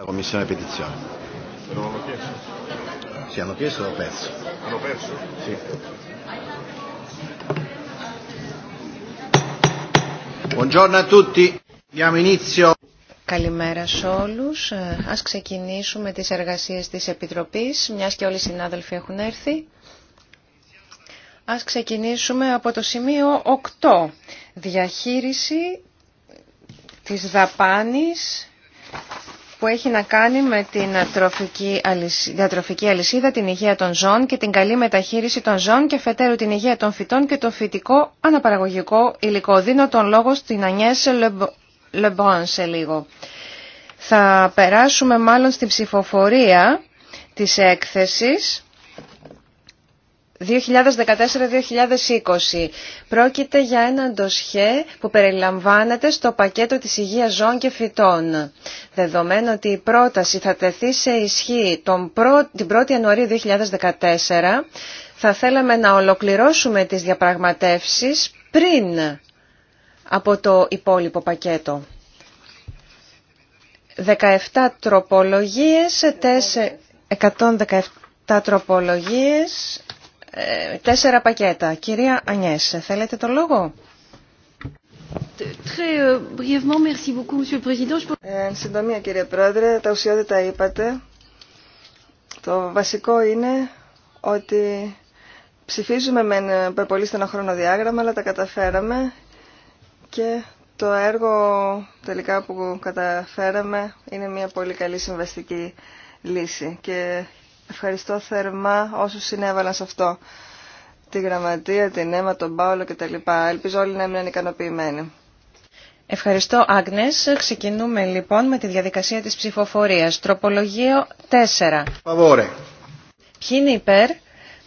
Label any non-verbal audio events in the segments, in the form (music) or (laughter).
La Commissione Petizione. Non hanno chiesto? Sì, hanno chiesto e l'ho perso. L'ho perso? Sì. Buongiorno a tutti. Diamo inizio. Καλημέρα σε όλους. Ας ξεκινήσουμε τις εργασίες της Επιτροπής, μιας και όλοι οι συνάδελφοι έχουν έρθει. Ας ξεκινήσουμε από το σημείο 8. Διαχείριση της δαπάνης που έχει να κάνει με την διατροφική αλυσίδα, την υγεία των ζώων και την καλή μεταχείριση των ζώων και φετέρου την υγεία των φυτών και το φυτικό αναπαραγωγικό υλικό. Δίνω τον λόγο στην Ανιέσε Λεμπόν σε λίγο. Θα περάσουμε μάλλον στην ψηφοφορία της έκθεσης. 2014-2020. Πρόκειται για ένα ντοσχέ που περιλαμβάνεται στο πακέτο της υγείας ζώων και φυτών. Δεδομένου ότι η πρόταση θα τεθεί σε ισχύ τον την 1η Ιανουαρίου 2014, θα θέλαμε να ολοκληρώσουμε τις διαπραγματεύσεις πριν από το υπόλοιπο πακέτο. 17 τροπολογίες, 117 τροπολογίες, ε, τέσσερα πακέτα. Κυρία Ανιές, θέλετε το λόγο. συντομία κύριε Πρόεδρε, τα ουσιώδητα είπατε. Το βασικό είναι ότι ψηφίζουμε με πολύ στενό διάγραμμα αλλά τα καταφέραμε και το έργο τελικά που καταφέραμε είναι μια πολύ καλή συμβαστική λύση και Ευχαριστώ θερμά όσους συνέβαλαν σε αυτό. Τη γραμματεία, την αίμα, τον Πάολο κτλ. Ελπίζω όλοι να έμειναν ικανοποιημένοι. Ευχαριστώ Άγνες. Ξεκινούμε λοιπόν με τη διαδικασία της ψηφοφορίας. Τροπολογίο 4. Παβόρε. Ποιοι είναι υπέρ,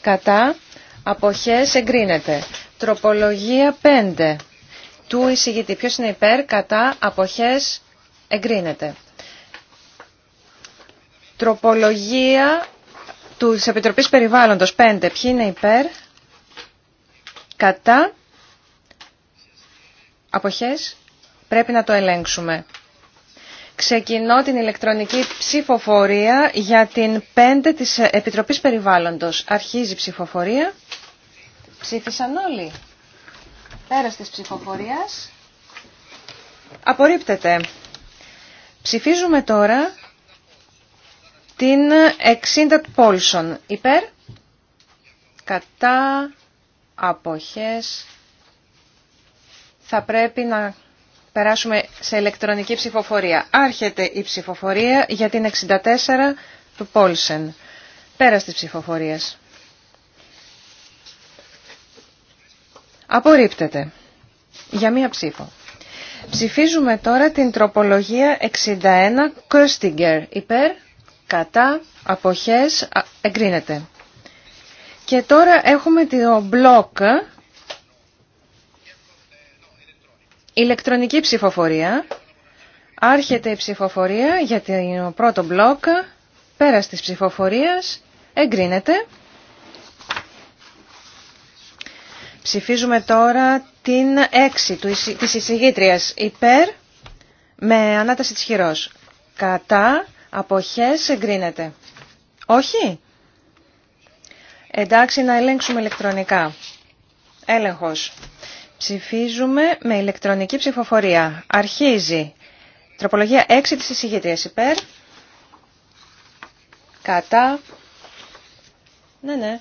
κατά, αποχές εγκρίνεται. Τροπολογία 5. Του εισηγητή. Ποιος είναι υπέρ, κατά, αποχές εγκρίνεται. Τροπολογία του Επιτροπής Περιβάλλοντος 5. Ποιοι είναι υπέρ, κατά, αποχές, πρέπει να το ελέγξουμε. Ξεκινώ την ηλεκτρονική ψηφοφορία για την 5 της Επιτροπής Περιβάλλοντος. Αρχίζει η ψηφοφορία. Ψήφισαν όλοι. Πέρας της ψηφοφορίας. Απορρίπτεται. Ψηφίζουμε τώρα την 60 Πόλσον. Υπέρ, κατά, αποχές. Θα πρέπει να περάσουμε σε ηλεκτρονική ψηφοφορία. Άρχεται η ψηφοφορία για την 64 του Πόλσεν. Πέρας της ψηφοφορίας. Απορρίπτεται. Για μία ψήφο. Ψηφίζουμε τώρα την τροπολογία 61 Κέρστιγκερ. Υπέρ κατά, αποχές, εγκρίνεται. Και τώρα έχουμε το μπλοκ, ηλεκτρονική ψηφοφορία. Άρχεται η ψηφοφορία για το πρώτο μπλοκ, πέρας της ψηφοφορίας, εγκρίνεται. Ψηφίζουμε τώρα την έξι της εισηγήτριας υπέρ με ανάταση της χειρός. Κατά, Αποχές εγκρίνεται. Όχι. Εντάξει, να ελέγξουμε ηλεκτρονικά. Έλεγχος. Ψηφίζουμε με ηλεκτρονική ψηφοφορία. Αρχίζει. Τροπολογία 6 της εισηγητής υπέρ. Κατά. Ναι, ναι.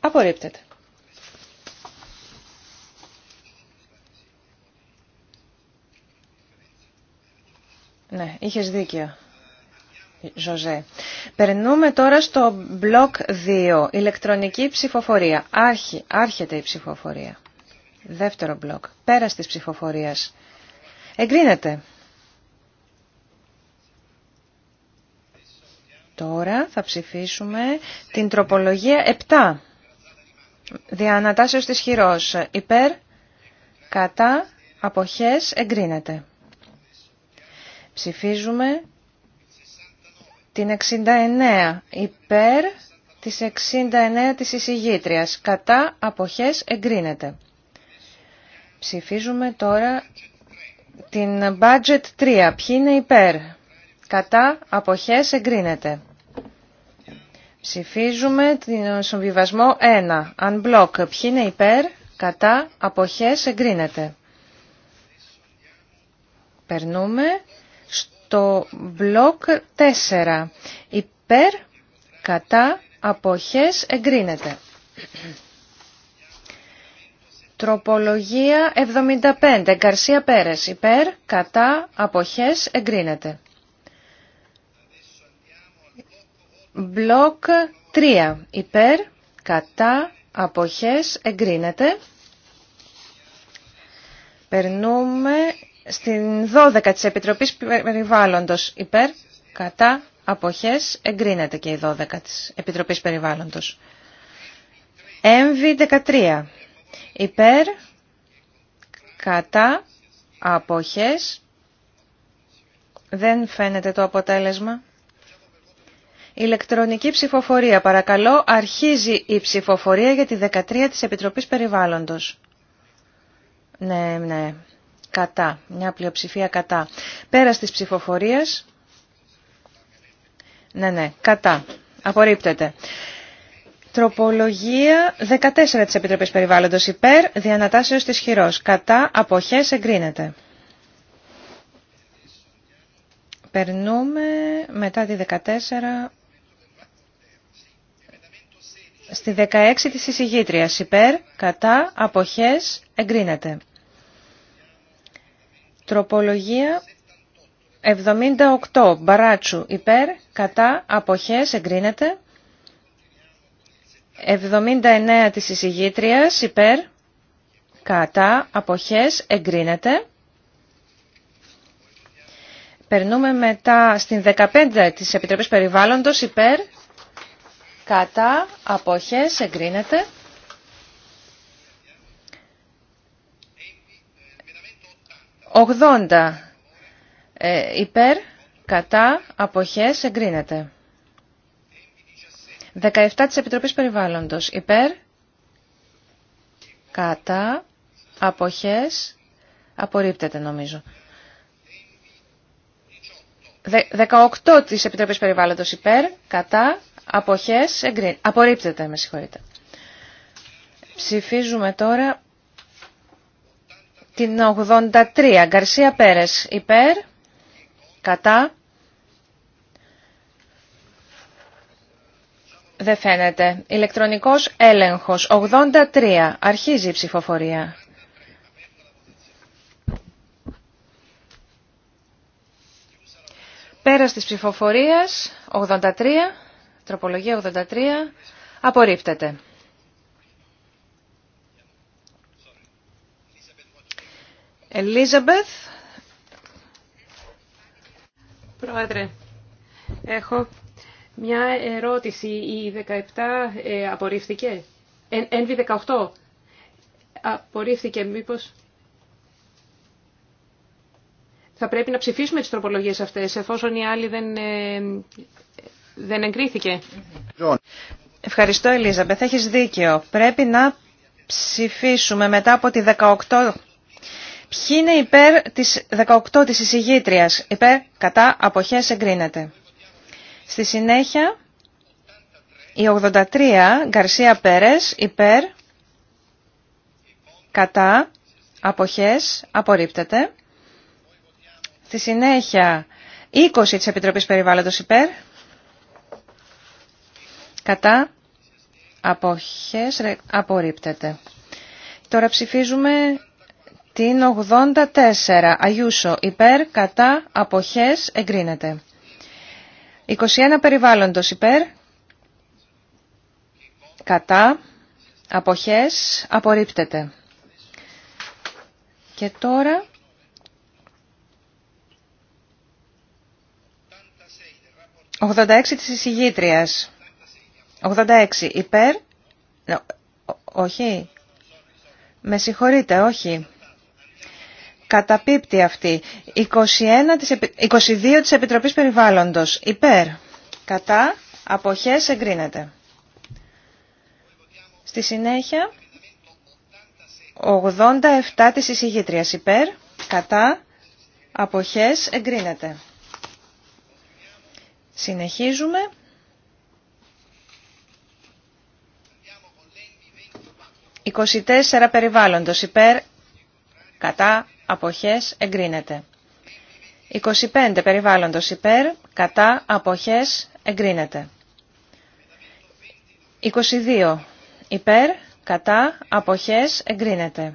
Απορρίπτεται. Ναι, είχες δίκιο. Ζωζέ. Περνούμε τώρα στο μπλοκ 2, ηλεκτρονική ψηφοφορία. Άρχι, άρχεται η ψηφοφορία. Δεύτερο μπλοκ, πέρας της ψηφοφορίας. Εγκρίνεται. Τώρα θα ψηφίσουμε την τροπολογία 7. Διανατάσεως της χειρός. Υπέρ, κατά, αποχές, εγκρίνεται. Ψηφίζουμε την 69 υπέρ της 69 της εισηγήτριας. Κατά αποχές εγκρίνεται. Ψηφίζουμε τώρα την budget 3. Ποιοι είναι υπέρ. Κατά αποχές εγκρίνεται. Ψηφίζουμε τον συμβιβασμό 1. Unblock. Ποιοι είναι υπέρ. Κατά αποχές εγκρίνεται. Περνούμε το μπλοκ 4. Υπέρ, κατά, αποχές, εγκρίνεται. Τροπολογία 75. Γκαρσία Πέρες. Υπέρ, κατά, αποχές, εγκρίνεται. Μπλοκ 3. Υπέρ, κατά, αποχές, εγκρίνεται. Περνούμε στην 12 της Επιτροπής Περιβάλλοντος υπέρ, κατά, αποχές, εγκρίνεται και η 12 της Επιτροπής Περιβάλλοντος. Έμβη 13. Υπέρ, κατά, αποχές, δεν φαίνεται το αποτέλεσμα. Ηλεκτρονική ψηφοφορία. Παρακαλώ, αρχίζει η ψηφοφορία για τη 13 της Επιτροπής Περιβάλλοντος. Ναι, ναι κατά, μια πλειοψηφία κατά. Πέρα της ψηφοφορίας, ναι, ναι, κατά, απορρίπτεται. Τροπολογία 14 της Επιτροπής Περιβάλλοντος υπέρ, διανατάσεως της χειρός, κατά, αποχές, εγκρίνεται. Περνούμε μετά τη 14 στη 16 της εισηγήτριας υπέρ, κατά, αποχές, εγκρίνεται. Τροπολογία 78. Μπαράτσου υπέρ, κατά, αποχές, εγκρίνεται. 79 της εισηγήτριας υπέρ, κατά, αποχές, εγκρίνεται. Περνούμε μετά στην 15 της Επιτροπής Περιβάλλοντος υπέρ, κατά, αποχές, εγκρίνεται. 80 ε, υπέρ, κατά, αποχές, εγκρίνεται. 17 της Επιτροπής Περιβάλλοντος υπέρ, κατά, αποχές, απορρίπτεται νομίζω. 18 της Επιτροπής Περιβάλλοντος υπέρ, κατά, αποχές, εγκρίνεται. Απορρίπτεται, με συγχωρείτε. Ψηφίζουμε τώρα την 83. Γκαρσία Πέρες υπέρ, κατά. Δεν φαίνεται. Ηλεκτρονικός έλεγχος. 83. Αρχίζει η ψηφοφορία. Πέρας της ψηφοφορίας. 83. Τροπολογία 83. Απορρίπτεται. Ελίζαμπεθ. Πρόεδρε, έχω μια ερώτηση. Η 17 ε, απορριφθηκε Ενβι NV18 απορρίφθηκε. Μήπως θα πρέπει να ψηφίσουμε τις τροπολογίες αυτές εφόσον η άλλη δεν, ε, δεν εγκρίθηκε. Ευχαριστώ Ελίζαμπεθ. Έχεις δίκιο. Πρέπει να ψηφίσουμε μετά από τη 18 Ποιοι είναι υπέρ της 18 της εισηγήτριας. Υπέρ, κατά, αποχές εγκρίνεται. Στη συνέχεια, η 83 Γκαρσία Πέρες υπέρ, κατά, αποχές απορρίπτεται. Στη συνέχεια, 20 της Επιτροπής Περιβάλλοντος υπέρ, κατά, αποχές απορρίπτεται. Τώρα ψηφίζουμε την 84 Αγιούσο υπέρ κατά αποχές εγκρίνεται. 21 περιβάλλοντος υπέρ κατά αποχές απορρίπτεται. Και τώρα 86 της εισηγήτριας. 86 υπέρ. Όχι. Με συγχωρείτε, όχι. Καταπίπτει αυτή. 21 της, 22 της Επιτροπής Περιβάλλοντος. Υπέρ. Κατά. Αποχές εγκρίνεται. Στη συνέχεια, 87 της εισηγήτριας υπέρ. Κατά. Αποχές εγκρίνεται. Συνεχίζουμε. «24 περιβάλλοντος υπέρ, κατά, αποχές εγκρίνεται. 25 περιβάλλοντος υπέρ, κατά, αποχές εγκρίνεται. 22 υπέρ, κατά, αποχές εγκρίνεται.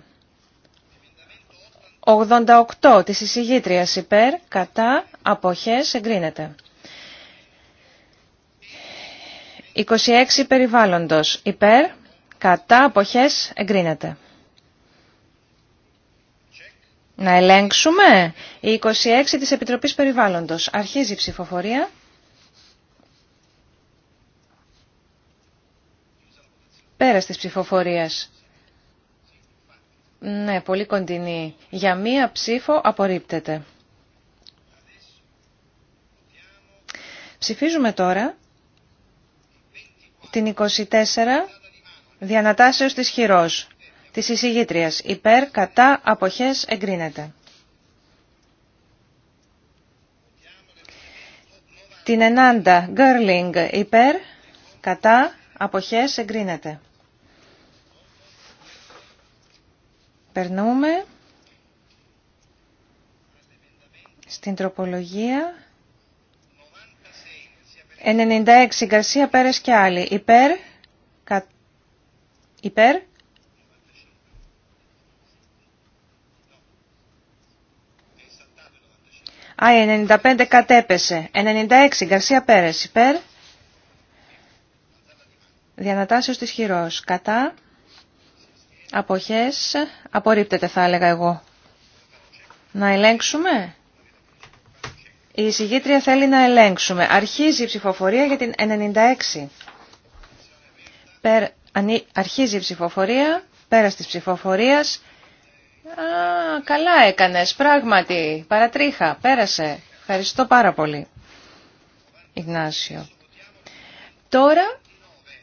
88 της εισηγήτριας υπέρ, κατά, αποχές εγκρίνεται. 26 περιβάλλοντος υπέρ, κατά, αποχές εγκρίνεται. Να ελέγξουμε. Η 26 της Επιτροπής Περιβάλλοντος. Αρχίζει η ψηφοφορία. Πέρας της ψηφοφορίας. Ναι, πολύ κοντινή. Για μία ψήφο απορρίπτεται. Ψηφίζουμε τώρα την 24 διανατάσεως της χειρός της εισηγήτριας. Υπέρ, κατά, αποχές, εγκρίνεται. Την 90, Γκέρλινγκ, υπέρ, κατά, αποχές, εγκρίνεται. Περνούμε στην τροπολογία 96, Γκαρσία Πέρες και άλλοι. Υπέρ, κα, υπέρ, Α, 95 κατέπεσε. 96 Γκαρσία Πέρες υπέρ. Διανατάσεως της χειρός. Κατά. Αποχές. Απορρίπτεται θα έλεγα εγώ. Να ελέγξουμε. Η εισηγήτρια θέλει να ελέγξουμε. Αρχίζει η ψηφοφορία για την 96. Περ... Αρχίζει η ψηφοφορία. Πέρας της ψηφοφορίας. Α, καλά έκανες, πράγματι, παρατρίχα, πέρασε. Ευχαριστώ πάρα πολύ, Ιγνάσιο. Τώρα,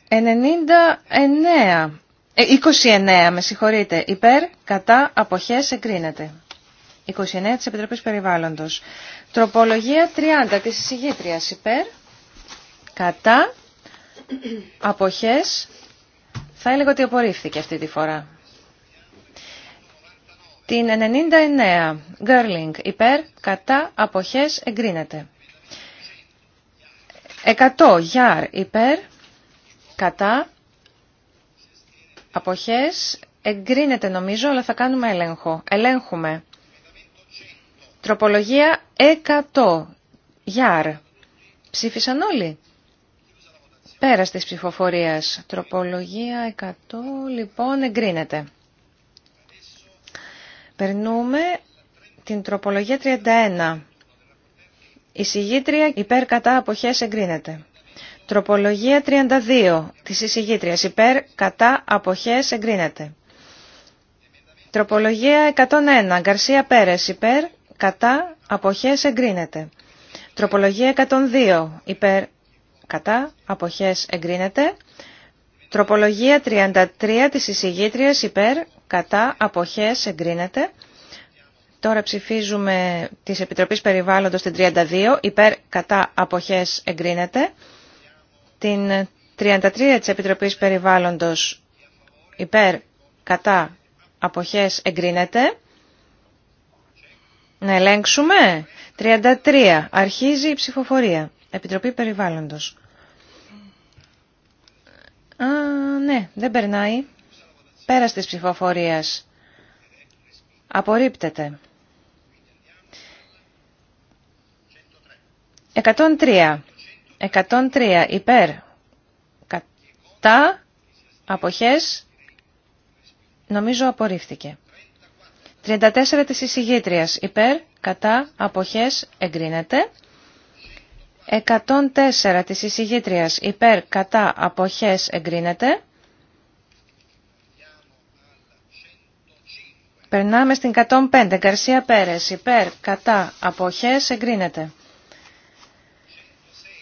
99, 29, ε, με συγχωρείτε, υπέρ, κατά, αποχές, εγκρίνεται. 29 της Επιτροπής Περιβάλλοντος. Τροπολογία 30 της εισηγήτριας υπέρ, κατά, αποχές, θα έλεγα ότι απορρίφθηκε αυτή τη φορά. Την 99. Γκέρλινγκ. Υπέρ. Κατά. Αποχές. Εγκρίνεται. 100. Γιάρ. Υπέρ. Κατά. Αποχές. Εγκρίνεται νομίζω, αλλά θα κάνουμε έλεγχο. Ελέγχουμε. Τροπολογία 100. Γιάρ. Ψήφισαν όλοι. Πέρας της ψηφοφορίας. Τροπολογία 100, λοιπόν, εγκρίνεται. Περνούμε την τροπολογία 31. Η συγγήτρια υπέρ κατά αποχές εγκρίνεται. Τροπολογία 32 της εισηγήτριας υπέρ κατά αποχές εγκρίνεται. Τροπολογία 101 Γκαρσία Πέρες υπέρ κατά αποχές εγκρίνεται. Τροπολογία 102 υπέρ κατά αποχές εγκρίνεται. Τροπολογία 33 της εισηγήτριας υπέρ κατά, αποχές, εγκρίνεται. Τώρα ψηφίζουμε της Επιτροπής Περιβάλλοντος την 32, υπέρ, κατά, αποχές, εγκρίνεται. Την 33 της Επιτροπής Περιβάλλοντος, υπέρ, κατά, αποχές, εγκρίνεται. Να ελέγξουμε. 33. Αρχίζει η ψηφοφορία. Επιτροπή Περιβάλλοντος. Α, ναι, δεν περνάει. Πέρας της ψηφοφορίας. Απορρίπτεται. 103. 103. Υπέρ. Κατά. Αποχές. Νομίζω απορρίφθηκε. 34 της εισηγήτριας. Υπέρ. Κατά. Αποχές. Εγκρίνεται. 104 της εισηγήτριας. Υπέρ. Κατά. Αποχές. Εγκρίνεται. Περνάμε στην 105. Γκαρσία Πέρες. Υπέρ, κατά, αποχές, εγκρίνεται.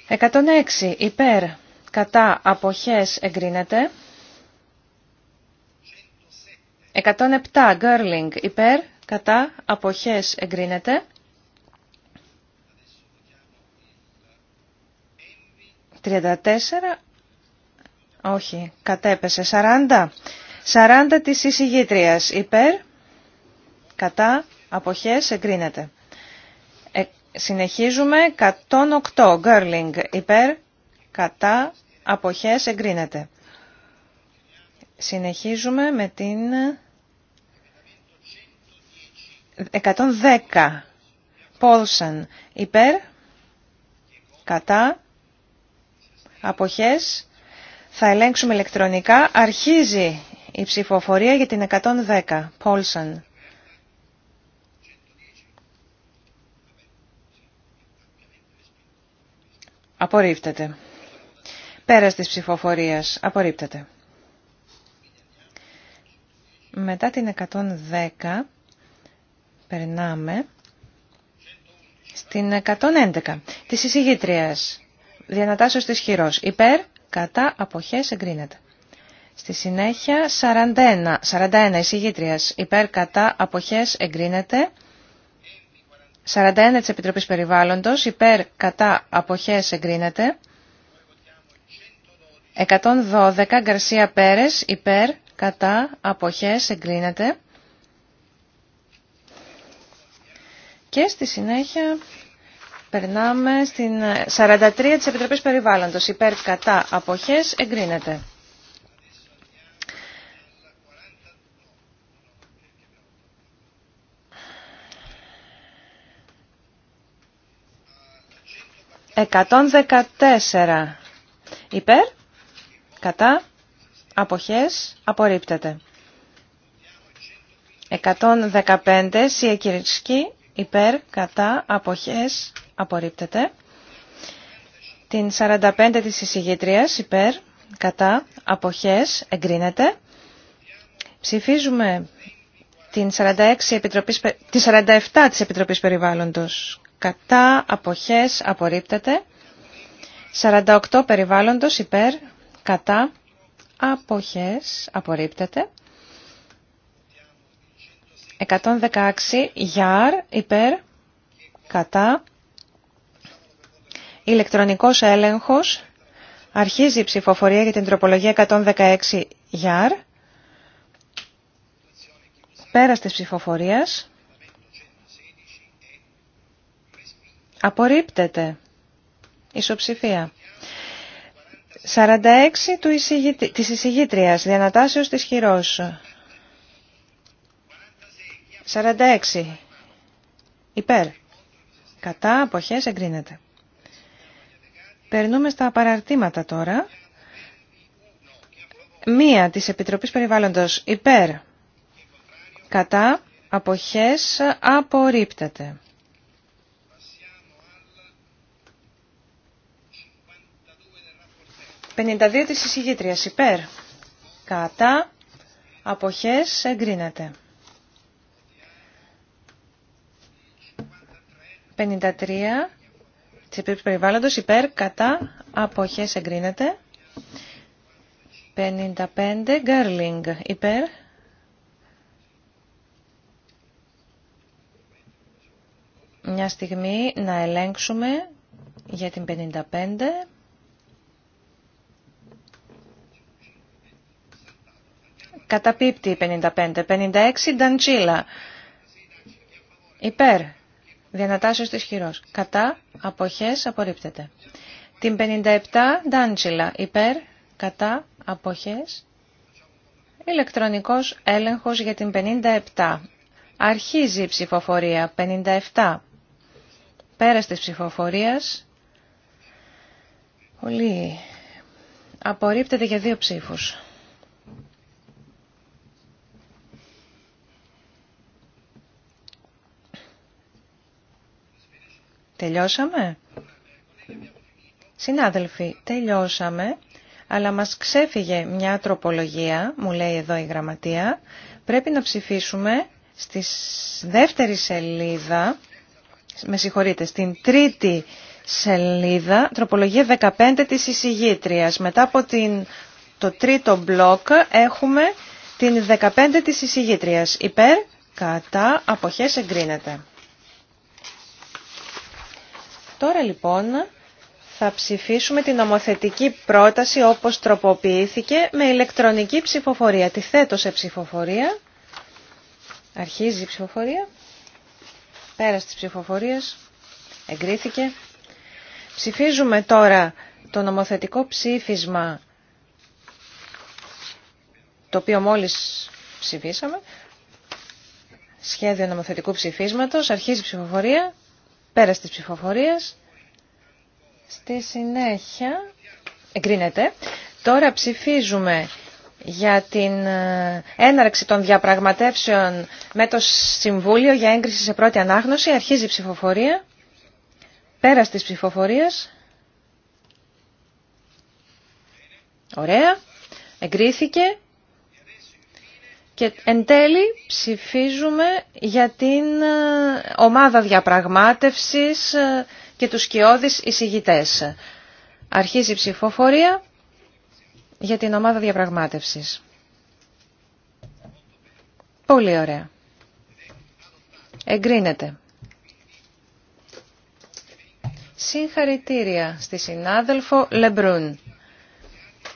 106. Υπέρ, κατά, αποχές, εγκρίνεται. 107. Γκέρλινγκ. Υπέρ, κατά, αποχές, εγκρίνεται. 34. Όχι, κατέπεσε. 40. 40 της εισηγήτριας. Υπέρ, κατά, αποχές, εγκρίνεται. Ε, συνεχίζουμε, 108, γκέρλινγκ, υπέρ, κατά, αποχές, εγκρίνεται. Συνεχίζουμε με την 110, Πόλσαν, υπέρ, κατά, αποχές, θα ελέγξουμε ηλεκτρονικά. Αρχίζει η ψηφοφορία για την 110. Πόλσον. Απορρίπτεται. Πέρας της ψηφοφορίας. Απορρίπτεται. Μετά την 110 περνάμε στην 111 της εισηγήτριας. Διανατάσσεως της χειρός. Υπέρ, κατά, αποχές, εγκρίνεται. Στη συνέχεια 41, 41 εισηγήτριας. Υπέρ, κατά, αποχές, εγκρίνεται. 41 της Επιτροπής Περιβάλλοντος, υπέρ κατά αποχές εγκρίνεται. 112 Γκαρσία Πέρες, υπέρ κατά αποχές εγκρίνεται. Και στη συνέχεια περνάμε στην 43 της Επιτροπής Περιβάλλοντος, υπέρ κατά αποχές εγκρίνεται. 114 υπέρ, κατά, αποχές, απορρίπτεται. 115 Σιεκυρισκή υπέρ, κατά, αποχές, απορρίπτεται. Την 45 της εισηγήτριας υπέρ, κατά, αποχές, εγκρίνεται. Ψηφίζουμε την 46 επιτροπής, τη 47 της Επιτροπής Περιβάλλοντος κατά αποχές απορρίπτεται. 48 περιβάλλοντος υπέρ κατά αποχές απορρίπτεται. 116 γιάρ υπέρ κατά ηλεκτρονικός έλεγχος αρχίζει η ψηφοφορία για την τροπολογία 116 γιάρ πέρας της ψηφοφορίας Απορρίπτεται. Ισοψηφία. 46 του εισηγητή, της εισηγήτριας, διανατάσεως της χειρός. 46. Υπέρ. Κατά αποχές εγκρίνεται. Περνούμε στα παραρτήματα τώρα. Μία της Επιτροπής Περιβάλλοντος υπέρ. Κατά αποχές απορρίπτεται. 52 της εισηγήτριας υπέρ. Κατά. Αποχές εγκρίνεται. 53 της Επιτροπής Περιβάλλοντος υπέρ. Κατά. Αποχές εγκρίνεται. 55 Γκάρλινγκ υπέρ. Μια στιγμή να ελέγξουμε για την 55. Καταπίπτει 55. 56 Νταντζίλα. Υπέρ. Διανατάσσεω τη χειρός. Κατά. Αποχές. Απορρίπτεται. Την 57 Ντάντζιλα. Υπέρ. Κατά. Αποχές. Ηλεκτρονικό έλεγχος για την 57. Αρχίζει η ψηφοφορία. 57. Πέρα της ψηφοφορίας. Πολύ. Απορρίπτεται για δύο ψήφους. Τελειώσαμε. Συνάδελφοι, τελειώσαμε, αλλά μας ξέφυγε μια τροπολογία, μου λέει εδώ η γραμματεία. Πρέπει να ψηφίσουμε στη δεύτερη σελίδα, με συγχωρείτε, στην τρίτη σελίδα, τροπολογία 15 της εισηγήτριας. Μετά από την, το τρίτο μπλοκ έχουμε την 15 της εισηγήτριας. Υπέρ, κατά, αποχές εγκρίνεται. Τώρα λοιπόν θα ψηφίσουμε την νομοθετική πρόταση όπως τροποποιήθηκε με ηλεκτρονική ψηφοφορία. Τη θέτω σε ψηφοφορία. Αρχίζει η ψηφοφορία. Πέρασε της ψηφοφορίας. Εγκρίθηκε. Ψηφίζουμε τώρα το νομοθετικό ψήφισμα το οποίο μόλις ψηφίσαμε. Σχέδιο νομοθετικού ψηφίσματος. Αρχίζει η ψηφοφορία. Πέρα της ψηφοφορίας. Στη συνέχεια εγκρίνεται. Τώρα ψηφίζουμε για την ε, έναρξη των διαπραγματεύσεων με το Συμβούλιο για έγκριση σε πρώτη ανάγνωση. Αρχίζει η ψηφοφορία. Πέρα της ψηφοφορίας. Ωραία. Εγκρίθηκε. Και εν τέλει ψηφίζουμε για την ε, ομάδα διαπραγμάτευσης ε, και τους σκιώδεις εισηγητές. Αρχίζει η ψηφοφορία για την ομάδα διαπραγμάτευσης. Πολύ ωραία. Εγκρίνεται. Συγχαρητήρια στη συνάδελφο Λεμπρούν.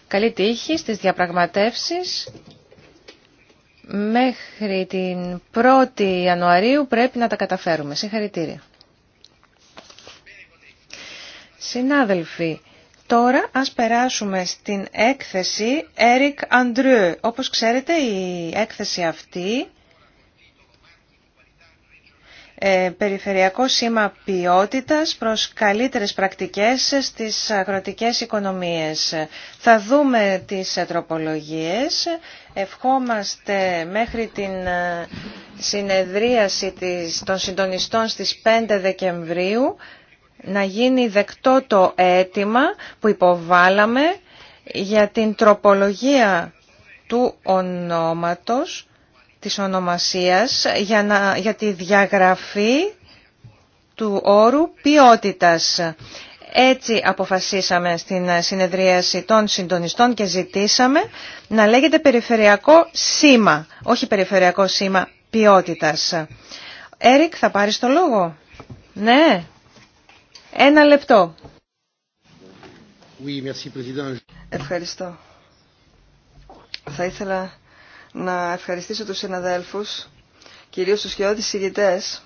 Καλή τύχη στις διαπραγματεύσεις Μέχρι την 1η Ιανουαρίου πρέπει να τα καταφέρουμε. Συγχαρητήρια. Συνάδελφοι, τώρα ας περάσουμε στην έκθεση Eric Andrew. Όπως ξέρετε η έκθεση αυτή ε, περιφερειακό σήμα ποιότητας προς καλύτερες πρακτικές στις αγροτικές οικονομίες. Θα δούμε τις τροπολογίες. Ευχόμαστε μέχρι την ε, συνεδρίαση των συντονιστών στις 5 Δεκεμβρίου να γίνει δεκτό το αίτημα που υποβάλαμε για την τροπολογία του ονόματος της ονομασίας για, να, για τη διαγραφή του όρου ποιότητας. Έτσι αποφασίσαμε στην συνεδρίαση των συντονιστών και ζητήσαμε να λέγεται περιφερειακό σήμα, όχι περιφερειακό σήμα ποιότητας. Έρικ, θα πάρεις το λόγο. Ναι. Ένα λεπτό. Oui, merci, Ευχαριστώ. Θα ήθελα να ευχαριστήσω τους συναδέλφους, κυρίως τους χειώδεις ηγητές,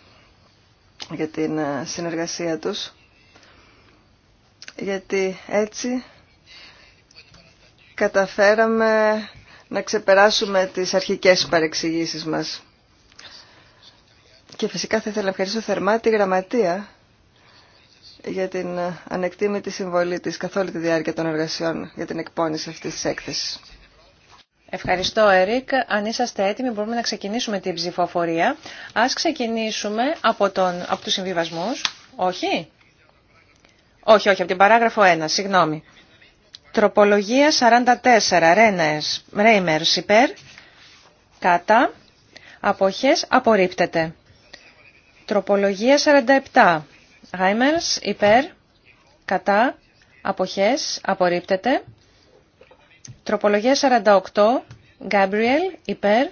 για την ε, συνεργασία τους, γιατί έτσι καταφέραμε να ξεπεράσουμε τις αρχικές παρεξηγήσεις μας. Και φυσικά θα ήθελα να ευχαριστήσω θερμά τη Γραμματεία για την ε, ανεκτήμητη συμβολή της καθ' όλη τη διάρκεια των εργασιών για την εκπόνηση αυτής της έκθεσης. Ευχαριστώ, Ερικ. Αν είσαστε έτοιμοι, μπορούμε να ξεκινήσουμε την ψηφοφορία. Ας ξεκινήσουμε από, τον, από τους συμβιβασμούς. Όχι? Όχι, όχι, από την παράγραφο 1, συγγνώμη. Τροπολογία 44, Ρένες, Ρέιμερς, υπέρ, κατά, αποχές, απορρίπτεται. Τροπολογία 47, Ρέιμερς, υπέρ, κατά, αποχές, απορρίπτεται. Τροπολογία 48. Γκάμπριελ υπέρ.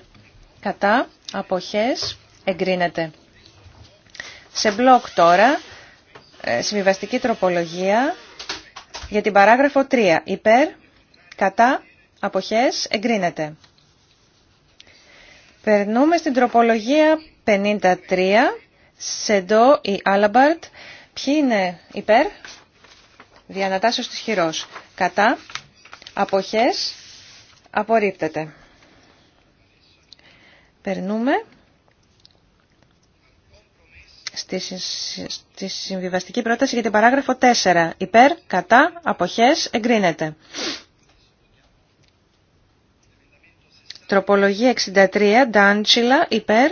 Κατά. Αποχές. Εγκρίνεται. Σε μπλοκ τώρα. Ε, συμβιβαστική τροπολογία. Για την παράγραφο 3. Υπέρ. Κατά. Αποχές. Εγκρίνεται. Περνούμε στην τροπολογία 53. Σεντό ή Άλαμπαρτ. Ποιοι είναι υπέρ. Διανατάσσεως της χειρός. Κατά. Αποχές. Απορρίπτεται. Περνούμε στη, συμβιβαστική πρόταση για την παράγραφο 4. Υπέρ, κατά, αποχές, εγκρίνεται. Τροπολογία 63, Ντάντσιλα, υπέρ,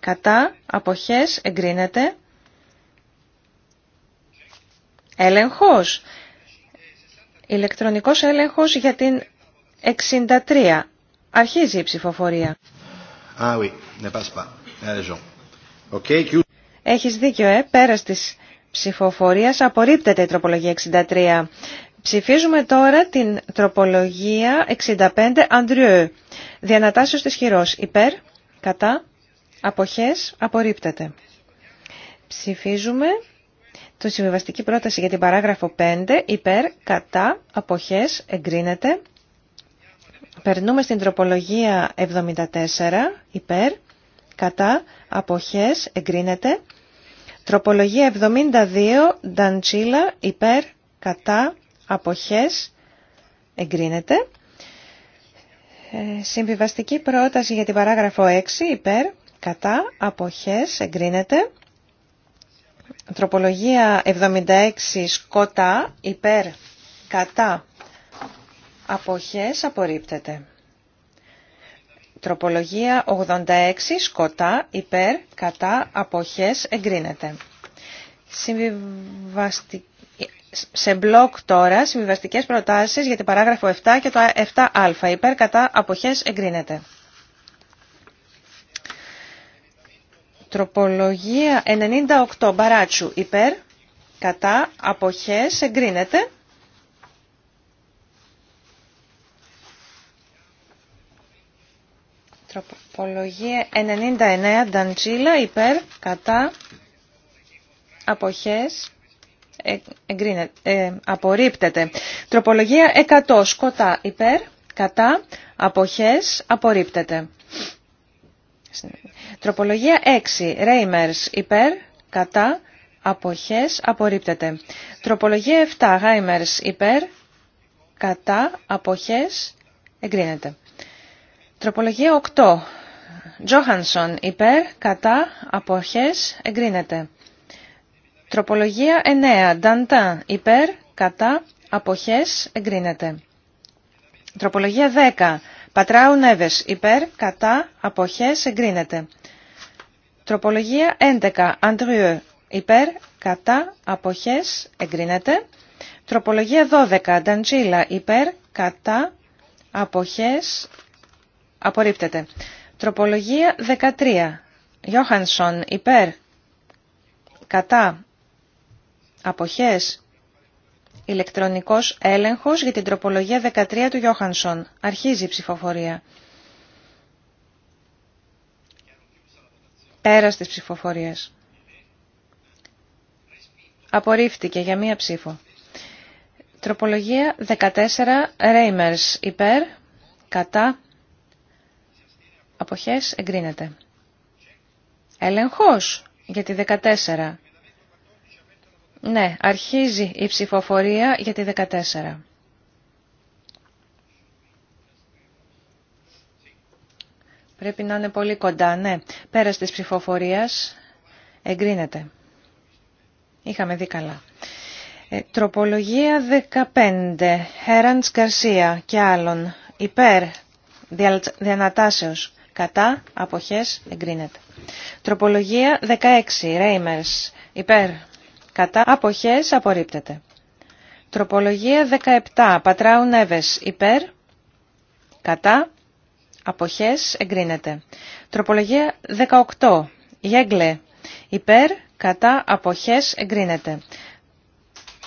κατά, αποχές, εγκρίνεται. Έλεγχος. Ηλεκτρονικός έλεγχος για την 63. Αρχίζει η ψηφοφορία. Ah, oui. ne passe pas. Okay. Έχεις δίκιο, ε. Πέρας της ψηφοφορίας απορρίπτεται η τροπολογία 63. Ψηφίζουμε τώρα την τροπολογία 65 Αντριού. Διανατάσσεως της χειρός. Υπέρ, κατά, αποχές, απορρίπτεται. Ψηφίζουμε το συμβιβαστική πρόταση για την παράγραφο 5 υπέρ κατά αποχές εγκρίνεται. Περνούμε στην τροπολογία 74 υπέρ κατά αποχές εγκρίνεται. Τροπολογία 72 Νταντσίλα υπέρ κατά αποχές εγκρίνεται. Ε, συμβιβαστική πρόταση για την παράγραφο 6 υπέρ κατά αποχές εγκρίνεται. Τροπολογία 76 σκοτά υπέρ κατά αποχές απορρίπτεται. Τροπολογία 86 σκοτά υπέρ κατά αποχές εγκρίνεται. Σε μπλοκ τώρα συμβιβαστικές προτάσεις για την παράγραφο 7 και το 7α υπέρ κατά αποχές εγκρίνεται. Τροπολογία 98 Μπαράτσου υπέρ, κατά, αποχές, εγκρίνεται. Τροπολογία 99 Νταντζίλα υπέρ, κατά, αποχές, ε, εγκρίνεται, ε, απορρίπτεται. Τροπολογία 100 Σκοτά υπέρ, κατά, αποχές, απορρίπτεται. Τροπολογία 6. Ρέιμερς υπέρ, κατά, αποχές, απορρίπτεται. Τροπολογία 7. Reimers υπέρ, κατά, αποχές, εγκρίνεται. Τροπολογία 8. Τζόχανσον υπέρ, κατά, αποχές, εγκρίνεται. Τροπολογία 9. Νταντά υπέρ, κατά, αποχές, εγκρίνεται. Τροπολογία 10. Πατράου Νέβες υπέρ, κατά, αποχέ, εγκρίνεται. Τροπολογία 11. Αντριού υπέρ, κατά, αποχές, εγκρίνεται. Τροπολογία 12. Νταντζίλα υπέρ, κατά, αποχές, απορρίπτεται. Τροπολογία 13. Γιώχανσον υπέρ, κατά, αποχές, Ηλεκτρονικός έλεγχος για την τροπολογία 13 του Γιώχανσον. Αρχίζει η ψηφοφορία. Πέρας της ψηφοφορίας. Απορρίφθηκε για μία ψήφο. Τροπολογία 14 Ρέιμερς υπέρ, κατά, αποχές εγκρίνεται. Έλεγχος για τη 14. Ναι, αρχίζει η ψηφοφορία για τη 14. Πρέπει να είναι πολύ κοντά, ναι. Πέρας της ψηφοφορίας εγκρίνεται. Είχαμε δει καλά. Ε, τροπολογία 15. Χέραντς Καρσία και άλλων. Υπέρ. Διανατάσεως. Κατά. Αποχές. Εγκρίνεται. Τροπολογία 16. Ρέιμερς. Υπέρ κατά αποχές απορρίπτεται. Τροπολογία 17. Πατράου Νέβες υπέρ, κατά αποχές εγκρίνεται. Τροπολογία 18. Γέγκλε υπέρ, κατά αποχές εγκρίνεται.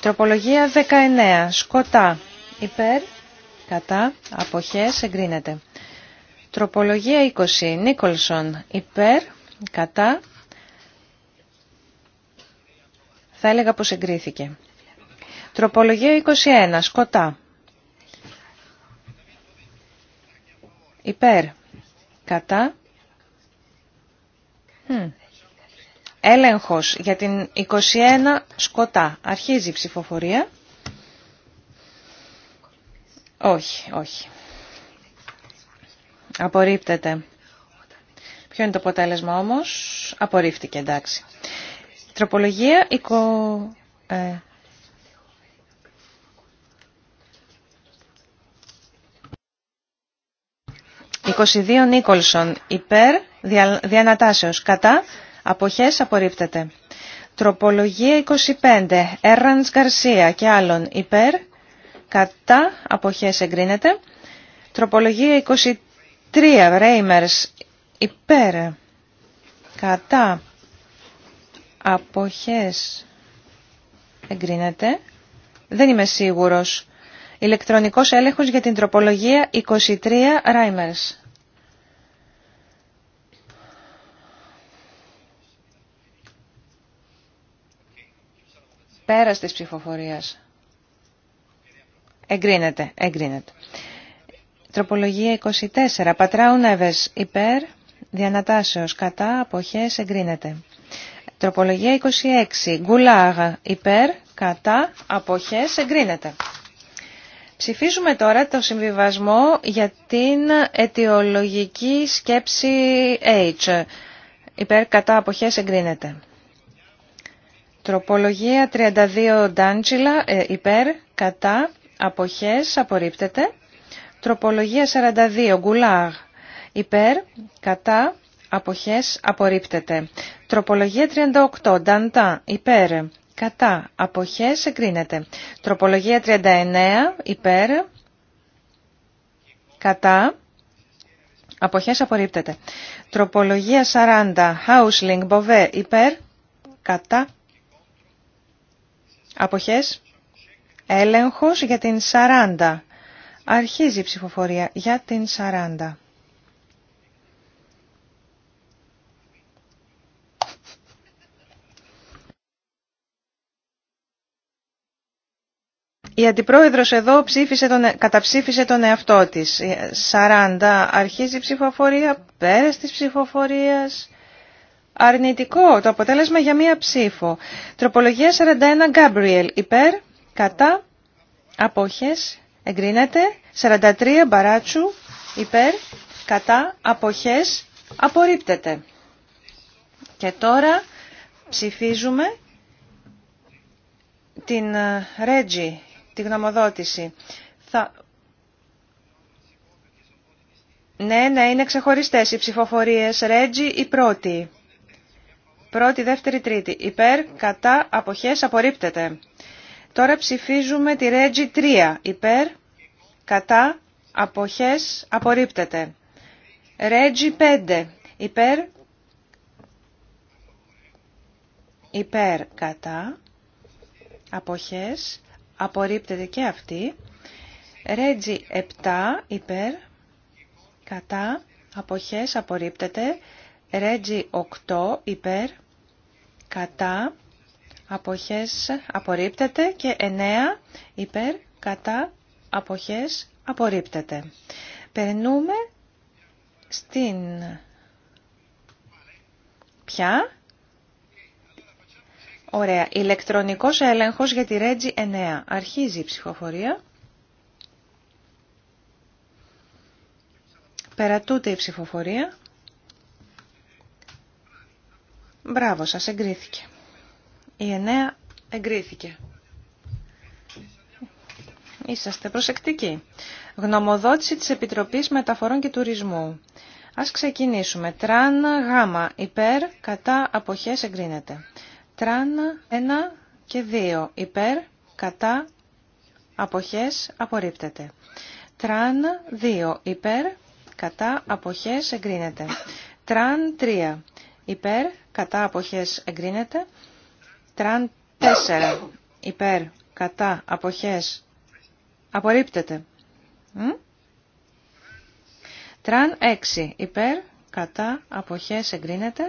Τροπολογία 19. Σκοτά υπέρ, κατά αποχές εγκρίνεται. Τροπολογία 20. Νίκολσον υπέρ, κατά θα έλεγα πως εγκρίθηκε. Τροπολογία 21. Σκοτά. Υπέρ. Κατά. Hm. Έλεγχος για την 21 σκοτά. Αρχίζει η ψηφοφορία. Όχι, όχι. Απορρίπτεται. Ποιο είναι το αποτέλεσμα όμως. Απορρίφθηκε, εντάξει. Τροπολογία 22 ε, Νίκολσον υπέρ διανατάσεως κατά αποχές απορρίπτεται. Τροπολογία 25 Έρανς Γκαρσία και άλλον. υπέρ κατά αποχές εγκρίνεται. Τροπολογία 23 Ρέιμερς υπέρ κατά Αποχές. Εγκρίνεται. Δεν είμαι σίγουρος. Ηλεκτρονικός έλεγχος για την τροπολογία 23 Reimers. Πέρας της ψηφοφορίας. Εγκρίνεται, εγκρίνεται. Τροπολογία 24. Πατράουν υπέρ, διανατάσεως κατά, αποχές, εγκρίνεται. Τροπολογία 26. Γκουλάγα υπέρ, κατά, αποχές, εγκρίνεται. Ψηφίζουμε τώρα το συμβιβασμό για την αιτιολογική σκέψη H. Υπέρ, κατά, αποχές, εγκρίνεται. Τροπολογία 32 Ντάντζιλα, ε, υπέρ, κατά, αποχές, απορρίπτεται. Τροπολογία 42 Γκουλάγ, υπέρ, κατά, αποχές απορρίπτεται. Τροπολογία 38, Νταντά, υπέρ, κατά, αποχές εγκρίνεται. Τροπολογία 39, υπέρ, κατά, αποχές απορρίπτεται. Τροπολογία 40, Χάουσλινγκ Μποβέ, υπέρ, κατά, αποχές, έλεγχος για την 40. Αρχίζει η ψηφοφορία για την 40. Η Αντιπρόεδρος εδώ ψήφισε τον, ε, καταψήφισε τον εαυτό της. 40 ε, αρχίζει ψηφοφορία, πέρας της ψηφοφορίας. Αρνητικό το αποτέλεσμα για μία ψήφο. Τροπολογία 41 Γκάμπριελ υπέρ, κατά, απόχες, εγκρίνεται. 43 Μπαράτσου υπέρ, κατά, απόχες, απορρίπτεται. Και τώρα ψηφίζουμε την ε, Ρέτζι τη γνωμοδότηση. Θα... Ναι, ναι, είναι ξεχωριστές οι ψηφοφορίες. Ρέτζι, η πρώτη. Πρώτη, δεύτερη, τρίτη. Υπέρ, κατά, αποχές, απορρίπτεται. Τώρα ψηφίζουμε τη Ρέτζι 3. Υπέρ, κατά, αποχές, απορρίπτεται. Ρέτζι 5. Υπέρ, υπέρ, κατά, αποχές, απορρίπτεται και αυτή. Ρέτζι 7 υπέρ, κατά, αποχές απορρίπτεται. Ρέτζι 8 υπέρ, κατά, αποχές απορρίπτεται. Και 9 υπέρ, κατά, αποχές απορρίπτεται. Περνούμε στην... Ποια? Ωραία. Ηλεκτρονικός έλεγχος για τη Ρέτζι 9. Αρχίζει η ψηφοφορία. Περατούται η ψηφοφορία. Μπράβο σας, εγκρίθηκε. Η 9 εγκρίθηκε. Είσαστε προσεκτικοί. Γνωμοδότηση της Επιτροπής Μεταφορών και Τουρισμού. Ας ξεκινήσουμε. Τραν γάμα υπέρ κατά αποχές εγκρίνεται. Τράνα 1 και 2 υπέρ, κατά, αποχές, απορρίπτεται. Τράν 2 υπέρ, κατά, αποχές, εγκρίνεται. Τραν 3 υπέρ, κατά, αποχές, εγκρίνεται. Τραν 4 υπέρ, κατά, αποχές, απορρίπτεται. Τραν 6 υπέρ, κατά, αποχές, εγκρίνεται.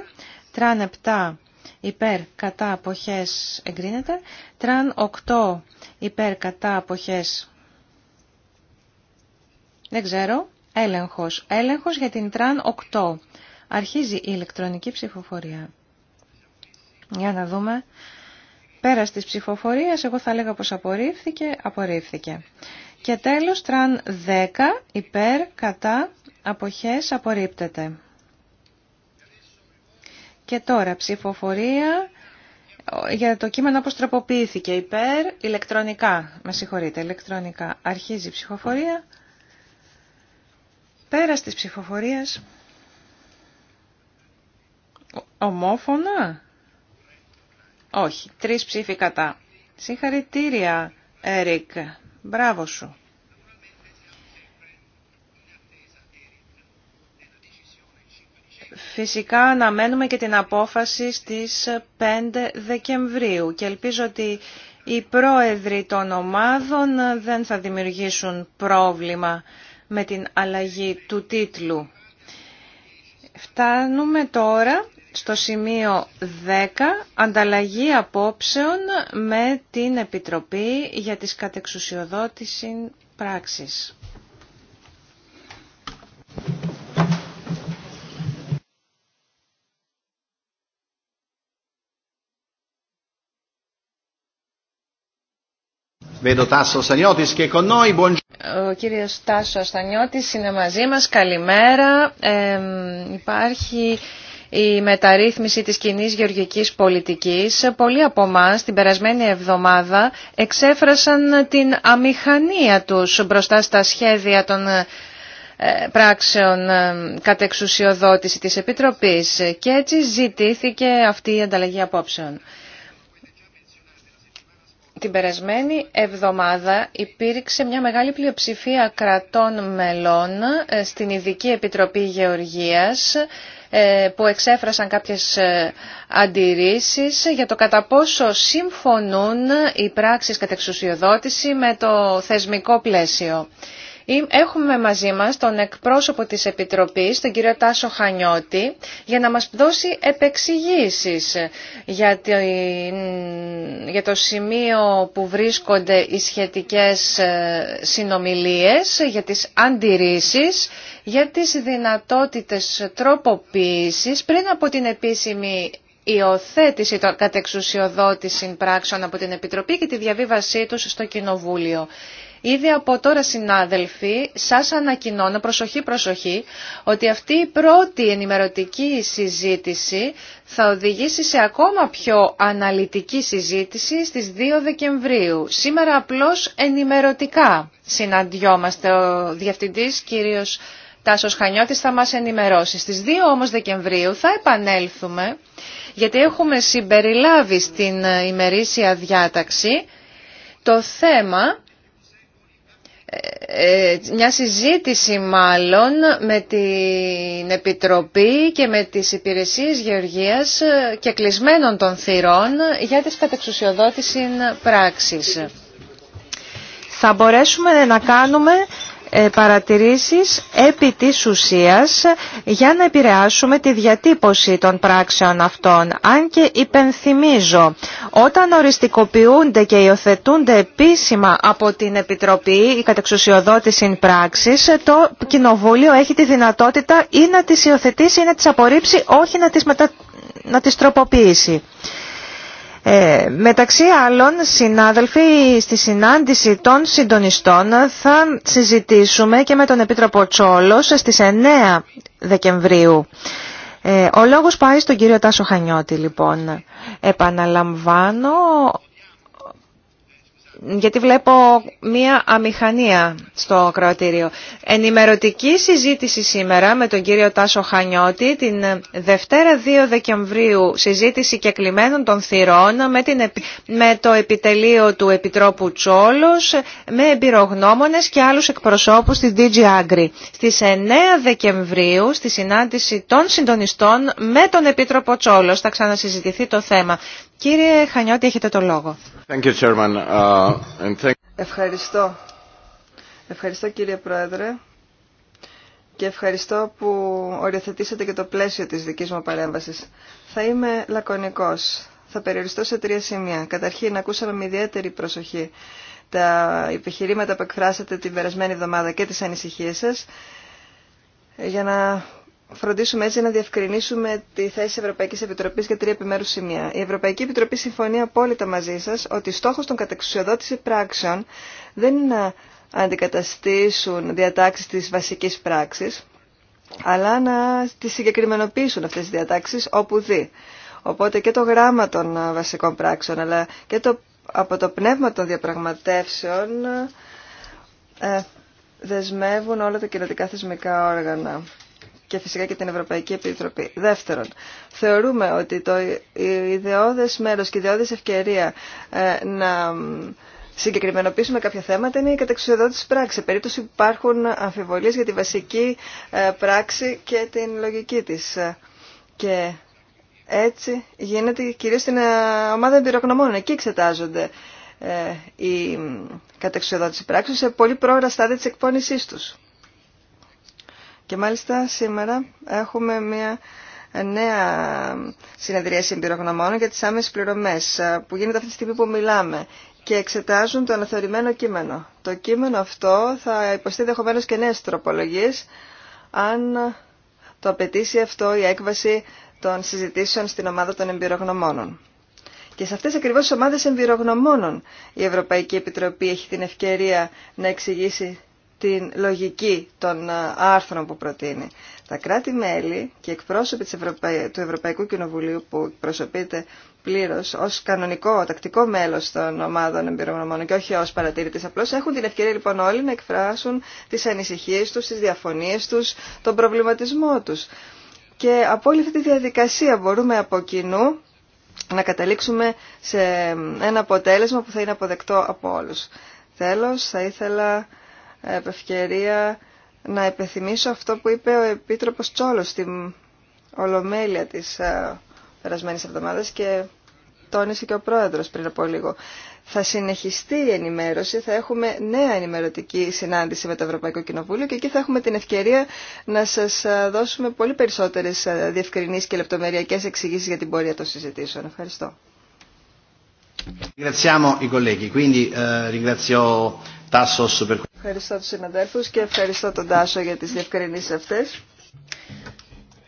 Τραν 7 υπέρ κατά αποχές εγκρίνεται. Τραν 8 υπέρ κατά αποχές δεν ξέρω. Έλεγχος. Έλεγχος για την τραν 8. Αρχίζει η ηλεκτρονική ψηφοφορία. Για να δούμε. Πέρα της ψηφοφορίας, εγώ θα λέγα πως απορρίφθηκε, απορρίφθηκε. Και τέλος, τραν 10, υπέρ, κατά, αποχές, απορρίπτεται. Και τώρα ψηφοφορία για το κείμενο όπως τροποποιήθηκε υπέρ ηλεκτρονικά. Με συγχωρείτε, ηλεκτρονικά. Αρχίζει η ψηφοφορία. Πέρας της ψηφοφορίας. Ομόφωνα. Όχι. Τρεις ψήφοι κατά. Συγχαρητήρια, Έρικ. Μπράβο σου. Φυσικά αναμένουμε και την απόφαση στις 5 Δεκεμβρίου και ελπίζω ότι οι πρόεδροι των ομάδων δεν θα δημιουργήσουν πρόβλημα με την αλλαγή του τίτλου. Φτάνουμε τώρα στο σημείο 10, ανταλλαγή απόψεων με την Επιτροπή για τις κατεξουσιοδότηση πράξεις. Ο κύριο Τάσο Στανιώτη, είναι μαζί μας. Καλημέρα. υπάρχει η μεταρρύθμιση της κοινή γεωργικής πολιτικής. Πολλοί από εμά την περασμένη εβδομάδα εξέφρασαν την αμηχανία τους μπροστά στα σχέδια των ε, πράξεων ε, εξουσιοδότηση της Επιτροπής και έτσι ζητήθηκε αυτή η ανταλλαγή απόψεων την περασμένη εβδομάδα υπήρξε μια μεγάλη πλειοψηφία κρατών μελών ε, στην Ειδική Επιτροπή Γεωργίας ε, που εξέφρασαν κάποιες ε, αντιρρήσεις για το κατά πόσο συμφωνούν οι πράξεις κατεξουσιοδότηση με το θεσμικό πλαίσιο. Έχουμε μαζί μας τον εκπρόσωπο της Επιτροπής, τον κύριο Τάσο Χανιώτη, για να μας δώσει επεξηγήσεις για, για το σημείο που βρίσκονται οι σχετικές ε, συνομιλίες, για τις αντιρρήσεις, για τις δυνατότητες τροποποίησης πριν από την επίσημη υιοθέτηση των κατεξουσιοδότηση πράξεων από την Επιτροπή και τη διαβίβασή τους στο Κοινοβούλιο. Ήδη από τώρα συνάδελφοι σας ανακοινώνω, προσοχή προσοχή, ότι αυτή η πρώτη ενημερωτική συζήτηση θα οδηγήσει σε ακόμα πιο αναλυτική συζήτηση στις 2 Δεκεμβρίου. Σήμερα απλώς ενημερωτικά συναντιόμαστε. Ο Διευθυντής κύριος Τάσος Χανιώτης θα μας ενημερώσει. Στις 2 όμως Δεκεμβρίου θα επανέλθουμε, γιατί έχουμε συμπεριλάβει στην ημερήσια διάταξη το θέμα ε, ε, μια συζήτηση μάλλον με την Επιτροπή και με τις υπηρεσίες γεωργίας και κλεισμένων των θυρών για τις κατεξουσιοδότηση πράξεις. Θα μπορέσουμε να κάνουμε ε, παρατηρήσεις επί της ουσίας για να επηρεάσουμε τη διατύπωση των πράξεων αυτών. Αν και υπενθυμίζω, όταν οριστικοποιούνται και υιοθετούνται επίσημα από την Επιτροπή η κατεξουσιοδότηση πράξης, το Κοινοβούλιο έχει τη δυνατότητα ή να τις υιοθετήσει ή να τις απορρίψει, όχι να τις, μετα... να τις τροποποιήσει. Ε, μεταξύ άλλων, συνάδελφοι, στη συνάντηση των συντονιστών θα συζητήσουμε και με τον Επίτροπο Τσόλος στις 9 Δεκεμβρίου. Ε, ο λόγος πάει στον κύριο Τάσο Χανιώτη, λοιπόν. Επαναλαμβάνω γιατί βλέπω μία αμηχανία στο κρατήριο. Ενημερωτική συζήτηση σήμερα με τον κύριο Τάσο Χανιώτη την Δευτέρα 2 Δεκεμβρίου συζήτηση και κλειμένων των θυρών με, την, το επιτελείο του Επιτρόπου Τσόλος με εμπειρογνώμονες και άλλους εκπροσώπους της DG Agri. Στις 9 Δεκεμβρίου στη συνάντηση των συντονιστών με τον Επίτροπο Τσόλος θα ξανασυζητηθεί το θέμα. Κύριε Χανιώτη, έχετε το λόγο. Thank you, Chairman. Uh, and thank... Ευχαριστώ. Ευχαριστώ κύριε Πρόεδρε και ευχαριστώ που οριοθετήσατε και το πλαίσιο της δικής μου παρέμβασης. Θα είμαι λακωνικός. Θα περιοριστώ σε τρία σημεία. Καταρχήν, ακούσαμε με ιδιαίτερη προσοχή τα επιχειρήματα που εκφράσατε την περασμένη εβδομάδα και τις ανησυχίες σας για να φροντίσουμε έτσι να διευκρινίσουμε τη θέση της Ευρωπαϊκής Επιτροπής για τρία επιμέρους σημεία. Η Ευρωπαϊκή Επιτροπή συμφωνεί απόλυτα μαζί σας ότι στόχος των κατεξουσιοδότηση πράξεων δεν είναι να αντικαταστήσουν διατάξεις της βασικής πράξης, αλλά να τις συγκεκριμενοποιήσουν αυτές τις διατάξεις όπου δει. Οπότε και το γράμμα των βασικών πράξεων, αλλά και το, από το πνεύμα των διαπραγματεύσεων ε, δεσμεύουν όλα τα κοινωτικά θεσμικά όργανα και φυσικά και την Ευρωπαϊκή Επιτροπή. Δεύτερον, θεωρούμε ότι το ιδεώδες μέρος και η ιδεώδες ευκαιρία ε, να συγκεκριμενοποιήσουμε κάποια θέματα είναι η κατεξουσιοδότηση πράξη. Σε περίπτωση που υπάρχουν αμφιβολίες για τη βασική ε, πράξη και την λογική της. Και έτσι γίνεται κυρίως στην ε, ομάδα εμπειρογνωμών. Εκεί εξετάζονται οι κατεξουσιοδότηση πράξη σε πολύ πρόωρα στάδια της εκπόνησής τους. Και μάλιστα σήμερα έχουμε μια νέα συνεδρία εμπειρογνωμόνων για τις άμεσες πληρωμές που γίνεται αυτή τη στιγμή που μιλάμε και εξετάζουν το αναθεωρημένο κείμενο. Το κείμενο αυτό θα υποστεί δεχομένως και νέες τροπολογίες αν το απαιτήσει αυτό η έκβαση των συζητήσεων στην ομάδα των εμπειρογνωμόνων. Και σε αυτές ακριβώς τις ομάδες εμπειρογνωμόνων η Ευρωπαϊκή Επιτροπή έχει την ευκαιρία να εξηγήσει την λογική των ε, άρθρων που προτείνει. Τα κράτη-μέλη και εκπρόσωποι Ευρωπαϊ... του Ευρωπαϊκού Κοινοβουλίου που προσωπείται πλήρως ως κανονικό, τακτικό μέλος των ομάδων εμπειρογνωμών και όχι ως παρατηρητής απλώς, έχουν την ευκαιρία λοιπόν όλοι να εκφράσουν τις ανησυχίες τους, τις διαφωνίες τους, τον προβληματισμό τους. Και από όλη αυτή τη διαδικασία μπορούμε από κοινού να καταλήξουμε σε ένα αποτέλεσμα που θα είναι αποδεκτό από όλους. Τέλος, θα ήθελα ευκαιρία να επιθυμίσω αυτό που είπε ο Επίτροπος Τσόλος στην Ολομέλεια της ε, περασμένης εβδομάδας και τόνισε και ο Πρόεδρος πριν από λίγο. Θα συνεχιστεί η ενημέρωση, θα έχουμε νέα ενημερωτική συνάντηση με το Ευρωπαϊκό Κοινοβούλιο και εκεί θα έχουμε την ευκαιρία να σας ε, δώσουμε πολύ περισσότερες ε, διευκρινείς και λεπτομεριακές εξηγήσεις για την πορεία των συζητήσεων. Ευχαριστώ. Eh, Ευχαριστώ τους συναδέλφους και ευχαριστώ τον Τάσο για τις διευκρινήσεις αυτές.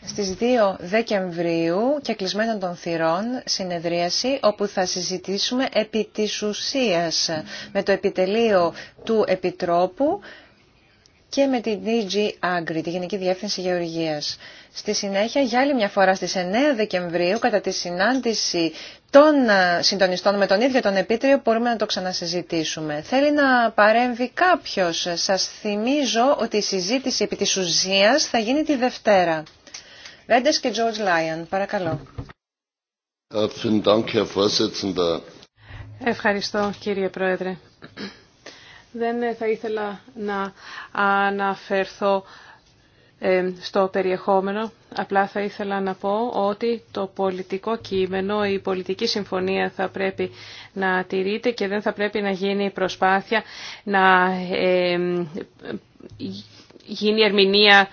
Στις 2 Δεκεμβρίου και κλεισμένων των θυρών συνεδρίαση όπου θα συζητήσουμε επί της ουσίας με το επιτελείο του Επιτρόπου και με την DG Agri, τη Γενική Διεύθυνση Γεωργίας. Στη συνέχεια, για άλλη μια φορά στις 9 Δεκεμβρίου, κατά τη συνάντηση των ε, συντονιστών με τον ίδιο τον Επίτριο μπορούμε να το ξανασυζητήσουμε. Θέλει να παρέμβει κάποιος. Σας θυμίζω ότι η συζήτηση επί της ουσίας θα γίνει τη Δευτέρα. Βέντες και George Λάιον, παρακαλώ. Ευχαριστώ κύριε Πρόεδρε. Δεν θα ήθελα να αναφερθώ στο περιεχόμενο. Απλά θα ήθελα να πω ότι το πολιτικό κείμενο, η πολιτική συμφωνία θα πρέπει να τηρείται και δεν θα πρέπει να γίνει προσπάθεια να γίνει ερμηνεία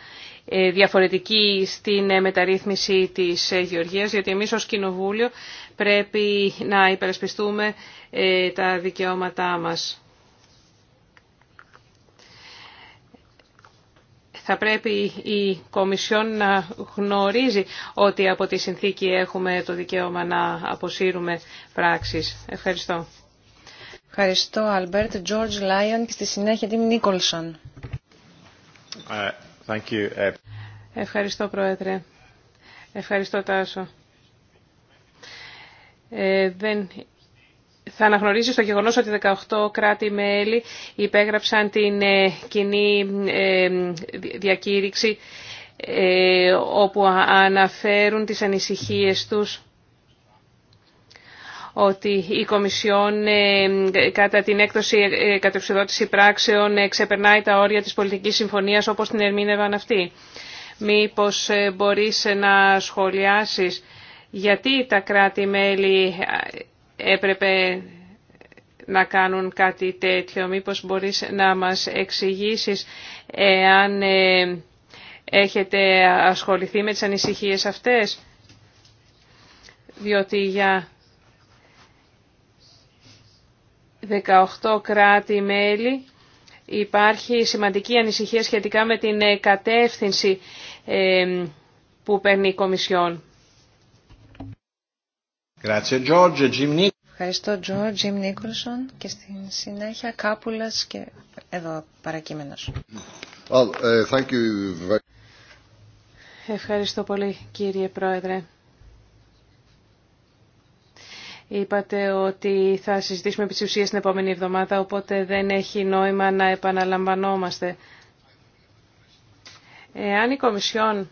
ε, διαφορετική στην ε, μεταρρύθμιση της ε, Γεωργίας, γιατί εμείς ως Κοινοβούλιο πρέπει να υπερασπιστούμε τα δικαιώματά μας. Θα πρέπει η Κομισιόν να γνωρίζει ότι από τη συνθήκη έχουμε το δικαίωμα να αποσύρουμε πράξεις. Ευχαριστώ. Ευχαριστώ, Αλμπέρτ. George Lyon και στη συνέχεια την Νίκολσον. Ε, ε. Ευχαριστώ, Πρόεδρε. Ευχαριστώ, Τάσο. Ε, δεν θα αναγνωρίζει στο γεγονός ότι 18 κράτη-μέλη υπέγραψαν την ε, κοινή ε, διακήρυξη ε, όπου αναφέρουν τις ανησυχίες τους ότι η Κομισιόν κατά την έκδοση κατευθυνότηση πράξεων ξεπερνάει τα όρια της πολιτικής συμφωνίας όπως την ερμήνευαν αυτοί. Μήπως μπορείς να σχολιάσεις γιατί τα κράτη-μέλη έπρεπε να κάνουν κάτι τέτοιο. Μήπως μπορείς να μας εξηγήσεις εάν ε, έχετε ασχοληθεί με τις ανησυχίες αυτές. Διότι για 18 κράτη-μέλη υπάρχει σημαντική ανησυχία σχετικά με την κατεύθυνση ε, που παίρνει η Κομισιόν. Ευχαριστώ, George, Jim Nicholson και στην συνέχεια Κάπουλας και εδώ παρακείμενος. Uh, Ευχαριστώ πολύ, κύριε Πρόεδρε. Είπατε ότι θα συζητήσουμε επί της την επόμενη εβδομάδα, οπότε δεν έχει νόημα να επαναλαμβανόμαστε. Εάν η Κομισιόν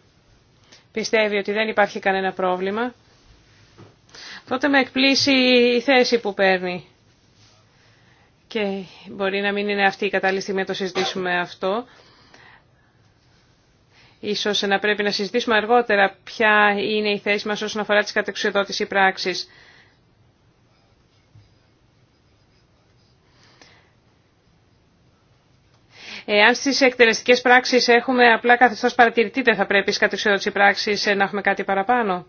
πιστεύει ότι δεν υπάρχει κανένα πρόβλημα, τότε με εκπλήσει η θέση που παίρνει. Και μπορεί να μην είναι αυτή η κατάλληλη στιγμή να το συζητήσουμε αυτό. Ίσως να πρέπει να συζητήσουμε αργότερα ποια είναι η θέση μας όσον αφορά τις κατεξιοδότηση πράξης. Εάν στι εκτελεστικέ πράξει έχουμε απλά καθεστώ παρατηρητή, δεν θα πρέπει στι κατεξοδότηση πράξη να έχουμε κάτι παραπάνω.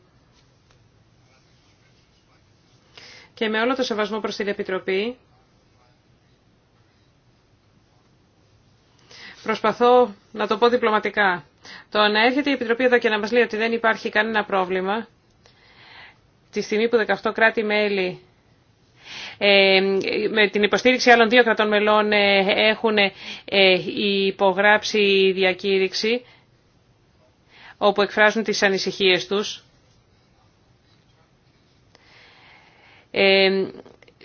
και με όλο το σεβασμό προς την Επιτροπή προσπαθώ να το πω διπλωματικά. Το να έρχεται η Επιτροπή εδώ και να μας λέει ότι δεν υπάρχει κανένα πρόβλημα τη στιγμή που 18 κράτη-μέλη ε, με την υποστήριξη άλλων δύο κρατών μελών ε, έχουν ε, υπογράψει διακήρυξη όπου εκφράζουν τις ανησυχίες τους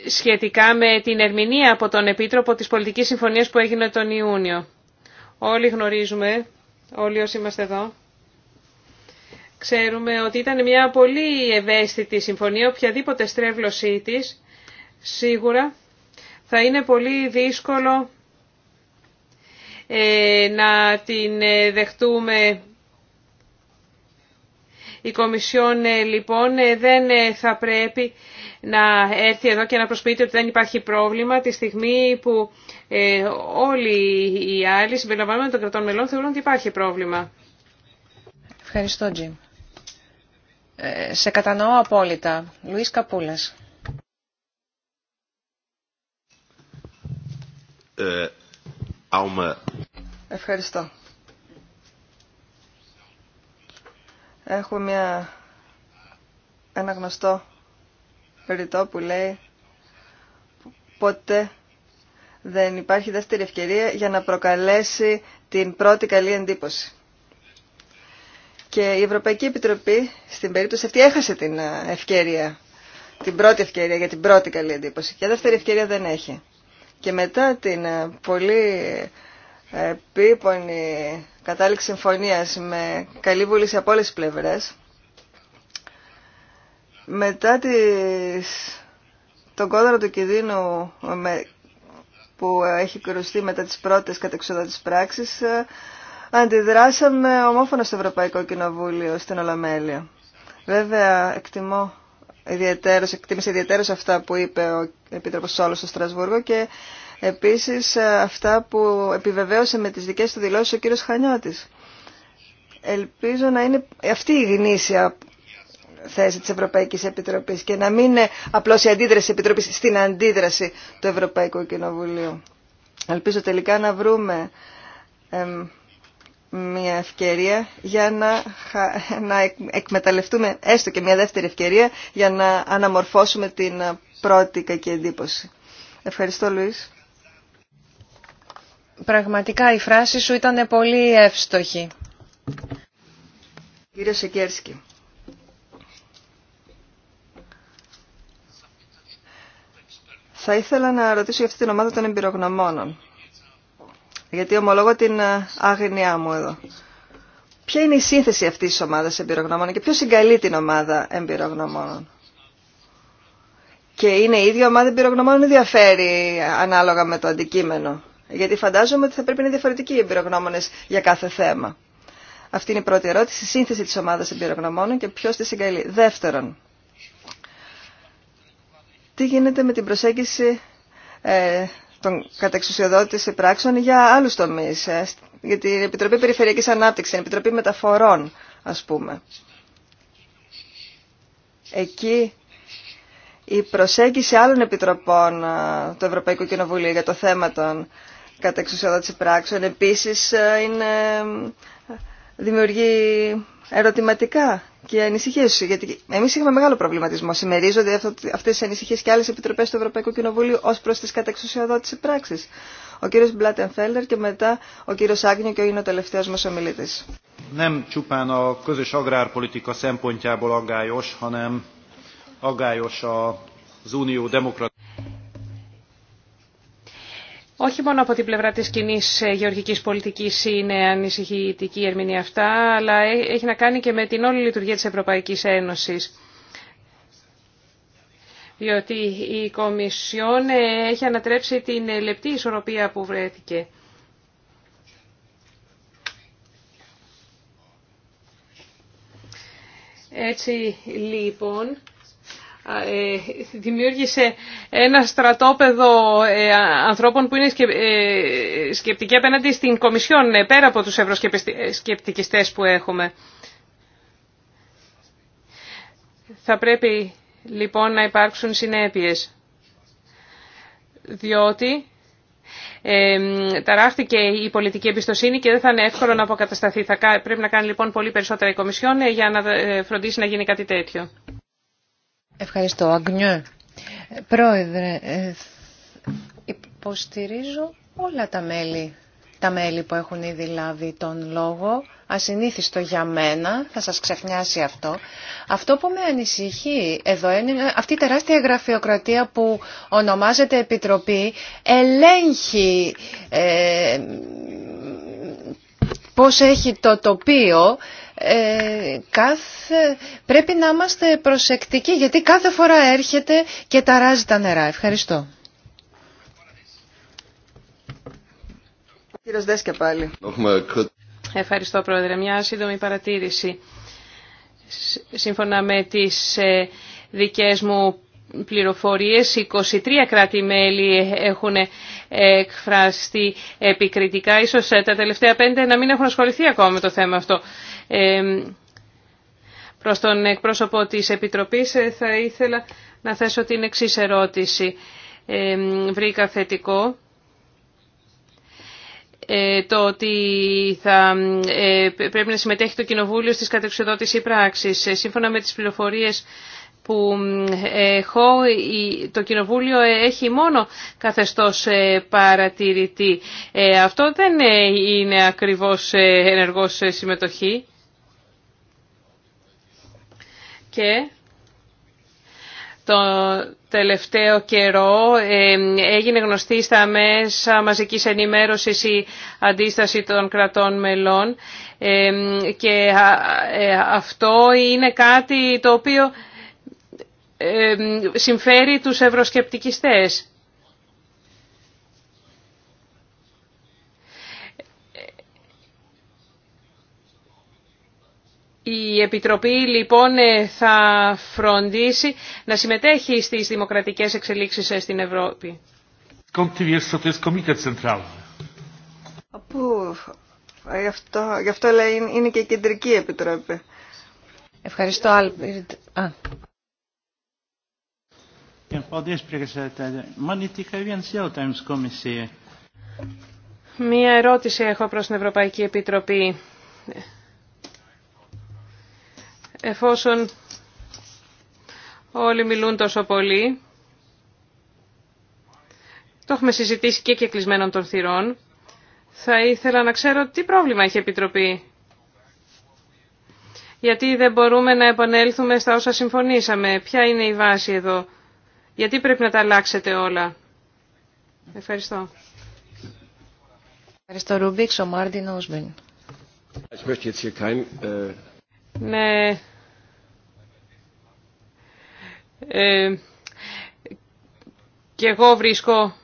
σχετικά με την ερμηνεία από τον Επίτροπο της Πολιτικής Συμφωνίας που έγινε τον Ιούνιο. Όλοι γνωρίζουμε, όλοι όσοι είμαστε εδώ, ξέρουμε ότι ήταν μια πολύ ευαίσθητη συμφωνία, οποιαδήποτε στρέβλωσή της, σίγουρα θα είναι πολύ δύσκολο ε, να την ε, δεχτούμε η Κομισιόν ε, λοιπόν ε, δεν ε, θα πρέπει να έρθει εδώ και να προσποιείται ότι δεν υπάρχει πρόβλημα τη στιγμή που όλοι οι άλλοι συμπεριλαμβανομένων των κρατών μελών θεωρούν ότι υπάρχει πρόβλημα. Ευχαριστώ, Τζιμ. σε κατανοώ απόλυτα. Λουίς Καπούλας. Ευχαριστώ. Έχω μια, ένα γνωστό ρητό που λέει ποτέ δεν υπάρχει δεύτερη ευκαιρία για να προκαλέσει την πρώτη καλή εντύπωση. Και η Ευρωπαϊκή Επιτροπή στην περίπτωση αυτή έχασε την ε, ευκαιρία, την πρώτη ευκαιρία για την πρώτη καλή εντύπωση και δεύτερη ευκαιρία δεν έχει. Και μετά την ε, πολύ ε, επίπονη κατάληξη συμφωνία με καλή βούληση από όλες τις πλευρές, μετά τις... τον κόδωρο του κινδύνου που έχει κρουστεί μετά τις πρώτες κατεξοδότης πράξεις, ε, αντιδράσαμε ομόφωνα στο Ευρωπαϊκό Κοινοβούλιο στην Ολομέλεια. Βέβαια, εκτιμώ ιδιαίτερος, εκτίμησε ιδιαίτερος αυτά που είπε ο Επίτροπος Σόλος στο Στρασβούργο και Επίσης ε, αυτά που επιβεβαίωσε με τις δικές του δηλώσεις ο κύριος Χανιώτης. Ελπίζω να είναι αυτή η γνήσια θέση της Ευρωπαϊκής Επιτροπής και να μην είναι απλώς η αντίδραση της Επιτροπής στην αντίδραση του Ευρωπαϊκού Κοινοβουλίου. Ελπίζω τελικά να βρούμε μια ευκαιρία για να, να εκμεταλλευτούμε έστω και μια δεύτερη ευκαιρία για να αναμορφώσουμε την πρώτη κακή εντύπωση. Ευχαριστώ Λουίς. Πραγματικά η φράση σου ήταν πολύ εύστοχη. Κύριε Σεκέρσκι. Θα ήθελα να ρωτήσω για αυτή την ομάδα των εμπειρογνωμόνων. Γιατί ομολόγω την ε, άγνοιά μου εδώ. Ποια είναι η σύνθεση αυτής της ομάδας εμπειρογνωμόνων και ποιος συγκαλεί την ομάδα εμπειρογνωμόνων. Και είναι η ίδια ομάδα εμπειρογνωμόνων ή διαφέρει ανάλογα με το αντικείμενο. Γιατί φαντάζομαι ότι θα πρέπει να είναι διαφορετικοί οι εμπειρογνώμονε για κάθε θέμα. Αυτή είναι η πρώτη ερώτηση, η σύνθεση τη ομάδα εμπειρογνωμόνων και ποιο τη συγκαλεί. Δεύτερον, τι γίνεται με την προσέγγιση ε, των κατεξουσιοδότη πράξεων για άλλου τομεί, ε, για την Επιτροπή περιφερειακή ανάπτυξη, την Επιτροπή Μεταφορών, α πούμε. Εκεί η προσέγγιση άλλων επιτροπών ε, του Ευρωπαϊκού Κοινοβουλίου για το θέμα των κατά εξουσιοδότηση πράξεων επίσης ε, είναι, ε, δημιουργεί ερωτηματικά και ανησυχίες. Γιατί εμείς είχαμε μεγάλο προβληματισμό. Συμμερίζονται αυτές τις ανησυχίες και άλλες επιτροπές του Ευρωπαϊκού Κοινοβουλίου ως προς τις κατά εξουσιοδότηση πράξεις. Ο κύριος Μπλάτενφέλντερ και μετά ο κύριος Άγνιο και είναι ο τελευταίος μας ομιλητής. Nem csupán a közös agrárpolitika szempontjából aggályos, hanem aggályos az unió όχι μόνο από την πλευρά της κοινή ε, γεωργικής πολιτικής είναι ανησυχητική η ερμηνεία αυτά, αλλά ε, έχει να κάνει και με την όλη λειτουργία της Ευρωπαϊκής Ένωσης. Διότι η Κομισιόν ε, έχει ανατρέψει την λεπτή ισορροπία που βρέθηκε. Έτσι λοιπόν... Ε, δημιούργησε ένα στρατόπεδο ε, ανθρώπων που είναι ε, σκεπτικοί απέναντι στην Κομισιόν, πέρα από τους ευρωσκεπτικιστές που έχουμε. Θα πρέπει λοιπόν να υπάρξουν συνέπειες, διότι ε, ταράχτηκε η πολιτική εμπιστοσύνη και δεν θα είναι εύκολο να αποκατασταθεί. Θα, πρέπει να κάνει λοιπόν πολύ περισσότερα η Κομισιόν για να φροντίσει να γίνει κάτι τέτοιο. Ευχαριστώ. Αγνιέ. Πρόεδρε, ε, υποστηρίζω όλα τα μέλη, τα μέλη που έχουν ήδη λάβει τον λόγο. Ασυνήθιστο για μένα, θα σας ξεχνιάσει αυτό. Αυτό που με ανησυχεί εδώ είναι αυτή η τεράστια γραφειοκρατία που ονομάζεται Επιτροπή ελέγχει ε, πώς έχει το τοπίο ε, κάθε, πρέπει να είμαστε προσεκτικοί γιατί κάθε φορά έρχεται και ταράζει τα νερά. Ευχαριστώ. πάλι. Ευχαριστώ Πρόεδρε. Μια σύντομη παρατήρηση. Σύμφωνα με τις ε, δικές μου πληροφορίες, 23 κράτη-μέλη έχουν εκφραστεί επικριτικά. Ίσως ε, τα τελευταία πέντε να μην έχουν ασχοληθεί ακόμα με το θέμα αυτό. Ε, προς τον εκπρόσωπο της Επιτροπής ε, θα ήθελα να θέσω την εξής ερώτηση. Ε, βρήκα θετικό ε, το ότι θα πρέπει να συμμετέχει το Κοινοβούλιο στις κατεξοδότηση πράξης. Σύμφωνα με τις πληροφορίες που το Κοινοβούλιο έχει μόνο καθεστώς ε, παρατηρητή. Ε, αυτό δεν ε, είναι ακριβώς ενεργός συμμετοχή. Και το τελευταίο καιρό έγινε γνωστή στα μέσα μαζικής ενημέρωσης η αντίσταση των κρατών μελών και αυτό είναι κάτι το οποίο συμφέρει τους ευρωσκεπτικιστές. Η Επιτροπή λοιπόν ε, θα φροντίσει να συμμετέχει στις δημοκρατικές εξελίξεις ε, στην Ευρώπη. Πού, γι' αυτό, γι αυτό λέει είναι και η Κεντρική Επιτροπή. Ευχαριστώ, Μία ερώτηση έχω προς την Ευρωπαϊκή Επιτροπή. Εφόσον όλοι μιλούν τόσο πολύ, το έχουμε συζητήσει και κεκλεισμένων των θυρών, θα ήθελα να ξέρω τι πρόβλημα έχει η Επιτροπή. Γιατί δεν μπορούμε να επανέλθουμε στα όσα συμφωνήσαμε. Ποια είναι η βάση εδώ. Γιατί πρέπει να τα αλλάξετε όλα. Ευχαριστώ. Ευχαριστώ Ρουμπίξ, ο Μάρτιν äh, Ναι. Ε, και εγώ βρίσκω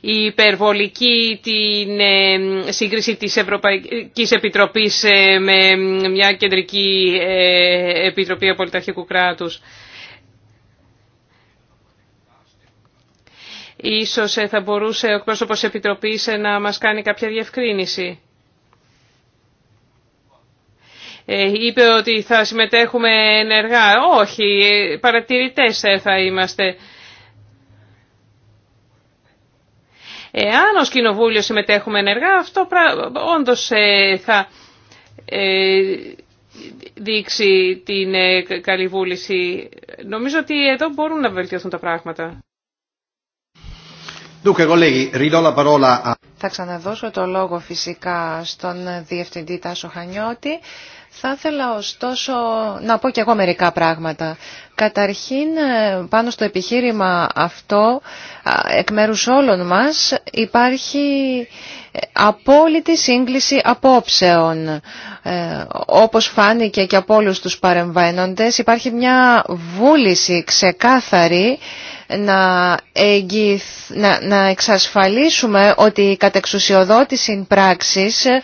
η υπερβολική την ε, σύγκριση της Ευρωπαϊκής Επιτροπής ε, με μια κεντρική ε, επιτροπή απολυταρχικού κράτους. Ίσως ε, θα μπορούσε ο εκπρόσωπος Επιτροπής ε, να μας κάνει κάποια διευκρίνηση. Ε, είπε ότι θα συμμετέχουμε ενεργά. Όχι, παρατηρητές θα είμαστε. Εάν ως Κοινοβούλιο συμμετέχουμε ενεργά, αυτό όντως θα δείξει την καλή βούληση. Νομίζω ότι εδώ μπορούν να βελτιωθούν τα πράγματα. Θα ξαναδώσω το λόγο φυσικά στον Διευθυντή Τάσο Χανιώτη. Θα ήθελα ωστόσο να πω και εγώ μερικά πράγματα. Καταρχήν ε, πάνω στο επιχείρημα αυτό εκ μέρους όλων μας υπάρχει ε, απόλυτη σύγκληση απόψεων. Ε, όπως φάνηκε και από όλους τους παρεμβαίνοντες υπάρχει μια βούληση ξεκάθαρη να, να, εξασφαλίσουμε ότι η κατεξουσιοδότηση πράξης ε,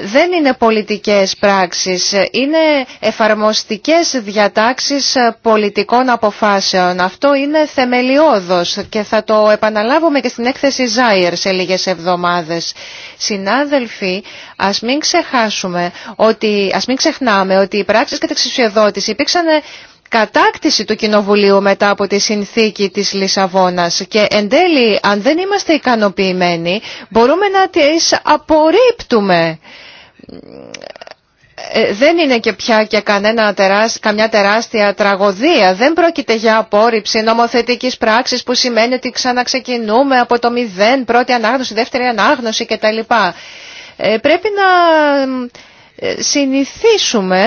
δεν είναι πολιτικές πράξεις, ε, είναι εφαρμοστικές διατάξεις ε, πολιτικών αποφάσεων. Αυτό είναι θεμελιώδος και θα το επαναλάβουμε και στην έκθεση Ζάιερ σε λίγες εβδομάδες. Συνάδελφοι, ας μην ξεχάσουμε ότι, ας μην ξεχνάμε ότι οι πράξεις κατεξουσιοδότηση υπήρξαν κατάκτηση του Κοινοβουλίου μετά από τη συνθήκη της Λισαβόνας και εν τέλει αν δεν είμαστε ικανοποιημένοι μπορούμε να τις απορρίπτουμε. Ε, δεν είναι και πια και κανένα καμιά τεράστια τραγωδία. Δεν πρόκειται για απόρριψη νομοθετικής πράξης που σημαίνει ότι ξαναξεκινούμε από το μηδέν, πρώτη ανάγνωση, δεύτερη ανάγνωση κτλ. Ε, πρέπει να ε, συνηθίσουμε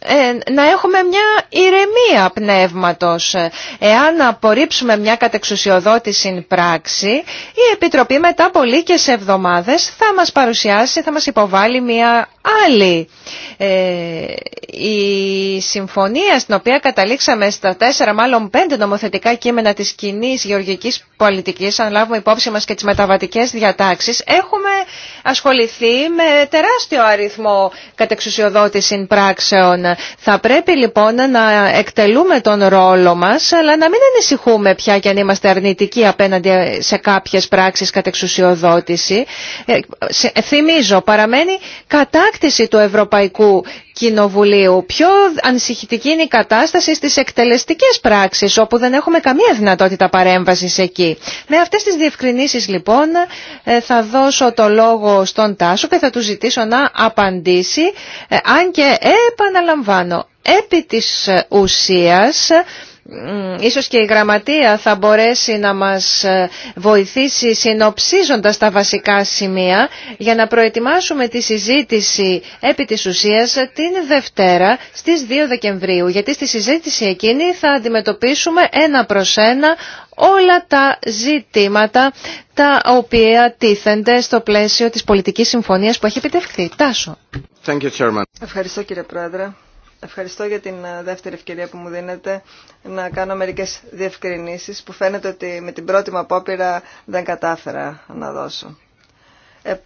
ε, να έχουμε μια ηρεμία πνεύματος. Εάν απορρίψουμε μια κατεξουσιοδότηση πράξη, η Επιτροπή μετά από λίγες εβδομάδες θα μας παρουσιάσει, θα μας υποβάλει μια άλλοι. Ε, η συμφωνία στην οποία καταλήξαμε στα τέσσερα, μάλλον πέντε νομοθετικά κείμενα της κοινή γεωργικής πολιτικής, αν λάβουμε υπόψη μας και τις μεταβατικές διατάξεις, έχουμε ασχοληθεί με τεράστιο αριθμό κατεξουσιοδότηση πράξεων. Θα πρέπει λοιπόν να εκτελούμε τον ρόλο μας, αλλά να μην ανησυχούμε πια και αν είμαστε αρνητικοί απέναντι σε κάποιες πράξεις κατεξουσιοδότηση. Ε, θυμίζω, παραμένει κατάκτηση κατάκτηση του Ευρωπαϊκού Κοινοβουλίου. Πιο ανησυχητική είναι η κατάσταση στις εκτελεστικές πράξεις, όπου δεν έχουμε καμία δυνατότητα παρέμβασης εκεί. Με αυτές τις διευκρινήσεις λοιπόν ε, θα δώσω το λόγο στον Τάσο και θα του ζητήσω να απαντήσει, ε, αν και επαναλαμβάνω, επί της ε, ουσίας ίσως και η γραμματεία θα μπορέσει να μας ε, βοηθήσει συνοψίζοντας τα βασικά σημεία για να προετοιμάσουμε τη συζήτηση επί της ουσίας την Δευτέρα στις 2 Δεκεμβρίου γιατί στη συζήτηση εκείνη θα αντιμετωπίσουμε ένα προς ένα όλα τα ζητήματα τα οποία τίθενται στο πλαίσιο της πολιτικής συμφωνίας που έχει επιτευχθεί. Τάσο. Ευχαριστώ κύριε Πρόεδρε. Ευχαριστώ για την ε, δεύτερη ευκαιρία που μου δίνετε να κάνω μερικές διευκρινήσεις που φαίνεται ότι με την πρώτη μου απόπειρα δεν κατάφερα να δώσω. Ε,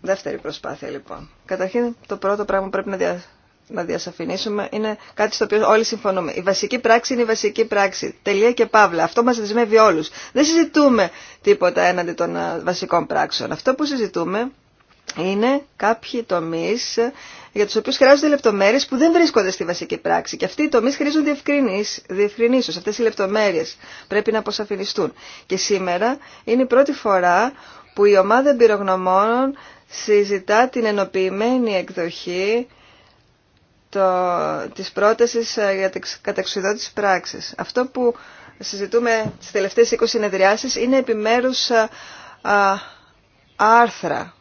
δεύτερη προσπάθεια λοιπόν. Καταρχήν το πρώτο πράγμα που πρέπει να, δια, να διασαφηνίσουμε είναι κάτι στο οποίο όλοι συμφωνούμε. Η βασική πράξη είναι η βασική πράξη. Τελεία και παύλα. Αυτό μας δεσμεύει όλους. Δεν συζητούμε τίποτα έναντι των ε, βασικών πράξεων. Αυτό που συζητούμε είναι κάποιοι τομείς για του οποίου χρειάζονται λεπτομέρειες που δεν βρίσκονται στη βασική πράξη. Και αυτοί οι τομεί χρήζουν διευκρινήσεως. Αυτές οι λεπτομέρειες πρέπει να αποσαφινιστούν. Και σήμερα είναι η πρώτη φορά που η ομάδα εμπειρογνωμόνων συζητά την ενοποιημένη εκδοχή το, της πρότασης ε, για την καταξιδότηση πράξης. Αυτό που συζητούμε στις τελευταίες 20 συνεδριάσεις είναι επιμέρους ε, ε, άρθρα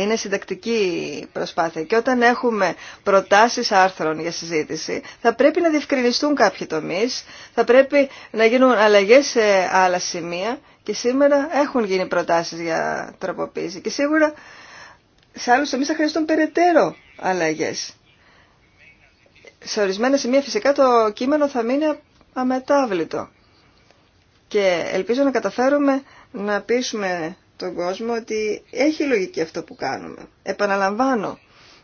είναι συντακτική προσπάθεια. Και όταν έχουμε προτάσεις άρθρων για συζήτηση, θα πρέπει να διευκρινιστούν κάποιοι τομείς, θα πρέπει να γίνουν αλλαγές σε άλλα σημεία και σήμερα έχουν γίνει προτάσεις για τροποποίηση. Και σίγουρα σε άλλους τομείς θα χρειαστούν περαιτέρω αλλαγές. Σε ορισμένα σημεία φυσικά το κείμενο θα μείνει αμετάβλητο. Και ελπίζω να καταφέρουμε να πείσουμε τον κόσμο ότι έχει λογική αυτό που κάνουμε. Επαναλαμβάνω,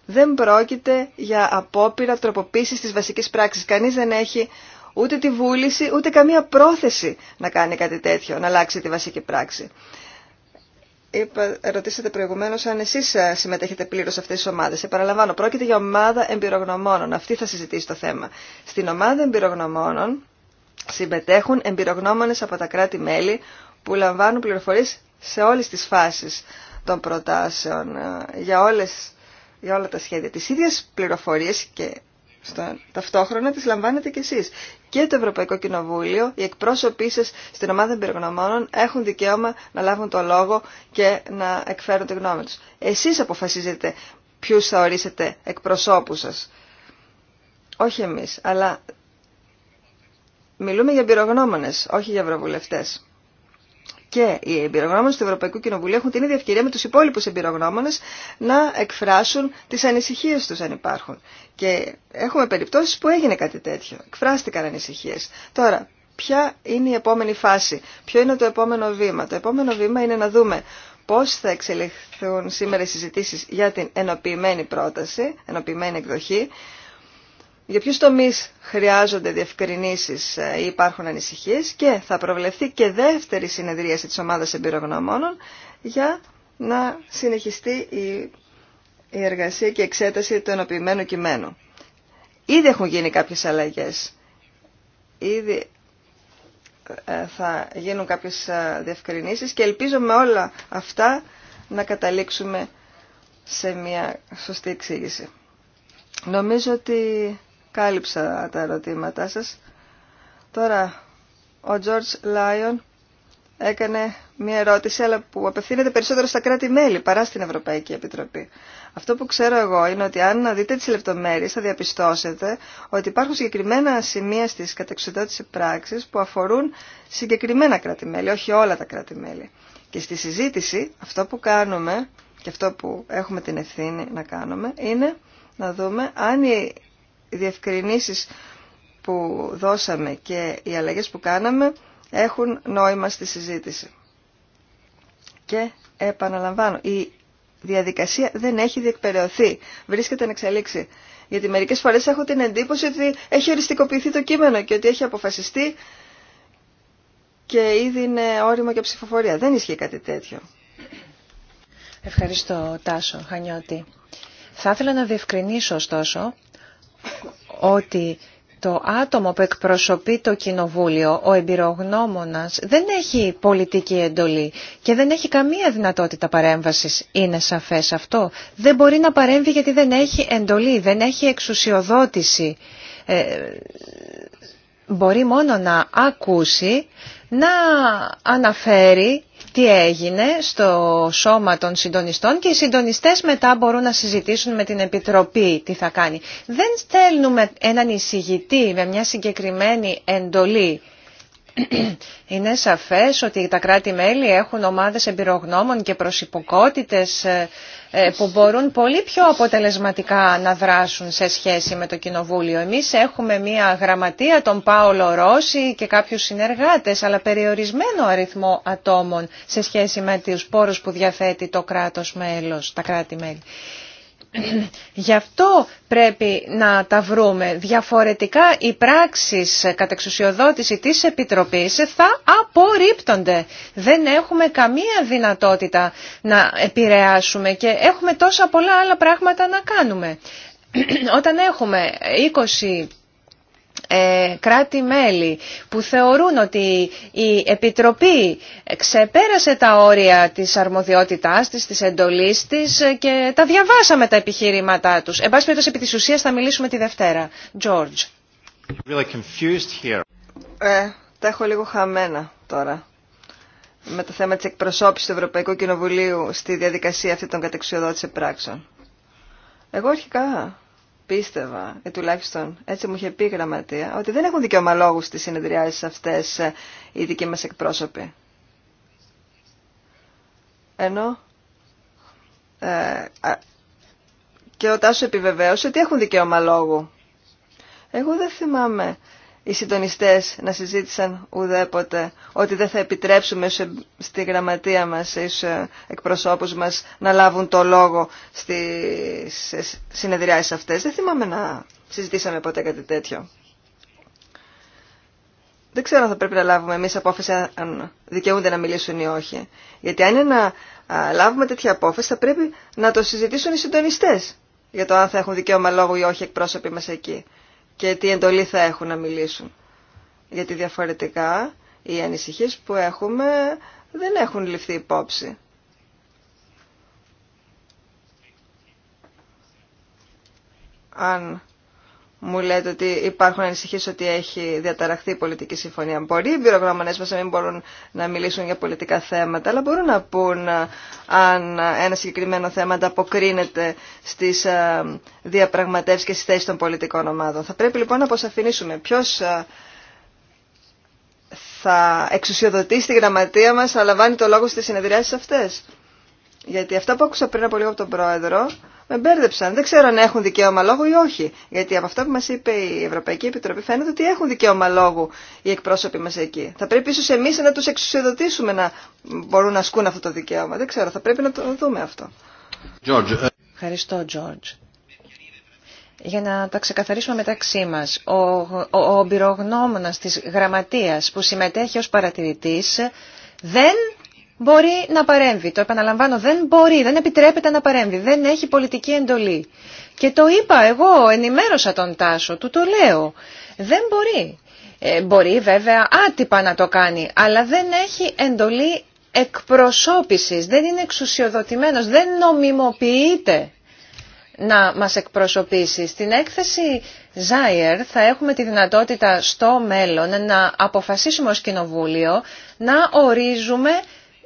δεν πρόκειται για απόπειρα τροποποίησης της βασικής πράξης. Κανείς δεν έχει ούτε τη βούληση, ούτε καμία πρόθεση να κάνει κάτι τέτοιο, να αλλάξει τη βασική πράξη. Είπα, ρωτήσατε προηγουμένω, αν εσεί ε, συμμετέχετε πλήρω σε αυτέ τι ομάδε. Επαναλαμβάνω, πρόκειται για ομάδα εμπειρογνωμόνων. Αυτή θα συζητήσει το θέμα. Στην ομάδα εμπειρογνωμόνων συμμετέχουν εμπειρογνώμονε από τα κράτη-μέλη που λαμβάνουν πληροφορίε σε όλες τις φάσεις των προτάσεων ε, για, όλες, για όλα τα σχέδια. Τις ίδιες πληροφορίες και ταυτόχρονα τις λαμβάνετε κι εσείς. Και το Ευρωπαϊκό Κοινοβούλιο, οι εκπρόσωποι σας στην ομάδα εμπειρογνωμόνων έχουν δικαίωμα να λάβουν το λόγο και να εκφέρουν τη γνώμη τους. Εσείς αποφασίζετε ποιου θα ορίσετε εκπροσώπους σας. Όχι εμείς, αλλά μιλούμε για εμπειρογνώμονες, όχι για ευρωβουλευτές και οι εμπειρογνώμονε του Ευρωπαϊκού Κοινοβουλίου έχουν την ίδια ευκαιρία με του υπόλοιπου εμπειρογνώμονε να εκφράσουν τι ανησυχίε του αν υπάρχουν. Και έχουμε περιπτώσει που έγινε κάτι τέτοιο. Εκφράστηκαν ανησυχίε. Τώρα, ποια είναι η επόμενη φάση, ποιο είναι το επόμενο βήμα. Το επόμενο βήμα είναι να δούμε πώ θα εξελιχθούν σήμερα οι συζητήσει για την ενοποιημένη πρόταση, ενοποιημένη εκδοχή, για ποιους τομείς χρειάζονται διευκρινήσεις ε, ή υπάρχουν ανησυχίες και θα προβλεφθεί και δεύτερη συνεδρίαση της ομάδας εμπειρογνωμόνων για να συνεχιστεί η, εργασία και η εξέταση του ενοποιημένου κειμένου. Ήδη έχουν γίνει κάποιες αλλαγές. Ήδη ε, θα γίνουν κάποιες ε, διευκρινήσεις και ελπίζω με όλα αυτά να καταλήξουμε σε μια σωστή εξήγηση. Νομίζω ότι κάλυψα τα ερωτήματά σας. Τώρα, ο George Lyon έκανε μια ερώτηση, αλλά που απευθύνεται περισσότερο στα κράτη-μέλη παρά στην Ευρωπαϊκή Επιτροπή. Αυτό που ξέρω εγώ είναι ότι αν δείτε τις λεπτομέρειες θα διαπιστώσετε ότι υπάρχουν συγκεκριμένα σημεία στις κατεξοδότηση πράξεις που αφορούν συγκεκριμένα κράτη-μέλη, όχι όλα τα κράτη-μέλη. Και στη συζήτηση αυτό που κάνουμε και αυτό που έχουμε την ευθύνη να κάνουμε είναι να δούμε αν οι διευκρινήσεις που δώσαμε και οι αλλαγές που κάναμε έχουν νόημα στη συζήτηση. Και επαναλαμβάνω, η διαδικασία δεν έχει διεκπαιρεωθεί, βρίσκεται να εξελίξει. Γιατί μερικές φορές έχω την εντύπωση ότι έχει οριστικοποιηθεί το κείμενο και ότι έχει αποφασιστεί και ήδη είναι όριμο και ψηφοφορία. Δεν ισχύει κάτι τέτοιο. Ευχαριστώ Τάσο Χανιώτη. Θα ήθελα να διευκρινίσω ωστόσο ότι το άτομο που εκπροσωπεί το κοινοβούλιο, ο εμπειρογνώμονας, δεν έχει πολιτική εντολή και δεν έχει καμία δυνατότητα παρέμβασης. Είναι σαφές αυτό. Δεν μπορεί να παρέμβει γιατί δεν έχει εντολή, δεν έχει εξουσιοδότηση. Ε, μπορεί μόνο να ακούσει, να αναφέρει τι έγινε στο σώμα των συντονιστών και οι συντονιστές μετά μπορούν να συζητήσουν με την Επιτροπή τι θα κάνει. Δεν στέλνουμε έναν εισηγητή με μια συγκεκριμένη εντολή. Είναι σαφές ότι τα κράτη-μέλη έχουν ομάδες εμπειρογνώμων και προσυποκότητες ε, ε, που μπορούν πολύ πιο αποτελεσματικά να δράσουν σε σχέση με το Κοινοβούλιο. Εμείς έχουμε μία γραμματεία, τον Πάολο Ρώση και κάποιους συνεργάτες, αλλά περιορισμένο αριθμό ατόμων σε σχέση με τους πόρους που διαθέτει το κράτος μέλος, τα κράτη-μέλη. Γι' αυτό πρέπει να τα βρούμε. Διαφορετικά οι πράξεις κατεξουσιοδότηση της Επιτροπής θα απορρίπτονται. Δεν έχουμε καμία δυνατότητα να επηρεάσουμε και έχουμε τόσα πολλά άλλα πράγματα να κάνουμε. (clears throat) Όταν έχουμε 20 ε, κράτη-μέλη που θεωρούν ότι η Επιτροπή ξεπέρασε τα όρια της αρμοδιότητάς της, της εντολής της και τα διαβάσαμε τα επιχείρηματά τους. Εν πάση περιπτώσει, επί της ουσίας θα μιλήσουμε τη Δευτέρα. George. Really Ε, τα έχω λίγο χαμένα τώρα με το θέμα της εκπροσώπησης του Ευρωπαϊκού Κοινοβουλίου στη διαδικασία αυτή των κατεξιοδότησε πράξεων. Εγώ αρχικά πίστευα, ή ε, τουλάχιστον έτσι μου είχε πει η γραμματεία, ότι δεν έχουν δικαίωμα λόγου στις συνεδριάσεις αυτές ε, οι δικοί μα εκπρόσωποι. Ενώ ε, και ο Τάσο επιβεβαίωσε ότι έχουν δικαίωμα λόγου. Εγώ δεν θυμάμαι οι συντονιστές να συζήτησαν ουδέποτε ότι δεν θα επιτρέψουμε στη γραμματεία μας, στου ε, εκπροσώπους μας να λάβουν το λόγο στις συνεδριάσεις αυτές. Δεν θυμάμαι να συζητήσαμε ποτέ κάτι τέτοιο. Δεν ξέρω αν θα πρέπει να λάβουμε εμείς απόφαση αν δικαιούνται να μιλήσουν ή όχι. Γιατί αν είναι να λάβουμε τέτοια απόφαση θα πρέπει να το συζητήσουν οι συντονιστές για το αν θα έχουν δικαίωμα λόγου ή όχι εκπρόσωποι μας εκεί και τι εντολή θα έχουν να μιλήσουν. Γιατί διαφορετικά οι ανησυχίες που έχουμε δεν έχουν ληφθεί υπόψη. Αν μου λέτε ότι υπάρχουν ανησυχίε ότι έχει διαταραχθεί η πολιτική συμφωνία. Μπορεί οι πυρογνώμονε μα να μην μπορούν να μιλήσουν για πολιτικά θέματα, αλλά μπορούν να πούν ε, αν ένα συγκεκριμένο θέμα ανταποκρίνεται στι ε, διαπραγματεύσει και στι θέσει των πολιτικών ομάδων. Θα πρέπει λοιπόν να αποσαφηνίσουμε ποιο ε, θα εξουσιοδοτεί στη γραμματεία μα θα λαμβάνει το λόγο στι συνεδριάσει αυτέ. Γιατί αυτά που άκουσα πριν από λίγο από τον πρόεδρο με μπέρδεψαν. Δεν ξέρω αν έχουν δικαίωμα λόγου ή όχι. Γιατί από αυτά που μα είπε η Ευρωπαϊκή Επιτροπή φαίνεται ότι έχουν δικαίωμα λόγου οι εκπρόσωποι μα εκεί. Θα πρέπει ίσω εμεί να του εξουσιοδοτήσουμε να μπορούν να ασκούν αυτό το δικαίωμα. Δεν ξέρω, θα πρέπει να το δούμε αυτό. George. Ε. Ευχαριστώ, Τζόρτζ. Για να τα ξεκαθαρίσουμε μεταξύ μας, ο, ο, ο, της γραμματείας που συμμετέχει ως παρατηρητής δεν μπορεί να παρέμβει. Το επαναλαμβάνω, δεν μπορεί, δεν επιτρέπεται να παρέμβει, δεν έχει πολιτική εντολή. Και το είπα εγώ, ενημέρωσα τον Τάσο, του το λέω. Δεν μπορεί. Ε, μπορεί βέβαια άτυπα να το κάνει, αλλά δεν έχει εντολή εκπροσώπησης, δεν είναι εξουσιοδοτημένος, δεν νομιμοποιείται να μας εκπροσωπήσει. Στην έκθεση Ζάιερ θα έχουμε τη δυνατότητα στο μέλλον να αποφασίσουμε ως Κοινοβούλιο να ορίζουμε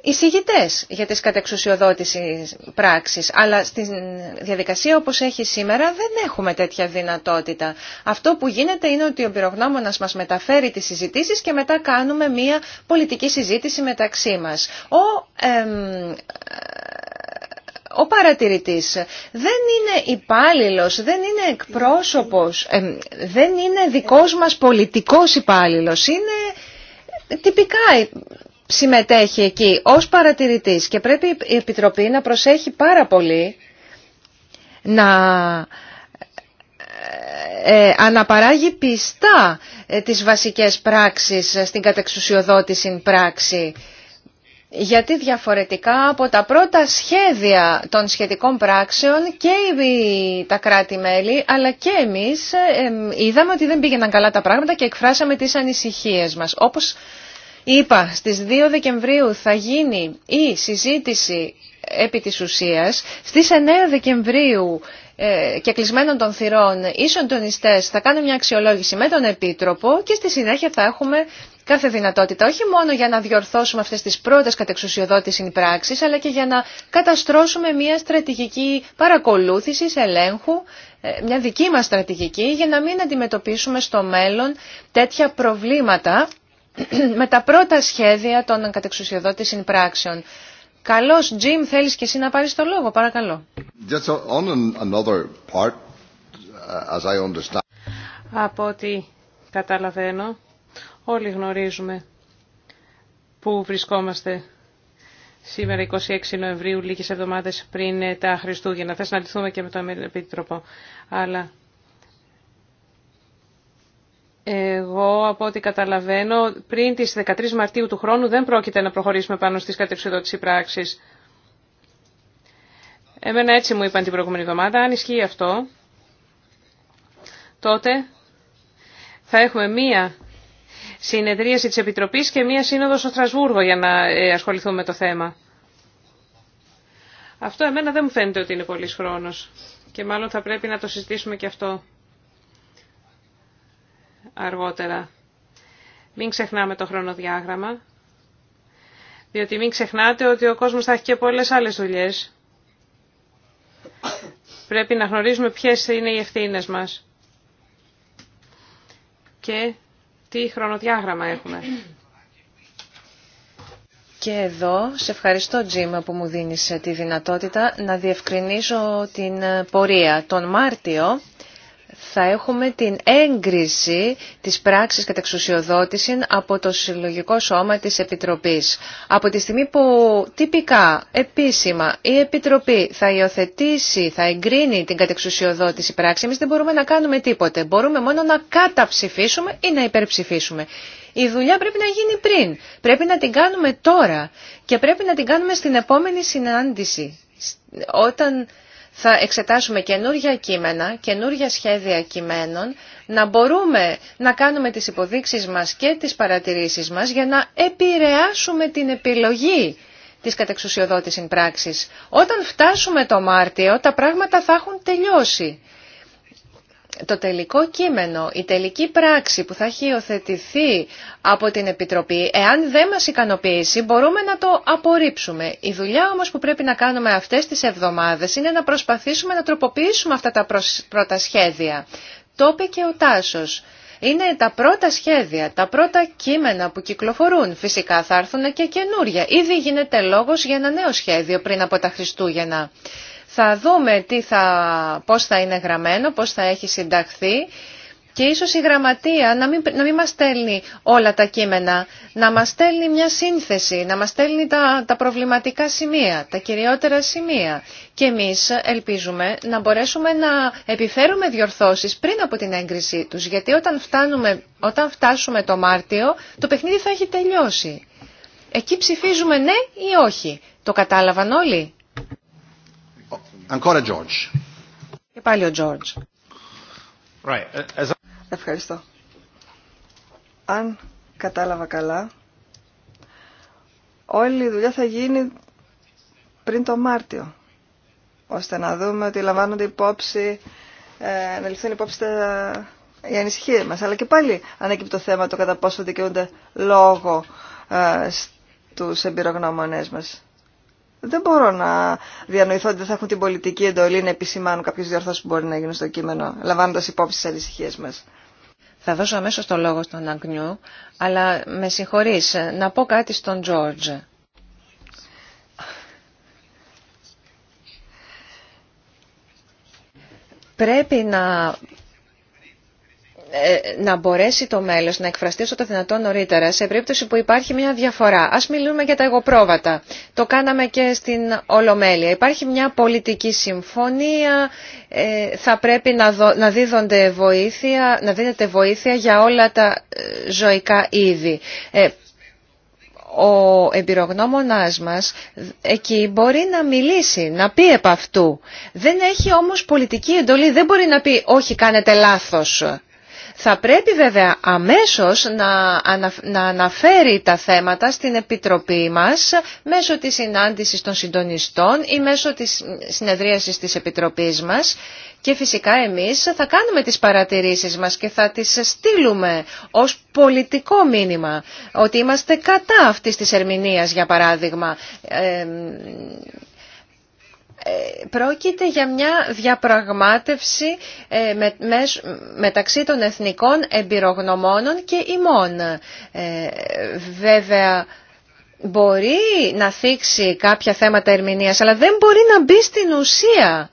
εισηγητές για τι κατεξουσιοδότηση πράξεις, αλλά στη διαδικασία όπως έχει σήμερα δεν έχουμε τέτοια δυνατότητα. Αυτό που γίνεται είναι ότι ο πυρογνώμονα μα μεταφέρει τι συζητήσει και μετά κάνουμε μια πολιτική συζήτηση μεταξύ μας. Ο, εμ, ο παρατηρητής δεν είναι υπάλληλο, δεν είναι εκπρόσωπος, δεν είναι δικός μας πολιτικός υπάλληλο, είναι τυπικά συμμετέχει εκεί ως παρατηρητής και πρέπει η Επιτροπή να προσέχει πάρα πολύ να ε, ε, αναπαράγει πιστά ε, τις βασικές πράξεις στην κατεξουσιοδότηση πράξη. Γιατί διαφορετικά από τα πρώτα σχέδια των σχετικών πράξεων και τα κράτη-μέλη αλλά και εμείς είδαμε ότι δεν πήγαιναν καλά τα πράγματα και εκφράσαμε τις ανησυχίες μας. Όπως Είπα, στις 2 Δεκεμβρίου θα γίνει η συζήτηση επί της ουσίας. Στις 9 Δεκεμβρίου ε, και κλεισμένων των θυρών οι τονιστές θα κάνουν μια αξιολόγηση με τον Επίτροπο και στη συνέχεια θα έχουμε κάθε δυνατότητα, όχι μόνο για να διορθώσουμε αυτές τις πρώτες στην πράξη, αλλά και για να καταστρώσουμε μια στρατηγική παρακολούθηση ελέγχου, ε, μια δική μας στρατηγική, για να μην αντιμετωπίσουμε στο μέλλον τέτοια προβλήματα με τα πρώτα σχέδια των κατεξουσιοδότης συμπράξεων. Καλώς, Τζιμ, θέλεις και εσύ να πάρεις το λόγο, παρακαλώ. part, uh, Από ό,τι καταλαβαίνω, όλοι γνωρίζουμε που βρισκόμαστε σήμερα 26 Νοεμβρίου, λίγες εβδομάδες πριν τα Χριστούγεννα. Θες να λυθούμε και με τον Επίτροπο. Αλλά εγώ, από ό,τι καταλαβαίνω, πριν τις 13 Μαρτίου του χρόνου δεν πρόκειται να προχωρήσουμε πάνω στις κατεξοδότηση πράξεις. Εμένα έτσι μου είπαν την προηγούμενη εβδομάδα. Αν ισχύει αυτό, τότε θα έχουμε μία συνεδρίαση της Επιτροπής και μία σύνοδο στο Στρασβούργο για να ε, ασχοληθούμε με το θέμα. Αυτό εμένα δεν μου φαίνεται ότι είναι πολύς χρόνος και μάλλον θα πρέπει να το συζητήσουμε και αυτό αργότερα. Μην ξεχνάμε το χρονοδιάγραμμα, διότι μην ξεχνάτε ότι ο κόσμος θα έχει και πολλές άλλες δουλειές. Πρέπει να γνωρίζουμε ποιες είναι οι ευθύνες μας και τι χρονοδιάγραμμα έχουμε. Και εδώ σε ευχαριστώ Τζίμα που μου δίνεις τη δυνατότητα να διευκρινίσω την πορεία. Τον Μάρτιο θα έχουμε την έγκριση της πράξης κατά από το Συλλογικό Σώμα της Επιτροπής. Από τη στιγμή που τυπικά, επίσημα, η Επιτροπή θα υιοθετήσει, θα εγκρίνει την κατεξουσιοδότηση πράξη, εμείς δεν μπορούμε να κάνουμε τίποτε. Μπορούμε μόνο να καταψηφίσουμε ή να υπερψηφίσουμε. Η δουλειά πρέπει να γίνει πριν. Πρέπει να την κάνουμε τώρα και πρέπει να την κάνουμε στην επόμενη συνάντηση. Όταν θα εξετάσουμε καινούργια κείμενα, καινούργια σχέδια κειμένων, να μπορούμε να κάνουμε τις υποδείξεις μας και τις παρατηρήσεις μας για να επηρεάσουμε την επιλογή της κατεξουσιοδότησης πράξης. Όταν φτάσουμε το Μάρτιο, τα πράγματα θα έχουν τελειώσει το τελικό κείμενο, η τελική πράξη που θα έχει υιοθετηθεί από την Επιτροπή, εάν δεν μας ικανοποιήσει, μπορούμε να το απορρίψουμε. Η δουλειά όμως που πρέπει να κάνουμε αυτές τις εβδομάδες είναι να προσπαθήσουμε να τροποποιήσουμε αυτά τα πρώτα σχέδια. Το είπε και ο Τάσος. Είναι τα πρώτα σχέδια, τα πρώτα κείμενα που κυκλοφορούν. Φυσικά θα έρθουν και καινούρια. Ήδη γίνεται λόγος για ένα νέο σχέδιο πριν από τα Χριστούγεννα. Θα δούμε τι θα, πώς θα είναι γραμμένο, πώς θα έχει συνταχθεί και ίσως η γραμματεία να μην, να μας στέλνει όλα τα κείμενα, να μας στέλνει μια σύνθεση, να μας στέλνει τα, τα προβληματικά σημεία, τα κυριότερα σημεία. Και εμείς ελπίζουμε να μπορέσουμε να επιφέρουμε διορθώσεις πριν από την έγκρισή τους, γιατί όταν, φτάνουμε, όταν φτάσουμε το Μάρτιο το παιχνίδι θα έχει τελειώσει. Εκεί ψηφίζουμε ναι ή όχι. Το κατάλαβαν όλοι. Και πάλι ο George. Ε, Ευχαριστώ. Αν κατάλαβα καλά, όλη η δουλειά θα γίνει πριν το Μάρτιο, ώστε να δούμε ότι λαμβάνονται υπόψη, ε, να ληφθούν υπόψη τα, οι ανησυχίες μας. Αλλά και πάλι ανέκυπτο θέμα το κατά πόσο δικαιούνται λόγο ε, στους εμπειρογνώμονές μας δεν μπορώ να διανοηθώ ότι δεν θα έχουν την πολιτική εντολή να επισημάνουν κάποιε διορθώσει που μπορεί να γίνουν στο κείμενο, λαμβάνοντα υπόψη τι ανησυχίε μα. Θα δώσω αμέσω το λόγο στον Αγνιού, αλλά με συγχωρεί να πω κάτι στον Τζόρτζ. Πρέπει να ε, να μπορέσει το μέλος να εκφραστεί όσο το δυνατόν νωρίτερα σε περίπτωση που υπάρχει μια διαφορά. Ας μιλούμε για τα εγωπρόβατα. Το κάναμε και στην Ολομέλεια. Υπάρχει μια πολιτική συμφωνία, ε, θα πρέπει να, δο, να, δίδονται βοήθεια, να δίνεται βοήθεια για όλα τα ε, ζωικά είδη. ο εμπειρογνώμονάς μας εκεί μπορεί να μιλήσει, να πει επ' αυτού. Δεν έχει όμως πολιτική εντολή, δεν μπορεί να πει όχι κάνετε λάθος θα πρέπει βέβαια αμέσως να, αναφέρει τα θέματα στην Επιτροπή μας μέσω της συνάντησης των συντονιστών ή μέσω της συνεδρίασης της Επιτροπής μας και φυσικά εμείς θα κάνουμε τις παρατηρήσεις μας και θα τις στείλουμε ως πολιτικό μήνυμα ότι είμαστε κατά αυτής της ερμηνείας για παράδειγμα. Ε, πρόκειται για μια διαπραγμάτευση ε, μεταξύ των εθνικών εμπειρογνωμόνων και ημών. Ε, βέβαια, μπορεί να θίξει κάποια θέματα ερμηνείας, αλλά δεν μπορεί να μπει στην ουσία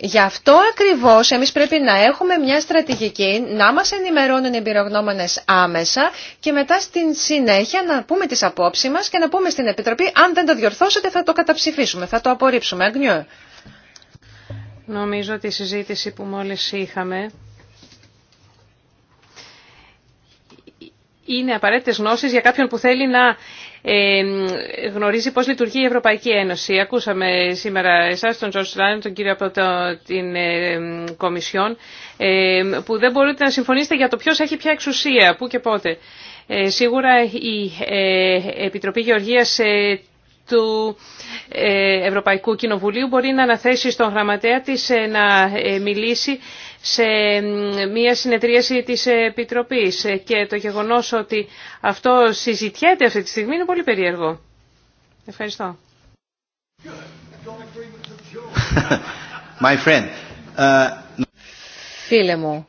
Γι' αυτό ακριβώς εμείς πρέπει να έχουμε μια στρατηγική, να μας ενημερώνουν οι εμπειρογνώμονες άμεσα και μετά στην συνέχεια να πούμε τις απόψεις μας και να πούμε στην Επιτροπή αν δεν το διορθώσετε θα το καταψηφίσουμε, θα το απορρίψουμε. Αγνιό. Νομίζω ότι η συζήτηση που μόλις είχαμε είναι απαραίτητε γνώσει για κάποιον που θέλει να γνωρίζει πώς λειτουργεί η Ευρωπαϊκή Ένωση. Ακούσαμε σήμερα εσάς, τον Τζορτ Λάιν, τον κύριο από την Κομισιόν, που δεν μπορείτε να συμφωνήσετε για το ποιος έχει ποια εξουσία, πού και πότε. Ε, σίγουρα η ε, Επιτροπή Γεωργίας ε, του Ευρωπαϊκού Κοινοβουλίου μπορεί να αναθέσει στον γραμματέα της να μιλήσει σε μία συνεδρίαση της Επιτροπής και το γεγονός ότι αυτό συζητιέται αυτή τη στιγμή είναι πολύ περίεργο. Ευχαριστώ. (laughs) My friend. Uh, Φίλε μου,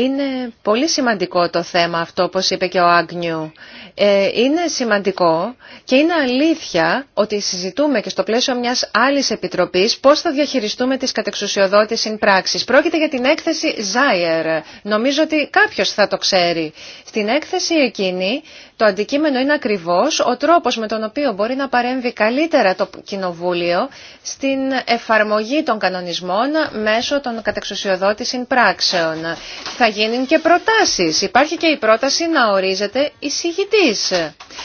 είναι πολύ σημαντικό το θέμα αυτό, όπως είπε και ο Άγνιου. Ε, είναι σημαντικό και είναι αλήθεια ότι συζητούμε και στο πλαίσιο μιας άλλης επιτροπής πώς θα διαχειριστούμε τις κατεξουσιοδότης πράξη. Πρόκειται για την έκθεση Ζάιερ. Νομίζω ότι κάποιος θα το ξέρει. Στην έκθεση εκείνη το αντικείμενο είναι ακριβώς ο τρόπος με τον οποίο μπορεί να παρέμβει καλύτερα το Κοινοβούλιο στην εφαρμογή των κανονισμών μέσω των κατεξουσιοδότησης πράξεων. Θα γίνουν και προτάσεις. Υπάρχει και η πρόταση να ορίζεται εισηγητής.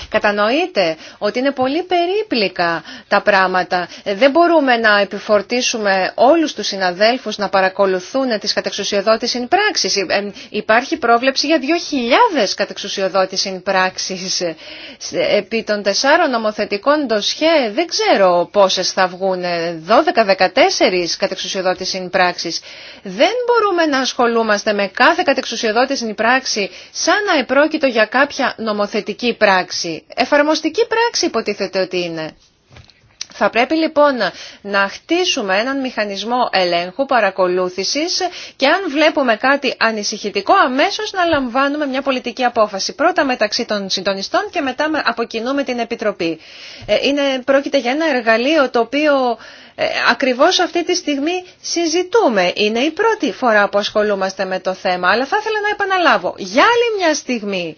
Κατανοείτε ότι είναι πολύ περίπλικα τα πράγματα. Δεν μπορούμε να επιφορτήσουμε όλους τους συναδέλφους να παρακολουθούν τις κατεξουσιοδότησης πράξεις. Ε, ε, υπάρχει πρόβλεψη για 2.000 κατεξουσιοδότησης πράξεις ε, επί των τεσσάρων νομοθετικών ντοσιέ δεν ξέρω πόσες θα βγουν 12-14 κατεξουσιοδότης πράξης. Δεν μπορούμε να ασχολούμαστε με κάθε κατεξουσιοδότης πράξη σαν να επρόκειτο για κάποια νομοθετική πράξη. Εφαρμοστική πράξη υποτίθεται ότι είναι. Θα πρέπει λοιπόν να χτίσουμε έναν μηχανισμό ελέγχου, παρακολούθησης και αν βλέπουμε κάτι ανησυχητικό αμέσως να λαμβάνουμε μια πολιτική απόφαση. Πρώτα μεταξύ των συντονιστών και μετά από την Επιτροπή. Ε, είναι, πρόκειται για ένα εργαλείο το οποίο ε, ακριβώς αυτή τη στιγμή συζητούμε. Είναι η πρώτη φορά που ασχολούμαστε με το θέμα, αλλά θα ήθελα να επαναλάβω. Για άλλη μια στιγμή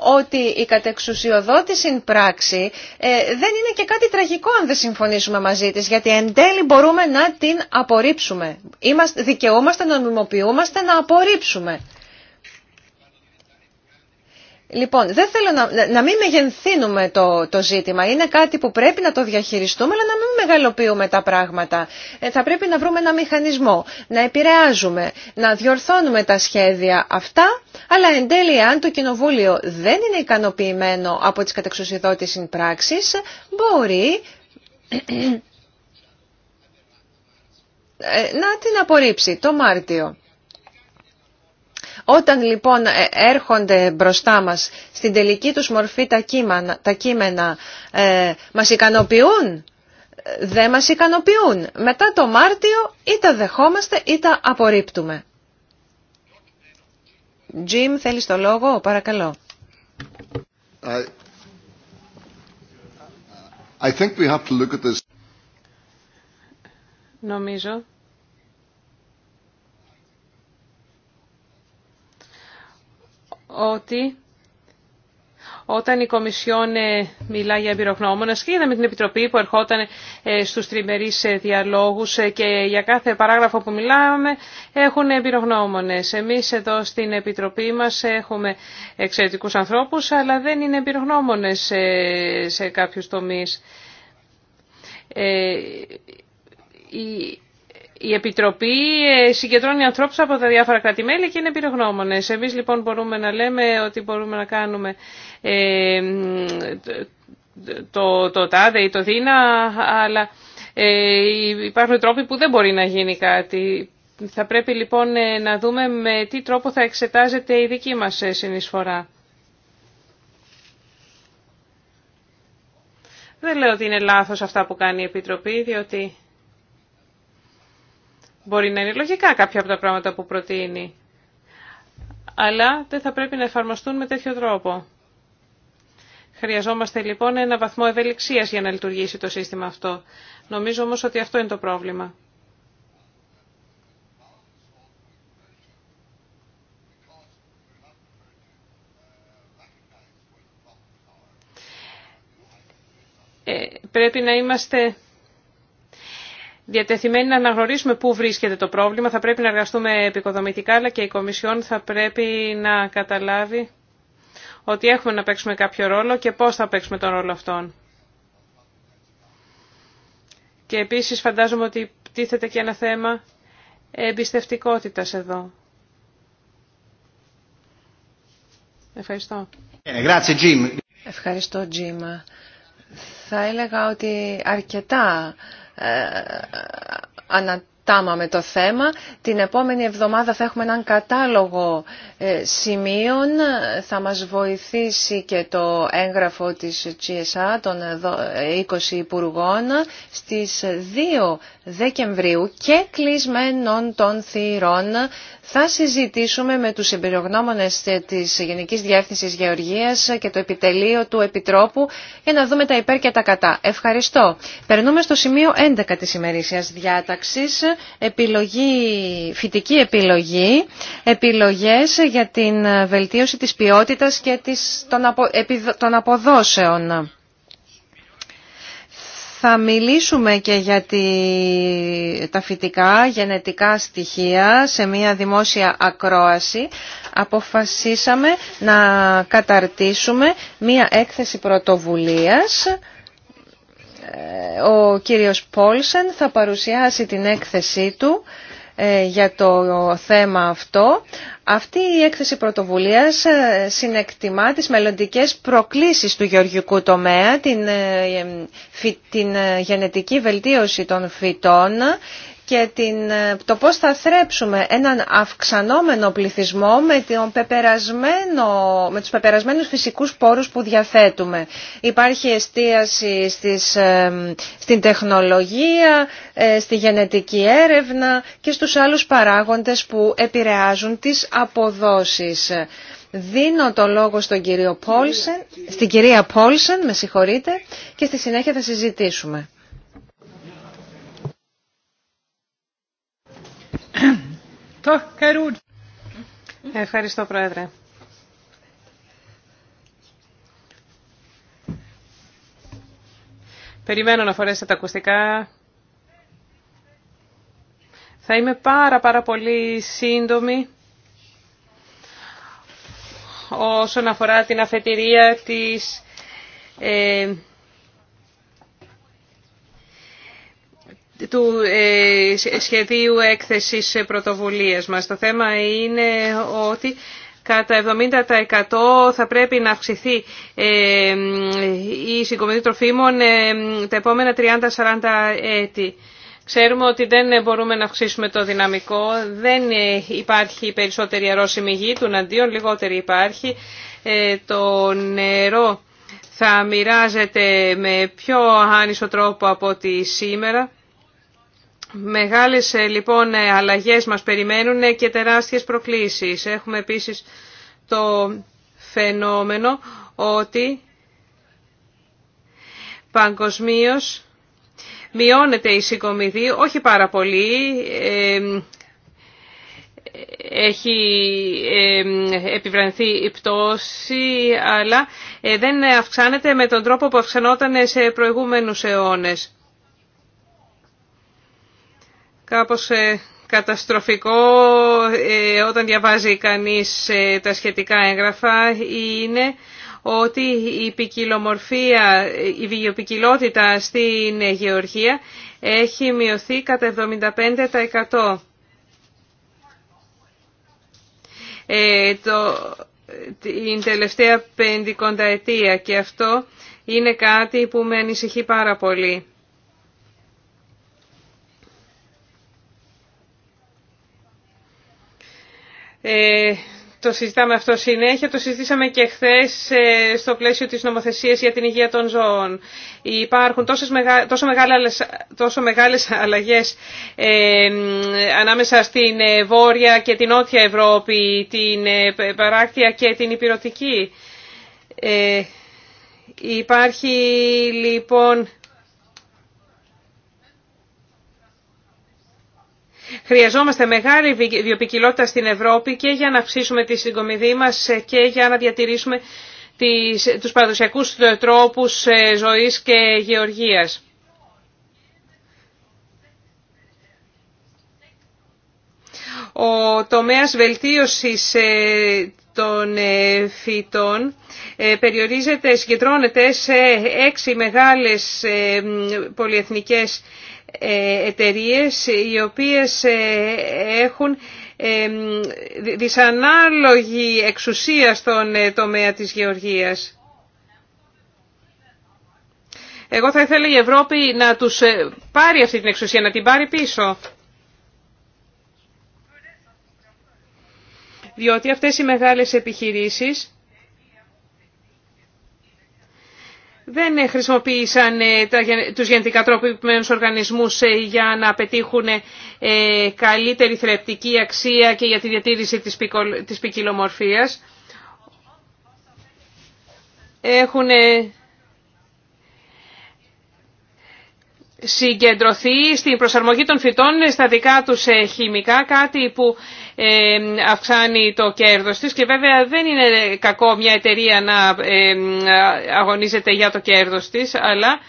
ότι η κατεξουσιοδότηση πράξη ε, δεν είναι και κάτι τραγικό αν δεν συμφωνήσουμε μαζί της, γιατί εν τέλει μπορούμε να την απορρίψουμε. Είμαστε, δικαιούμαστε να νομιμοποιούμαστε να απορρίψουμε. Λοιπόν, δεν θέλω να, να μην μεγενθύνουμε το, το ζήτημα. Είναι κάτι που πρέπει να το διαχειριστούμε, αλλά να μην μεγαλοποιούμε τα πράγματα. Ε, θα πρέπει να βρούμε ένα μηχανισμό, να επηρεάζουμε, να διορθώνουμε τα σχέδια αυτά, αλλά εν τέλει αν το Κοινοβούλιο δεν είναι ικανοποιημένο από τις κατεξουσιδότητες πράξεις μπορεί ε, να την απορρίψει το Μάρτιο. Όταν λοιπόν ε, έρχονται μπροστά μας στην τελική τους μορφή τα κείμενα, τα κείμενα ε, μας ικανοποιούν, δεν μας ικανοποιούν. Μετά το Μάρτιο είτε δεχόμαστε είτε απορρίπτουμε. Τζιμ, θέλεις το λόγο, παρακαλώ. think we have Νομίζω ότι όταν η Κομισιόν ε, μιλά για εμπειρογνώμονα και είδαμε την Επιτροπή που ερχόταν ε, στους τριμερείς ε, διαλόγους και για κάθε παράγραφο που μιλάμε έχουν εμπειρογνώμονες. Εμείς εδώ στην Επιτροπή μας έχουμε εξαιρετικούς ανθρώπους αλλά δεν είναι εμπειρογνώμονες σε κάποιους τομείς. Η Επιτροπή ε, συγκεντρώνει ανθρώπους από τα διάφορα κρατημέλη και είναι πυρογνώμονες. Εμείς λοιπόν μπορούμε να λέμε ότι μπορούμε να κάνουμε ε, το, το τάδε ή το δίνα, αλλά ε, υπάρχουν τρόποι που δεν μπορεί να γίνει κάτι. Θα πρέπει λοιπόν να δούμε με τι τρόπο θα εξετάζεται η δική μας συνεισφορά. Δεν λέω ότι είναι λάθος αυτά που κάνει η Επιτροπή, διότι Μπορεί να είναι λογικά κάποια από τα πράγματα που προτείνει, αλλά δεν θα πρέπει να εφαρμοστούν με τέτοιο τρόπο. Χρειαζόμαστε λοιπόν ένα βαθμό ευελιξίας για να λειτουργήσει το σύστημα αυτό. Νομίζω όμως ότι αυτό είναι το πρόβλημα. Ε, πρέπει να είμαστε διατεθειμένοι να αναγνωρίσουμε πού βρίσκεται το πρόβλημα. Θα πρέπει να εργαστούμε επικοδομητικά, αλλά και η Κομισιόν θα πρέπει να καταλάβει ότι έχουμε να παίξουμε κάποιο ρόλο και πώς θα παίξουμε τον ρόλο αυτόν. Και επίσης φαντάζομαι ότι τίθεται και ένα θέμα εμπιστευτικότητας εδώ. Ευχαριστώ. Ε, Ευχαριστώ, Τζίμα. Θα έλεγα ότι αρκετά ε, ανατάμαμε το θέμα. Την επόμενη εβδομάδα θα έχουμε έναν κατάλογο ε, σημείων. Θα μας βοηθήσει και το έγγραφο της GSA των 20 ε, Υπουργών στις 2 Δεκεμβρίου και κλεισμένων των θυρών θα συζητήσουμε με τους εμπειρογνώμονες της Γενικής Διεύθυνσης Γεωργίας και το επιτελείο του Επιτρόπου για να δούμε τα υπέρ και τα κατά. Ευχαριστώ. Περνούμε στο σημείο 11 της ημερήσιας διάταξης, επιλογή, φυτική επιλογή, επιλογές για την βελτίωση της ποιότητας και των αποδόσεων. Θα μιλήσουμε και για τα φυτικά γενετικά στοιχεία σε μια δημόσια ακρόαση. Αποφασίσαμε να καταρτήσουμε μια έκθεση πρωτοβουλίας. Ε, ο κύριος Πόλσεν θα παρουσιάσει την έκθεσή του ε, για το θέμα αυτό. Αυτή η έκθεση πρωτοβουλίας ε, συνεκτιμά τις μελλοντικές προκλήσεις του γεωργικού τομέα, την, ε, την γενετική βελτίωση των φυτών, και την, ε, το πώς θα θρέψουμε έναν αυξανόμενο πληθυσμό με, τον πεπερασμένο, με τους πεπερασμένους φυσικούς πόρους που διαθέτουμε. Υπάρχει εστίαση ε, στην τεχνολογία, ε, στη γενετική έρευνα και στους άλλους παράγοντες που επηρεάζουν τις αποδόσεις. Δίνω το λόγο στον κύριο Πόλσεν, στην κυρία Πόλσεν, με συγχωρείτε, και στη συνέχεια θα συζητήσουμε. Ευχαριστώ, Πρόεδρε. Περιμένω να φορέσετε τα ακουστικά. Θα είμαι πάρα πάρα πολύ σύντομη όσον αφορά την αφετηρία της ε, του ε, σχεδίου έκθεσης πρωτοβουλίας μας. Το θέμα είναι ότι κατά 70% θα πρέπει να αυξηθεί ε, η συγκομιδή τροφίμων ε, τα επόμενα 30-40 έτη. Ξέρουμε ότι δεν μπορούμε να αυξήσουμε το δυναμικό, δεν υπάρχει περισσότερη αρρώσιμη γη, του αντίον λιγότερη υπάρχει. Το νερό θα μοιράζεται με πιο άνισο τρόπο από ότι σήμερα. Μεγάλες ε, λοιπόν ε, αλλαγές μας περιμένουν ε, και τεράστιες προκλήσεις. Έχουμε επίσης το φαινόμενο ότι παγκοσμίω μειώνεται η συγκομιδή, όχι πάρα πολύ, έχει επιβρανθεί η πτώση, αλλά δεν αυξάνεται με τον τρόπο που αυξανόταν σε προηγούμενους αιώνες κάπως ε, καταστροφικό ε, όταν διαβάζει κανείς ε, τα σχετικά έγγραφα είναι ότι η ποικιλομορφία, η βιοπικιλότητα στην Γεωργία έχει μειωθεί κατά 75%. το, την τελευταία πεντηκονταετία και αυτό είναι κάτι που με ανησυχεί πάρα πολύ. Ε, το συζητάμε αυτό συνέχεια, το συζητήσαμε και χθε ε, στο πλαίσιο της νομοθεσίας για την υγεία των ζώων. Υπάρχουν τόσο, μεγάλες, τόσο αλλαγές ε, ανάμεσα στην Βόρεια και την Νότια Ευρώπη, την Παράκτια και την Υπηρωτική. Ε, υπάρχει λοιπόν Χρειαζόμαστε μεγάλη βιοπικιλότητα στην Ευρώπη και για να αυξήσουμε τη συγκομιδή μας και για να διατηρήσουμε τις, τους παραδοσιακούς τρόπους ε, ζωής και γεωργίας. Ο τομέας βελτίωσης ε, των ε, φυτών περιορίζεται, συγκεντρώνεται σε έξι μεγάλες πολυεθνικές ε, εταιρείες οι οποίες ε, έχουν ε, δυσανάλογη εξουσία στον τομέα της γεωργίας. Εγώ θα ήθελα η Ευρώπη να τους πάρει αυτή την εξουσία, να την πάρει πίσω. Διότι αυτές οι μεγάλες επιχειρήσεις δεν χρησιμοποίησαν ε, τους γενετικά τροποποιημένους οργανισμούς ε, για να πετύχουν ε, καλύτερη θρεπτική αξία και για τη διατήρηση της ποικιλομορφίας. Έχουν συγκεντρωθεί στην προσαρμογή των φυτών στα δικά τους ε, χημικά, κάτι που ε, αυξάνει το κέρδος της και βέβαια δεν είναι κακό μια εταιρεία να ε, αγωνίζεται για το κέρδος της, αλλά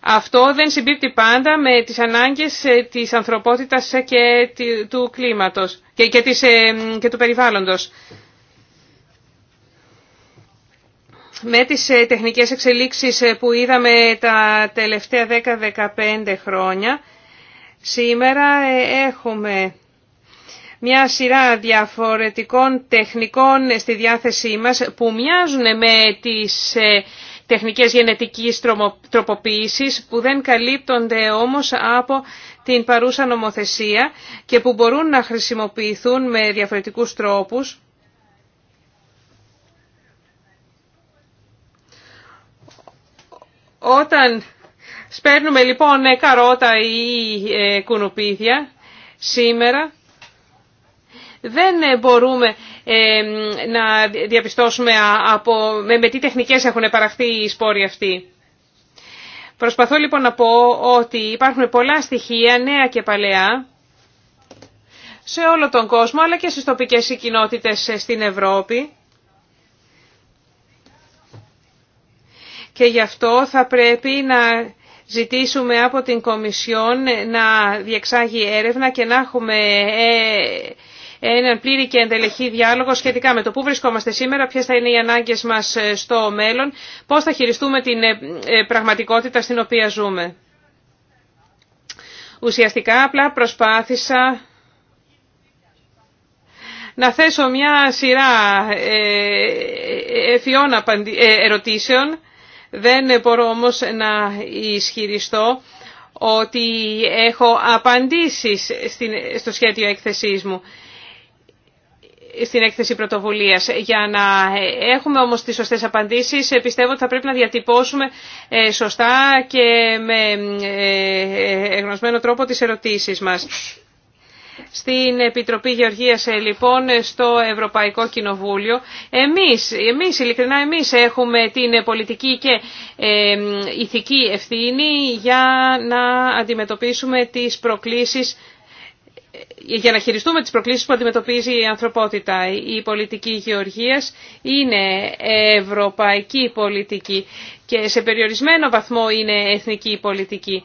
αυτό δεν συμπίπτει πάντα με τις ανάγκες της ανθρωπότητας και του κλίματος και, και του περιβάλλοντος. με τις ε, τεχνικές εξελίξεις ε, που είδαμε τα τελευταία 10-15 χρόνια, σήμερα ε, έχουμε μια σειρά διαφορετικών τεχνικών στη διάθεσή μας που μοιάζουν με τις τεχνικές γενετικής τροποποίησης που δεν καλύπτονται όμως από την παρούσα νομοθεσία και που μπορούν να χρησιμοποιηθούν με διαφορετικούς τρόπους Όταν σπέρνουμε λοιπόν ναι, καρότα ή ε, κουνουπίδια σήμερα, δεν ε, μπορούμε ε, να διαπιστώσουμε από, με τι τεχνικές έχουν παραχθεί οι σπόροι αυτοί. Προσπαθώ λοιπόν να πω ότι υπάρχουν πολλά στοιχεία, νέα και παλαιά, σε όλο τον κόσμο αλλά και στις τοπικές κοινότητες στην Ευρώπη, και γι' αυτό θα πρέπει να ζητήσουμε από την Κομισιόν να διεξάγει έρευνα και να έχουμε ε, έναν πλήρη και εντελεχή διάλογο σχετικά με το πού βρισκόμαστε σήμερα, ποιες θα είναι οι ανάγκες μας ε, στο μέλλον, πώς θα χειριστούμε την ε, πραγματικότητα στην οποία ζούμε. Ουσιαστικά απλά προσπάθησα να θέσω μια σειρά εφιών ερωτήσεων δεν μπορώ όμως να ισχυριστώ ότι έχω απαντήσεις στο σχέδιο έκθεσής μου στην έκθεση πρωτοβουλίας. Για να έχουμε όμως τις σωστές απαντήσεις, πιστεύω ότι θα πρέπει να διατυπώσουμε σωστά και με εγνωσμένο τρόπο τις ερωτήσεις μας στην Επιτροπή Γεωργίας, ε, λοιπόν, στο Ευρωπαϊκό Κοινοβούλιο. Εμείς, εμείς ειλικρινά εμείς έχουμε την πολιτική και ε, ηθική ευθύνη για να αντιμετωπίσουμε τις προκλήσεις για να χειριστούμε τις προκλήσεις που αντιμετωπίζει η ανθρωπότητα. Η πολιτική γεωργίας είναι ευρωπαϊκή πολιτική και σε περιορισμένο βαθμό είναι εθνική πολιτική.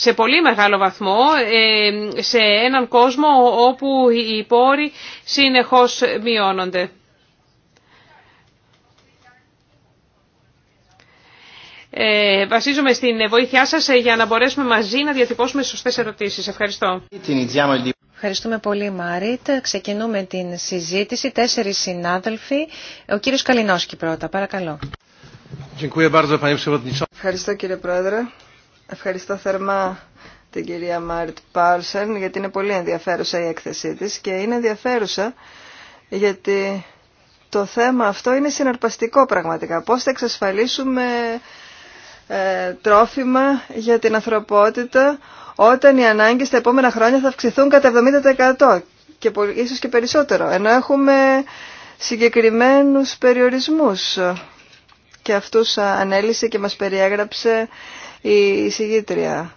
σε πολύ μεγάλο βαθμό ε, σε έναν κόσμο όπου οι πόροι συνεχώς μειώνονται. Ε, βασίζομαι στην βοήθειά σας ε, για να μπορέσουμε μαζί να διατυπώσουμε σωστές ερωτήσεις. Ευχαριστώ. Ευχαριστούμε πολύ Μάριτ. Ξεκινούμε την συζήτηση. Τέσσερις συνάδελφοι. Ο κύριος Καλινόσκη πρώτα. Παρακαλώ. Ευχαριστώ κύριε Πρόεδρε. Ευχαριστώ θερμά την κυρία Μάρτ Πάρσεν γιατί είναι πολύ ενδιαφέρουσα η έκθεσή της και είναι ενδιαφέρουσα γιατί το θέμα αυτό είναι συναρπαστικό πραγματικά. Πώς θα εξασφαλίσουμε ε, τρόφιμα για την ανθρωπότητα όταν οι ανάγκες τα επόμενα χρόνια θα αυξηθούν κατά 70% και ίσως και περισσότερο. Ενώ έχουμε συγκεκριμένους περιορισμούς και αυτούς ανέλησε και μας περιέγραψε η εισηγήτρια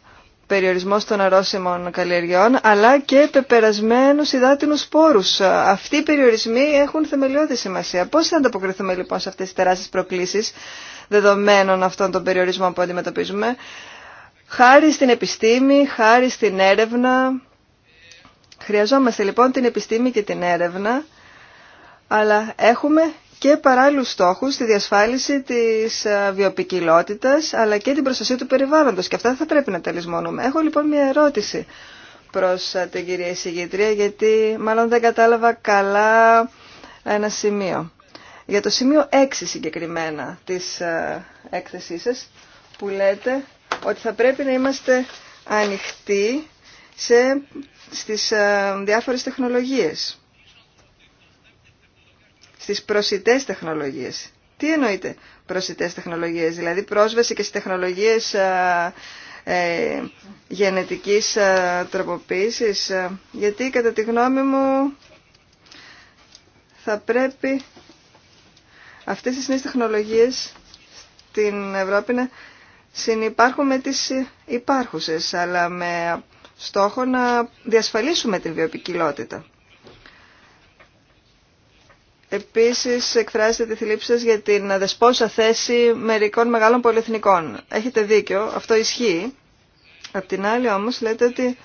περιορισμός των αρρώσιμων καλλιεργειών, αλλά και πεπερασμένου υδάτινου σπόρους. Αυτοί οι περιορισμοί έχουν θεμελιώδη σημασία. Πώ θα ανταποκριθούμε λοιπόν σε αυτές τι τεράστιε προκλήσεις δεδομένων αυτών των περιορισμών που αντιμετωπίζουμε, χάρη στην επιστήμη, χάρη στην έρευνα. Χρειαζόμαστε λοιπόν την επιστήμη και την έρευνα, αλλά έχουμε και παράλληλους στόχους στη διασφάλιση της ε, βιοπικιλότητας αλλά και την προστασία του περιβάλλοντος και αυτά θα πρέπει να τα Έχω λοιπόν μια ερώτηση προς ε, την κυρία εισηγητρία γιατί μάλλον δεν κατάλαβα καλά ένα σημείο. Για το σημείο 6 συγκεκριμένα της ε, έκθεσής σας που λέτε ότι θα πρέπει να είμαστε ανοιχτοί σε, στις διάφορες τεχνολογίες στις προσιτές τεχνολογίες. Τι εννοείται προσιτές τεχνολογίες, δηλαδή πρόσβαση και στις τεχνολογίες ε, ε γενετικής ε, τροποποίησης, ε, γιατί κατά τη γνώμη μου θα πρέπει αυτές τις νέες τεχνολογίες στην Ευρώπη να συνυπάρχουν με τις υπάρχουσες, αλλά με στόχο να διασφαλίσουμε την βιοπικιλότητα. Επίσης εκφράζετε τη θλίψη σας για την αδεσπόσα θέση μερικών μεγάλων πολυεθνικών. Έχετε δίκιο, αυτό ισχύει. Απ' την άλλη όμως λέτε ότι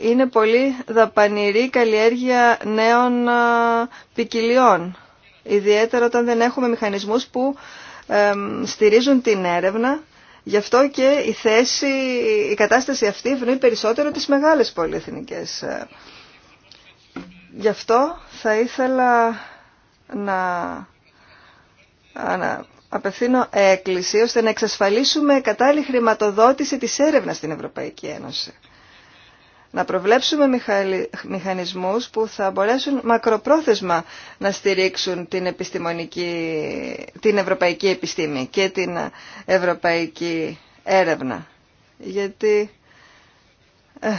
είναι πολύ δαπανηρή καλλιέργεια νέων ποικιλιών. Ιδιαίτερα όταν δεν έχουμε μηχανισμούς που στηρίζουν την έρευνα. Γι' αυτό και η θέση, η κατάσταση αυτή ευνοεί περισσότερο τις μεγάλες πολυεθνικές ε, Γι' αυτό θα ήθελα να, απευθύνω έκκληση ώστε να εξασφαλίσουμε κατάλληλη χρηματοδότηση της έρευνας στην Ευρωπαϊκή Ένωση. Να προβλέψουμε μηχανισμούς που θα μπορέσουν μακροπρόθεσμα να στηρίξουν την, επιστημονική, την ευρωπαϊκή επιστήμη και την ευρωπαϊκή έρευνα. Γιατί ε,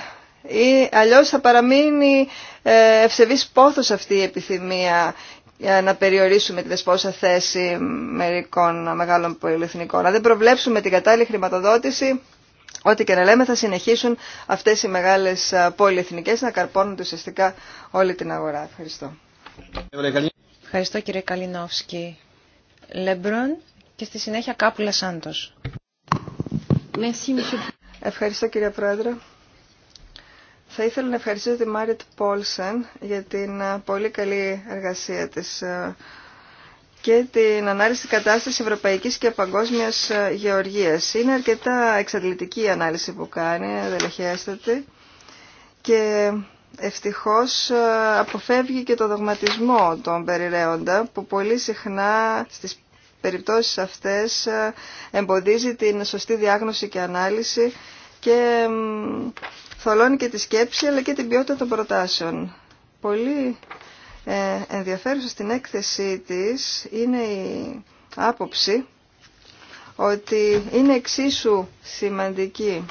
ή αλλιώς θα παραμείνει ε, ευσεβής πόθος αυτή η επιθυμία για ε, να περιορίσουμε τη δεσπόσα θέση μερικών μεγάλων πολυεθνικών. Αν δεν προβλέψουμε την κατάλληλη χρηματοδότηση, ό,τι και να λέμε θα συνεχίσουν αυτές οι μεγάλες ε, πολυεθνικές να καρπώνουν ουσιαστικά όλη την αγορά. Ευχαριστώ. Ευχαριστώ κύριε Καλινόφσκι. Λεμπρόν και στη συνέχεια Κάπουλα Σάντος. Ευχαριστώ κύριε Πρόεδρε. Θα ήθελα να ευχαριστήσω τη Μάριτ Πόλσεν για την ε, πολύ καλή εργασία της ε, και την ανάλυση κατάστασης ευρωπαϊκής και παγκόσμιας ε, γεωργίας. Είναι αρκετά εξαντλητική η ανάλυση που κάνει, δελεχέστατη και ευτυχώς αποφεύγει και το δογματισμό των περιρέοντα που πολύ συχνά στις περιπτώσεις αυτές εμποδίζει την σωστή διάγνωση και ανάλυση θολώνει και τη σκέψη αλλά και την ποιότητα των προτάσεων. Πολύ ε, ενδιαφέρουσα στην έκθεσή της είναι η άποψη ότι είναι εξίσου σημαντική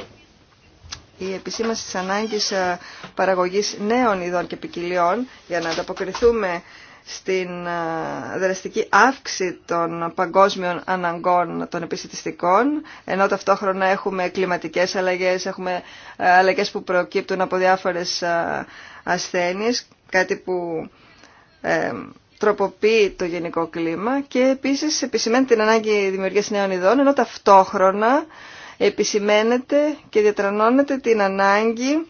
η επισήμαση της ανάγκης ε, παραγωγής νέων ειδών και ποικιλιών για να ανταποκριθούμε στην ε, δραστική αύξηση των παγκόσμιων αναγκών των επιστημιστικών, ενώ ταυτόχρονα έχουμε κλιματικές αλλαγές, έχουμε ε, αλλαγές που προκύπτουν από διάφορες ε, ασθένειες, κάτι που τροποποιεί το γενικό κλίμα και επίσης επισημαίνει την ανάγκη δημιουργίας νέων ειδών, ενώ ταυτόχρονα επισημαίνεται και διατρανώνεται την ανάγκη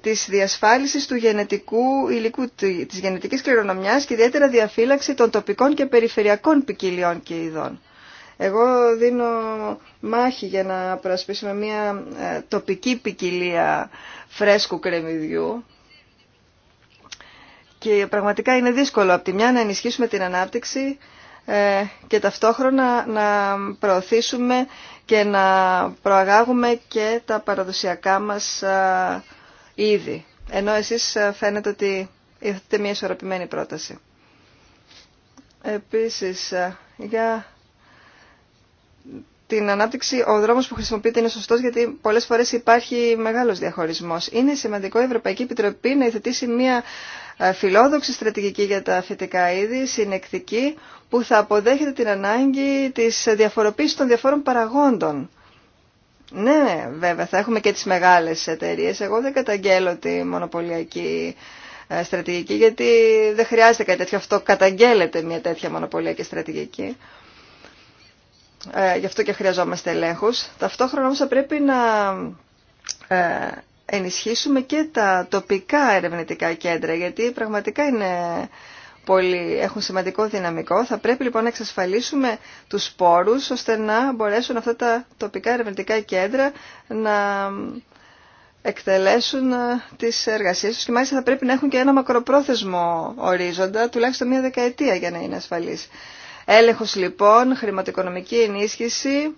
της διασφάλισης του γενετικού υλικού, της γενετικής κληρονομιάς και ιδιαίτερα διαφύλαξη των τοπικών και περιφερειακών ποικιλιών και ειδών. Εγώ δίνω μάχη για να προασπίσουμε μια ε, τοπική ποικιλία φρέσκου κρεμμυδιού και πραγματικά είναι δύσκολο από τη μια να ενισχύσουμε την ανάπτυξη ε, και ταυτόχρονα να προωθήσουμε και να προαγάγουμε και τα παραδοσιακά μας ε, ήδη. Ενώ εσείς ε, φαίνεται ότι ήρθατε μια ισορροπημένη πρόταση. Επίσης, ε, για την ανάπτυξη, ο δρόμος που χρησιμοποιείται είναι σωστός γιατί πολλές φορές υπάρχει μεγάλος διαχωρισμός. Είναι σημαντικό η Ευρωπαϊκή Επιτροπή να υιοθετήσει μια ε, φιλόδοξη στρατηγική για τα φυτικά είδη, συνεκτική, που θα αποδέχεται την ανάγκη της διαφοροποίησης των διαφόρων παραγόντων ναι, ναι, βέβαια, θα έχουμε και τις μεγάλες εταιρείες. Εγώ δεν καταγγέλω τη μονοπωλιακή ε, στρατηγική, γιατί δεν χρειάζεται κάτι τέτοιο. Αυτό καταγγέλλεται μια τέτοια μονοπωλιακή στρατηγική. Ε, γι' αυτό και χρειαζόμαστε ελέγχους. Ταυτόχρονα όμως θα πρέπει να ε, ενισχύσουμε και τα τοπικά ερευνητικά κέντρα, γιατί πραγματικά είναι πολύ, έχουν σημαντικό δυναμικό. Θα πρέπει λοιπόν να εξασφαλίσουμε τους πόρους ώστε να μπορέσουν αυτά τα τοπικά ερευνητικά κέντρα να εκτελέσουν ε, τις εργασίες τους και μάλιστα θα πρέπει να έχουν και ένα μακροπρόθεσμο ορίζοντα, τουλάχιστον μία δεκαετία για να είναι ασφαλής. Έλεγχος λοιπόν, χρηματοοικονομική ενίσχυση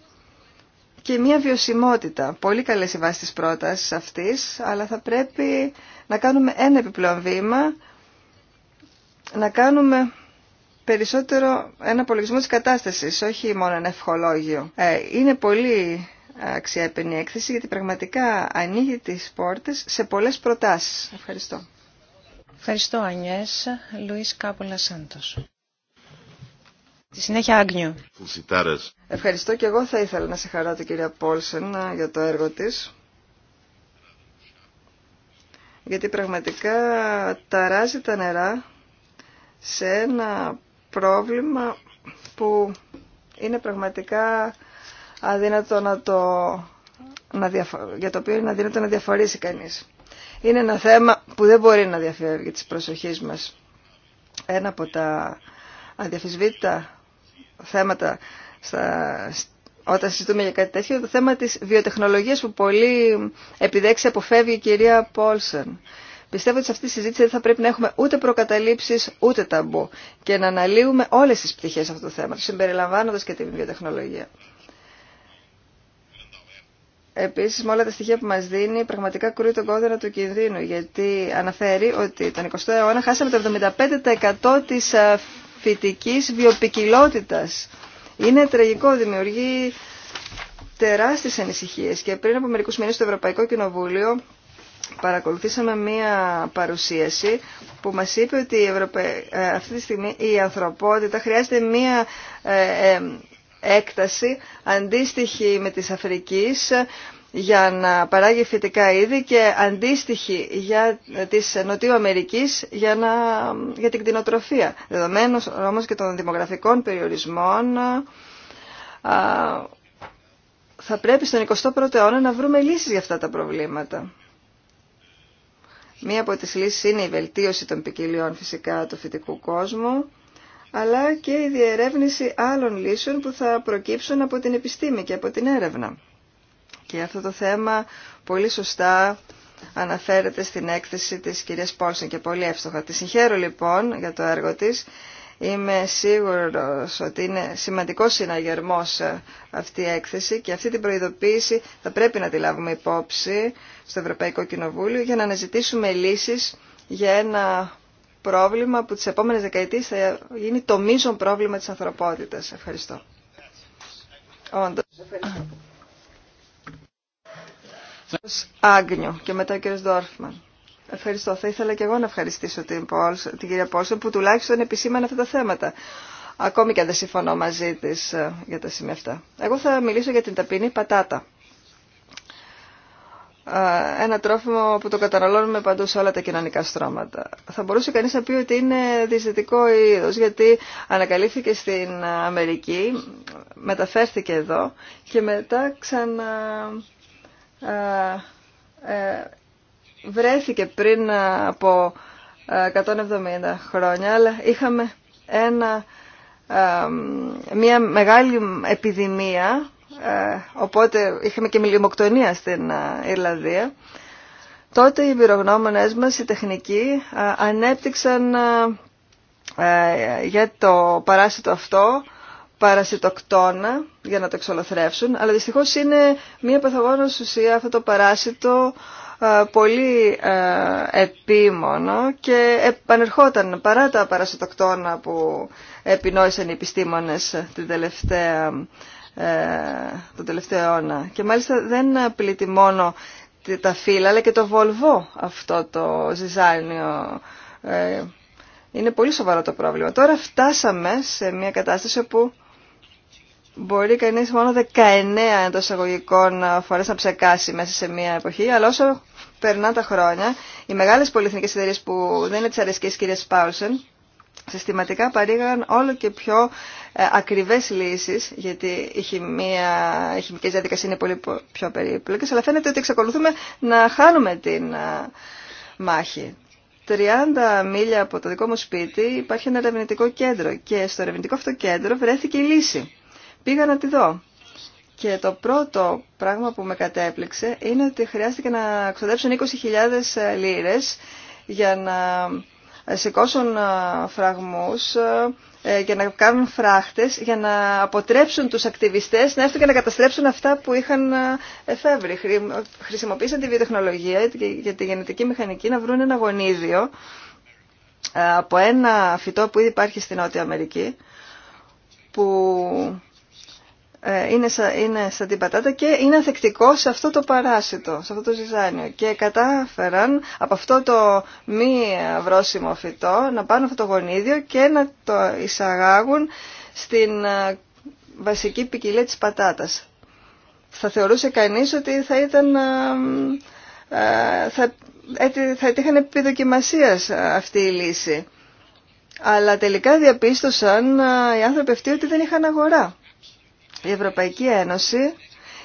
και μία βιωσιμότητα. Πολύ καλές οι βάσεις της πρότασης αυτής, αλλά θα πρέπει να κάνουμε ένα επιπλέον βήμα να κάνουμε περισσότερο ένα απολογισμό της κατάστασης, όχι μόνο ένα ευχολόγιο. Ε, είναι πολύ ε, αξιέπαινη έκθεση γιατί πραγματικά ανοίγει τις πόρτες σε πολλές προτάσεις. Ευχαριστώ. Ευχαριστώ Ανιές. Λουίς Κάπολα Σάντος. Στη συνέχεια Άγνιο. Ευχαριστώ και εγώ θα ήθελα να σε την κυρία Πόλσεν ε, για το έργο της. Γιατί πραγματικά ταράζει τα νερά σε ένα πρόβλημα που είναι πραγματικά αδύνατο να το, να για το οποίο είναι αδύνατο να διαφορήσει κανείς. Είναι ένα θέμα που δεν μπορεί να διαφεύγει της προσοχής μας. Ένα από τα αδιαφυσβήτητα θέματα στα, όταν συζητούμε για κάτι τέτοιο, το θέμα της βιοτεχνολογίας που πολύ επιδέξει αποφεύγει η κυρία Πόλσεν. Πιστεύω ότι σε αυτή τη συζήτηση δεν θα πρέπει να έχουμε ούτε προκαταλήψεις ούτε ταμπού και να αναλύουμε όλε τι πτυχέ αυτού του θέματος, συμπεριλαμβάνοντα και την βιοτεχνολογία. Επίση, με όλα τα στοιχεία που μα δίνει πραγματικά κρούει τον κόδωνα του κινδύνου γιατί αναφέρει ότι τον 20ο αιώνα χάσαμε το 75% τη ε, φυτική βιοπικιλότητα. Είναι τραγικό, δημιουργεί τεράστιες ανησυχίες και πριν από μερικούς μήνες στο Ευρωπαϊκό Κοινοβούλιο παρακολουθήσαμε μία παρουσίαση που μας είπε ότι η ε, αυτή τη στιγμή η ανθρωπότητα χρειάζεται μία ε, ε, έκταση αντίστοιχη με της Αφρικής για να παράγει φυτικά είδη και αντίστοιχη για της Νοτιού Αμερικής για, να, για την κτηνοτροφία. Δεδομένου όμως και των δημογραφικών περιορισμών θα πρέπει στον 21ο αιώνα να βρούμε λύσεις για αυτά τα προβλήματα. Μία από τις λύσεις είναι η βελτίωση των ποικιλιών φυσικά του φυτικού κόσμου, αλλά και η διερεύνηση άλλων λύσεων που θα προκύψουν από την επιστήμη και από την έρευνα. Και αυτό το θέμα πολύ σωστά αναφέρεται στην έκθεση της κυρίας Πόλσεν και πολύ εύστοχα. Τη συγχαίρω λοιπόν για το έργο της Είμαι σίγουρος ότι είναι σημαντικός συναγερμός ε, αυτή η έκθεση και αυτή την προειδοποίηση θα πρέπει να τη λάβουμε υπόψη στο Ευρωπαϊκό Κοινοβούλιο για να αναζητήσουμε λύσεις για ένα πρόβλημα που τις επόμενες δεκαετίες θα γίνει το μείζον πρόβλημα της ανθρωπότητας. Ευχαριστώ. Όντως. Άγνιο και μετά ο Ευχαριστώ. Θα ήθελα και εγώ να ευχαριστήσω την, την κυρία Πόλσον που τουλάχιστον επισήμανε αυτά τα θέματα. Ακόμη και αν δεν συμφωνώ μαζί τη ε, για τα σημεία αυτά. Εγώ θα μιλήσω για την ταπεινή πατάτα. Ε, ένα τρόφιμο που το καταναλώνουμε παντού σε όλα τα κοινωνικά στρώματα. Θα μπορούσε κανείς να πει ότι είναι δυσδυτικό είδο, γιατί ανακαλύφθηκε στην Αμερική, μεταφέρθηκε εδώ και μετά ξανα ε, βρέθηκε πριν από 170 ε, χρόνια, αλλά είχαμε ένα, μια μεγάλη επιδημία, ε, οπότε είχαμε και μιλιμοκτονία στην ε, Ιρλανδία. Τότε οι πυρογνώμονες μας, οι τεχνικοί, ανέπτυξαν για το παράσιτο αυτό παρασιτοκτόνα για να το εξολοθρεύσουν, αλλά δυστυχώς είναι μια παθογόνος ουσία αυτό το παράσιτο ε, πολύ ε, επίμονο και επανερχόταν παρά τα παρασιτοκτόνα που επινόησαν οι επιστήμονες την τελευταία, ε, τον τελευταίο αιώνα. Και μάλιστα δεν απειλείται μόνο τα φύλλα αλλά και το βολβό αυτό το ζυζάνιο. είναι πολύ σοβαρό το πρόβλημα. Τώρα φτάσαμε σε μια κατάσταση που μπορεί κανείς μόνο 19 εντό εισαγωγικών ε, φορές να ψεκάσει μέσα σε μία εποχή, αλλά όσο περνά τα χρόνια, οι μεγάλες πολυεθνικές εταιρείε που δεν είναι τις αρισκές κυρίες Πάουσεν συστηματικά παρήγαν όλο και πιο ε, ακριβές λύσεις, γιατί η χημία, οι χημική διαδικασία είναι πολύ πιο περίπλοκες, αλλά φαίνεται ότι εξακολουθούμε να χάνουμε την ε, μάχη. 30 μίλια από το δικό μου σπίτι υπάρχει ένα ερευνητικό κέντρο και στο ερευνητικό αυτό κέντρο βρέθηκε η λύση. Πήγα να τη δω. Και το πρώτο πράγμα που με κατέπληξε είναι ότι χρειάστηκε να ξοδέψουν 20.000 ε, λίρες για να ε, σηκώσουν ε, φραγμούς για να κάνουν φράχτες για να αποτρέψουν τους ακτιβιστές να έρθουν και να καταστρέψουν αυτά που είχαν εφεύρει. Χρησιμοποίησαν τη βιοτεχνολογία για τη γενετική μηχανική να βρουν ένα γονίδιο από ένα φυτό που ήδη υπάρχει στην Νότια Αμερική που είναι, είναι σαν την πατάτα και είναι ανθεκτικό σε αυτό το παράσιτο, σε αυτό το ζυζάνιο. Και κατάφεραν από αυτό το μη βρόσιμο φυτό να πάνε αυτό το γονίδιο και να το εισαγάγουν στην ε, βασική ποικιλία της πατάτας. Θα θεωρούσε κανείς ότι θα ήταν... Ε, ε, θα, θα είχαν αυτή η λύση. Αλλά τελικά διαπίστωσαν οι άνθρωποι αυτοί ότι δεν είχαν αγορά. Η Ευρωπαϊκή Ένωση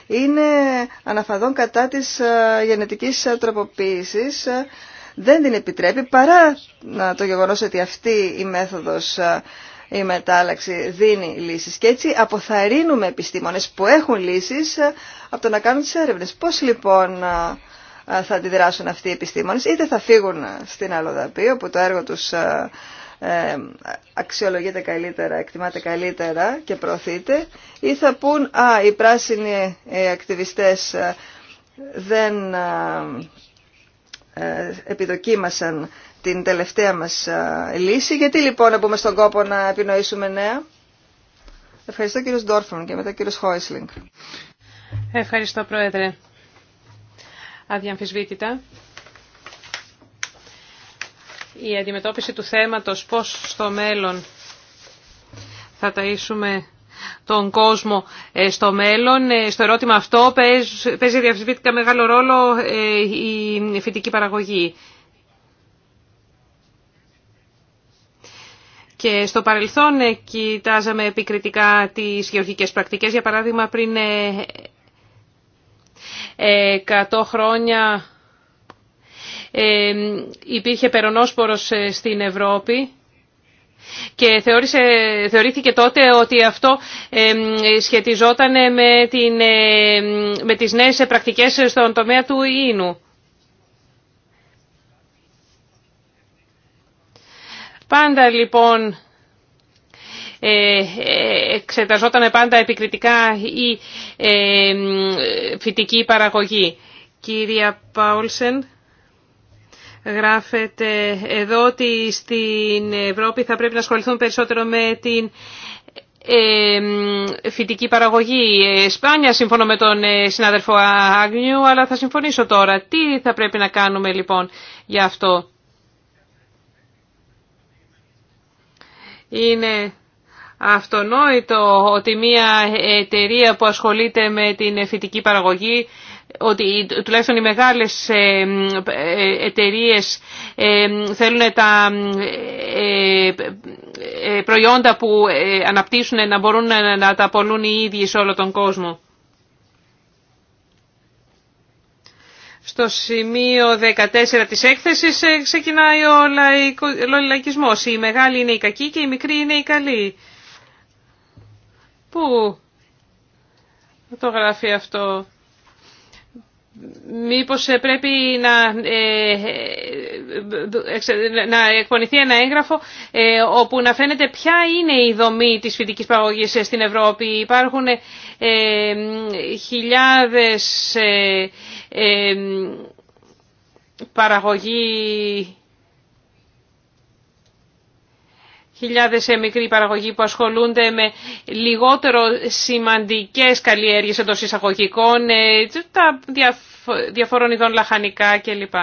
είναι αναφαδόν κατά της ε, γενετικής ε, τροποποίησης. Ε, δεν την επιτρέπει παρά το γεγονός ότι αυτή η μέθοδος η μετάλλαξη δίνει λύσεις και έτσι αποθαρρύνουμε επιστήμονες που έχουν λύσεις από το να κάνουν τις έρευνες. Πώς λοιπόν θα αντιδράσουν αυτοί οι επιστήμονες, είτε θα φύγουν στην Αλοδαπή, όπου το έργο τους ε, αξιολογείται καλύτερα, εκτιμάται καλύτερα και προωθείται ή θα πούν «Α, οι πράσινοι ε, ακτιβιστές ε, δεν επιδοκίμασαν την τελευταία μας λύση, γιατί λοιπόν να πουμε στον κόπο να επινοήσουμε νέα». Ευχαριστώ κύριος Ντόρφμαν και μετά κύριος Χόισλινγκ. Ευχαριστώ Πρόεδρε. Αδιαμφισβήτητα η αντιμετώπιση του θέματος πώς στο μέλλον θα ταΐσουμε τον κόσμο ε, στο μέλλον. Ε, στο ερώτημα αυτό παίζει διαφυσβήτηκα μεγάλο ρόλο ε, η φυτική παραγωγή. Και στο παρελθόν κοιτάζαμε επικριτικά τις γεωργικές πρακτικές. Για παράδειγμα πριν 100 χρόνια υπήρχε περονόσπορος ε, στην Ευρώπη και θεωρήθηκε τότε ότι αυτό σχετιζόταν με, την, με τις νέες πρακτικές στον τομέα του ίνου. Πάντα λοιπόν ε, εξεταζόταν πάντα επικριτικά η φυτική παραγωγή. Κυρία Πάουλσεν. Γράφεται εδώ ότι στην Ευρώπη θα πρέπει να ασχοληθούν περισσότερο με την φυτική παραγωγή. Σπάνια συμφωνώ με τον ε, συνάδελφο Άγνιου, αλλά θα συμφωνήσω τώρα. Τι θα πρέπει να κάνουμε λοιπόν για αυτό. Είναι αυτονόητο ότι μια εταιρεία που ασχολείται με την φυτική παραγωγή ότι τουλάχιστον οι μεγάλες ε, ε, εταιρείες ε, θέλουν τα προϊόντα που αναπτύσσουν να μπορούν να τα απολούν οι ίδιοι σε όλο τον κόσμο. Στο σημείο 14 της έκθεσης ξεκινάει ο λαϊκισμός. Οι μεγάλη είναι η κακή και οι μικρή είναι οι καλή. Πού το γράφει αυτό. Μήπως ε, πρέπει να, ε, ε, να εκπονηθεί ένα έγγραφο όπου να φαίνεται ποια είναι η δομή της φυτικής παραγωγής στην Ευρώπη. Υπάρχουν χιλιάδες παραγωγή χιλιάδες μικροί παραγωγή που ασχολούνται με λιγότερο σημαντικές καλλιέργειες εντό εισαγωγικών, τα διαφόρων ειδών λαχανικά κλπ.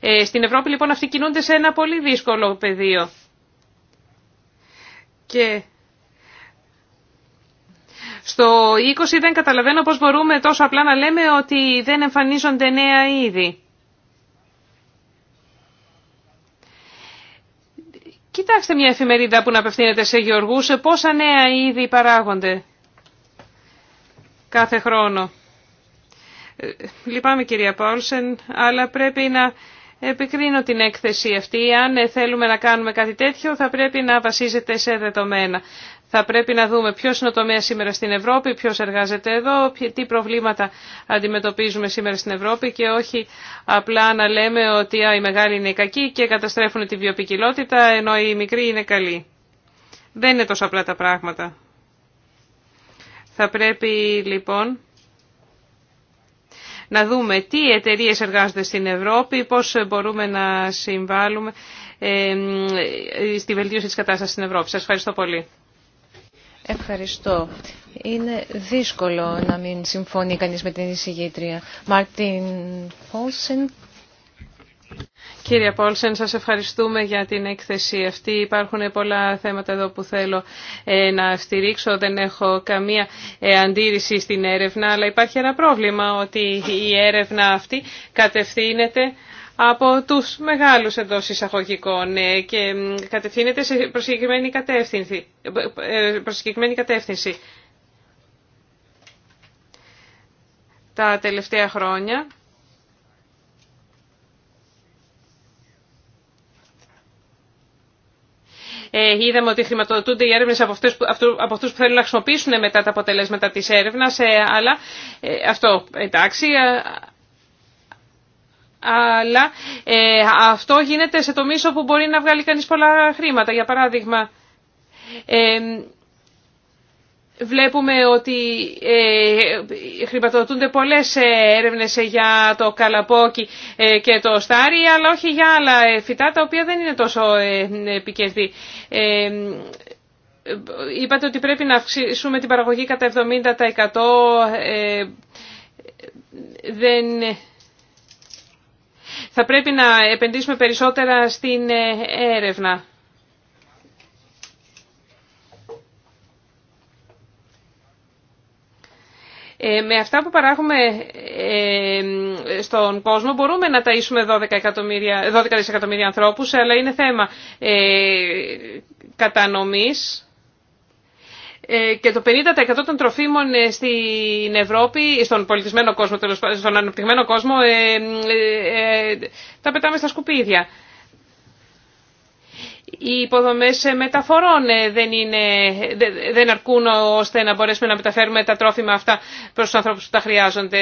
Ε, στην Ευρώπη λοιπόν αυτοί κινούνται σε ένα πολύ δύσκολο πεδίο. Και στο 20 δεν καταλαβαίνω πώς μπορούμε τόσο απλά να λέμε ότι δεν εμφανίζονται νέα είδη. Κοιτάξτε μια εφημερίδα που να απευθύνεται σε σε πόσα νέα είδη παράγονται κάθε χρόνο. Λυπάμαι κυρία Πόλσεν, αλλά πρέπει να επικρίνω την έκθεση αυτή. Αν ε, θέλουμε να κάνουμε κάτι τέτοιο θα πρέπει να βασίζεται σε δεδομένα. Θα πρέπει να δούμε ποιο είναι ο τομέα σήμερα στην Ευρώπη, ποιο εργάζεται εδώ, τι προβλήματα αντιμετωπίζουμε σήμερα στην Ευρώπη και όχι απλά να λέμε ότι οι μεγάλοι είναι κακοί και καταστρέφουν τη βιοπικιλότητα ενώ οι μικροί είναι καλοί. Δεν είναι τόσο απλά τα πράγματα. Θα πρέπει λοιπόν να δούμε τι εταιρείες εργάζονται στην Ευρώπη, πώς μπορούμε να συμβάλλουμε ε, ε, στη βελτίωση της κατάστασης στην Ευρώπη. Σας ευχαριστώ πολύ. Ευχαριστώ. Είναι δύσκολο να μην συμφωνεί κανείς με την εισηγήτρια. Μαρτίν Πόλσεν Κύριε Πόλσεν, σας ευχαριστούμε για την έκθεση αυτή. Υπάρχουν πολλά θέματα εδώ που θέλω ε, να στηρίξω. Δεν έχω καμία ε, αντίρρηση στην έρευνα, αλλά υπάρχει ένα πρόβλημα ότι η έρευνα αυτή κατευθύνεται από τους μεγάλους εντό εισαγωγικών ε, και κατευθύνεται σε προσκεκριμένη κατεύθυνση. κατεύθυνση. Τα τελευταία χρόνια Ε, είδαμε ότι χρηματοδοτούνται οι έρευνες από, αυτού από αυτούς που θέλουν να χρησιμοποιήσουν μετά τα αποτελέσματα της έρευνας, ε, αλλά ε, αυτό εντάξει, αλλά αυτό γίνεται σε τομείς που μπορεί να βγάλει κανείς πολλά χρήματα. Για παράδειγμα, Βλέπουμε ότι ε, χρηματοδοτούνται πολλές ε, έρευνες ε, για το καλαπόκι και το στάρι, αλλά όχι για άλλα φυτά τα οποία δεν είναι τόσο επικερδή. Είπατε ότι πρέπει να αυξήσουμε την παραγωγή κατά 70%. Δεν... Θα πρέπει να επενδύσουμε περισσότερα στην έρευνα. Ε, με αυτά που παράγουμε ε, στον κόσμο μπορούμε να ταΐσουμε 12, εκατομμύρια, 12 δισεκατομμύρια ανθρώπους, αλλά είναι θέμα ε, κατανομής και το 50% των τροφίμων στην Ευρώπη, στον πολιτισμένο κόσμο, στον αναπτυγμένο κόσμο, τα πετάμε στα σκουπίδια οι υποδομές ε, μεταφορών ε, δεν, δεν αρκούν ώστε να μπορέσουμε να μεταφέρουμε τα τρόφιμα αυτά προς τους ανθρώπους που τα χρειάζονται.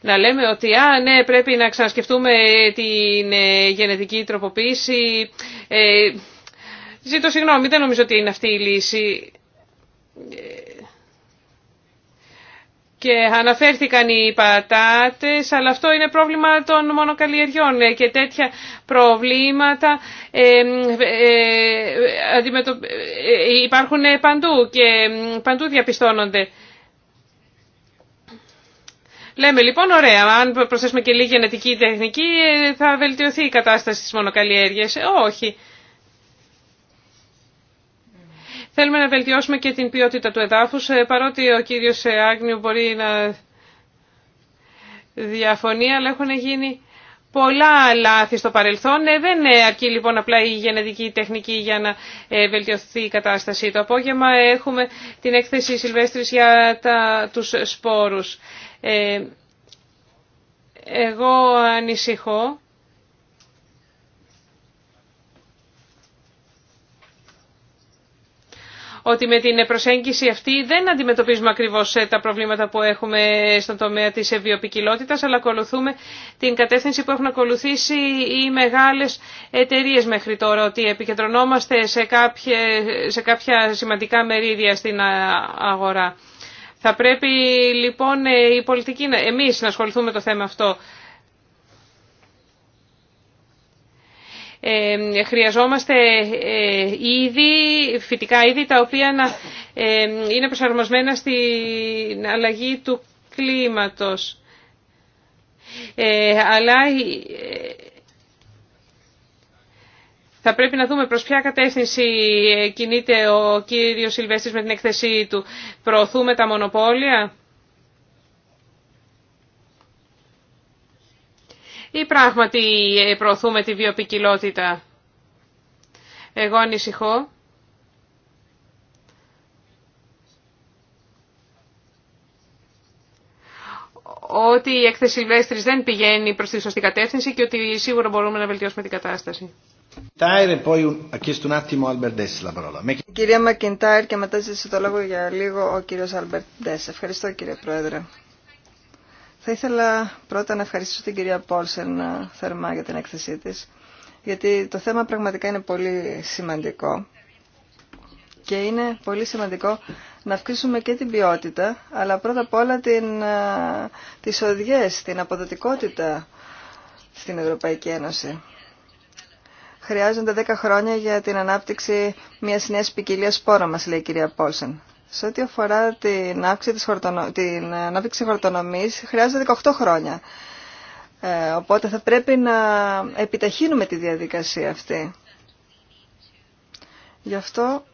Να λέμε ότι ναι, πρέπει να ξανασκεφτούμε ε, την γενετική τροποποίηση. Ε, ζήτω συγγνώμη, δεν νομίζω ότι είναι αυτή η λύση. Και αναφέρθηκαν οι πατάτες, αλλά αυτό είναι πρόβλημα των μονοκαλλιεργιών ε, και τέτοια προβλήματα ε, ε, υπάρχουν παντού και παντού διαπιστώνονται. Λέμε λοιπόν, ωραία, αν προσθέσουμε και λίγη γενετική τεχνική θα βελτιωθεί η κατάσταση της μονοκαλλιέργειας. Όχι. Θέλουμε να βελτιώσουμε και την ποιότητα του εδάφους, ε, παρότι ο κύριος ε, Άγνιου μπορεί να διαφωνεί, αλλά έχουν γίνει πολλά λάθη στο παρελθόν. Ε, δεν αρκεί λοιπόν απλά η γενετική τεχνική για να βελτιωθεί η κατάσταση. Το απόγευμα έχουμε την έκθεση Σιλβέστρης για τα, τους σπόρους. εγώ ανησυχώ ότι με την προσέγγιση αυτή δεν αντιμετωπίζουμε ακριβώς ε, τα προβλήματα που έχουμε στον τομέα της βιοπικιλότητα, αλλά ακολουθούμε την κατεύθυνση που έχουν ακολουθήσει οι μεγάλες εταιρείε μέχρι τώρα, ότι επικεντρωνόμαστε σε κάποια, σε σημαντικά μερίδια στην αγορά. Θα πρέπει λοιπόν ε, η πολιτική, εμείς να ασχοληθούμε με το θέμα αυτό. Ε, χρειαζόμαστε ε, είδη, φυτικά είδη τα οποία ε, είναι προσαρμοσμένα στην αλλαγή του κλίματος. αλλά θα πρέπει να δούμε προς ποια κατεύθυνση κινείται ο κύριος Σιλβέστης με την εκθεσή του. Προωθούμε τα μονοπόλια. ή πράγματι ε, προωθούμε τη βιοπικιλότητα. Εγώ ανησυχώ. ότι η έκθεση Σιλβέστρης δεν πηγαίνει προς τη σωστή κατεύθυνση και ότι σίγουρα μπορούμε να βελτιώσουμε την κατάσταση. Κυρία Μακιντάιρ και μετά ζήτησε το λόγο για λίγο ο κύριος Αλμπερντές. Ευχαριστώ κύριε Πρόεδρε. Θα ήθελα πρώτα να ευχαριστήσω την κυρία Πόλσεν ε, θερμά για την έκθεσή της, γιατί το θέμα πραγματικά είναι πολύ σημαντικό και είναι πολύ σημαντικό να αυξήσουμε και την ποιότητα, αλλά πρώτα απ' όλα την, ε, τις οδηγές, την αποδοτικότητα στην Ευρωπαϊκή Ένωση. Χρειάζονται 10 χρόνια για την ανάπτυξη μιας νέας ποικιλία σπόρων μας, λέει η κυρία Πόλσεν. Σε ό,τι αφορά την, αύξηση την ανάπτυξη χορτονομής, χρειάζεται 18 χρόνια. Ε, οπότε θα πρέπει να επιταχύνουμε τη διαδικασία αυτή. Γι' αυτό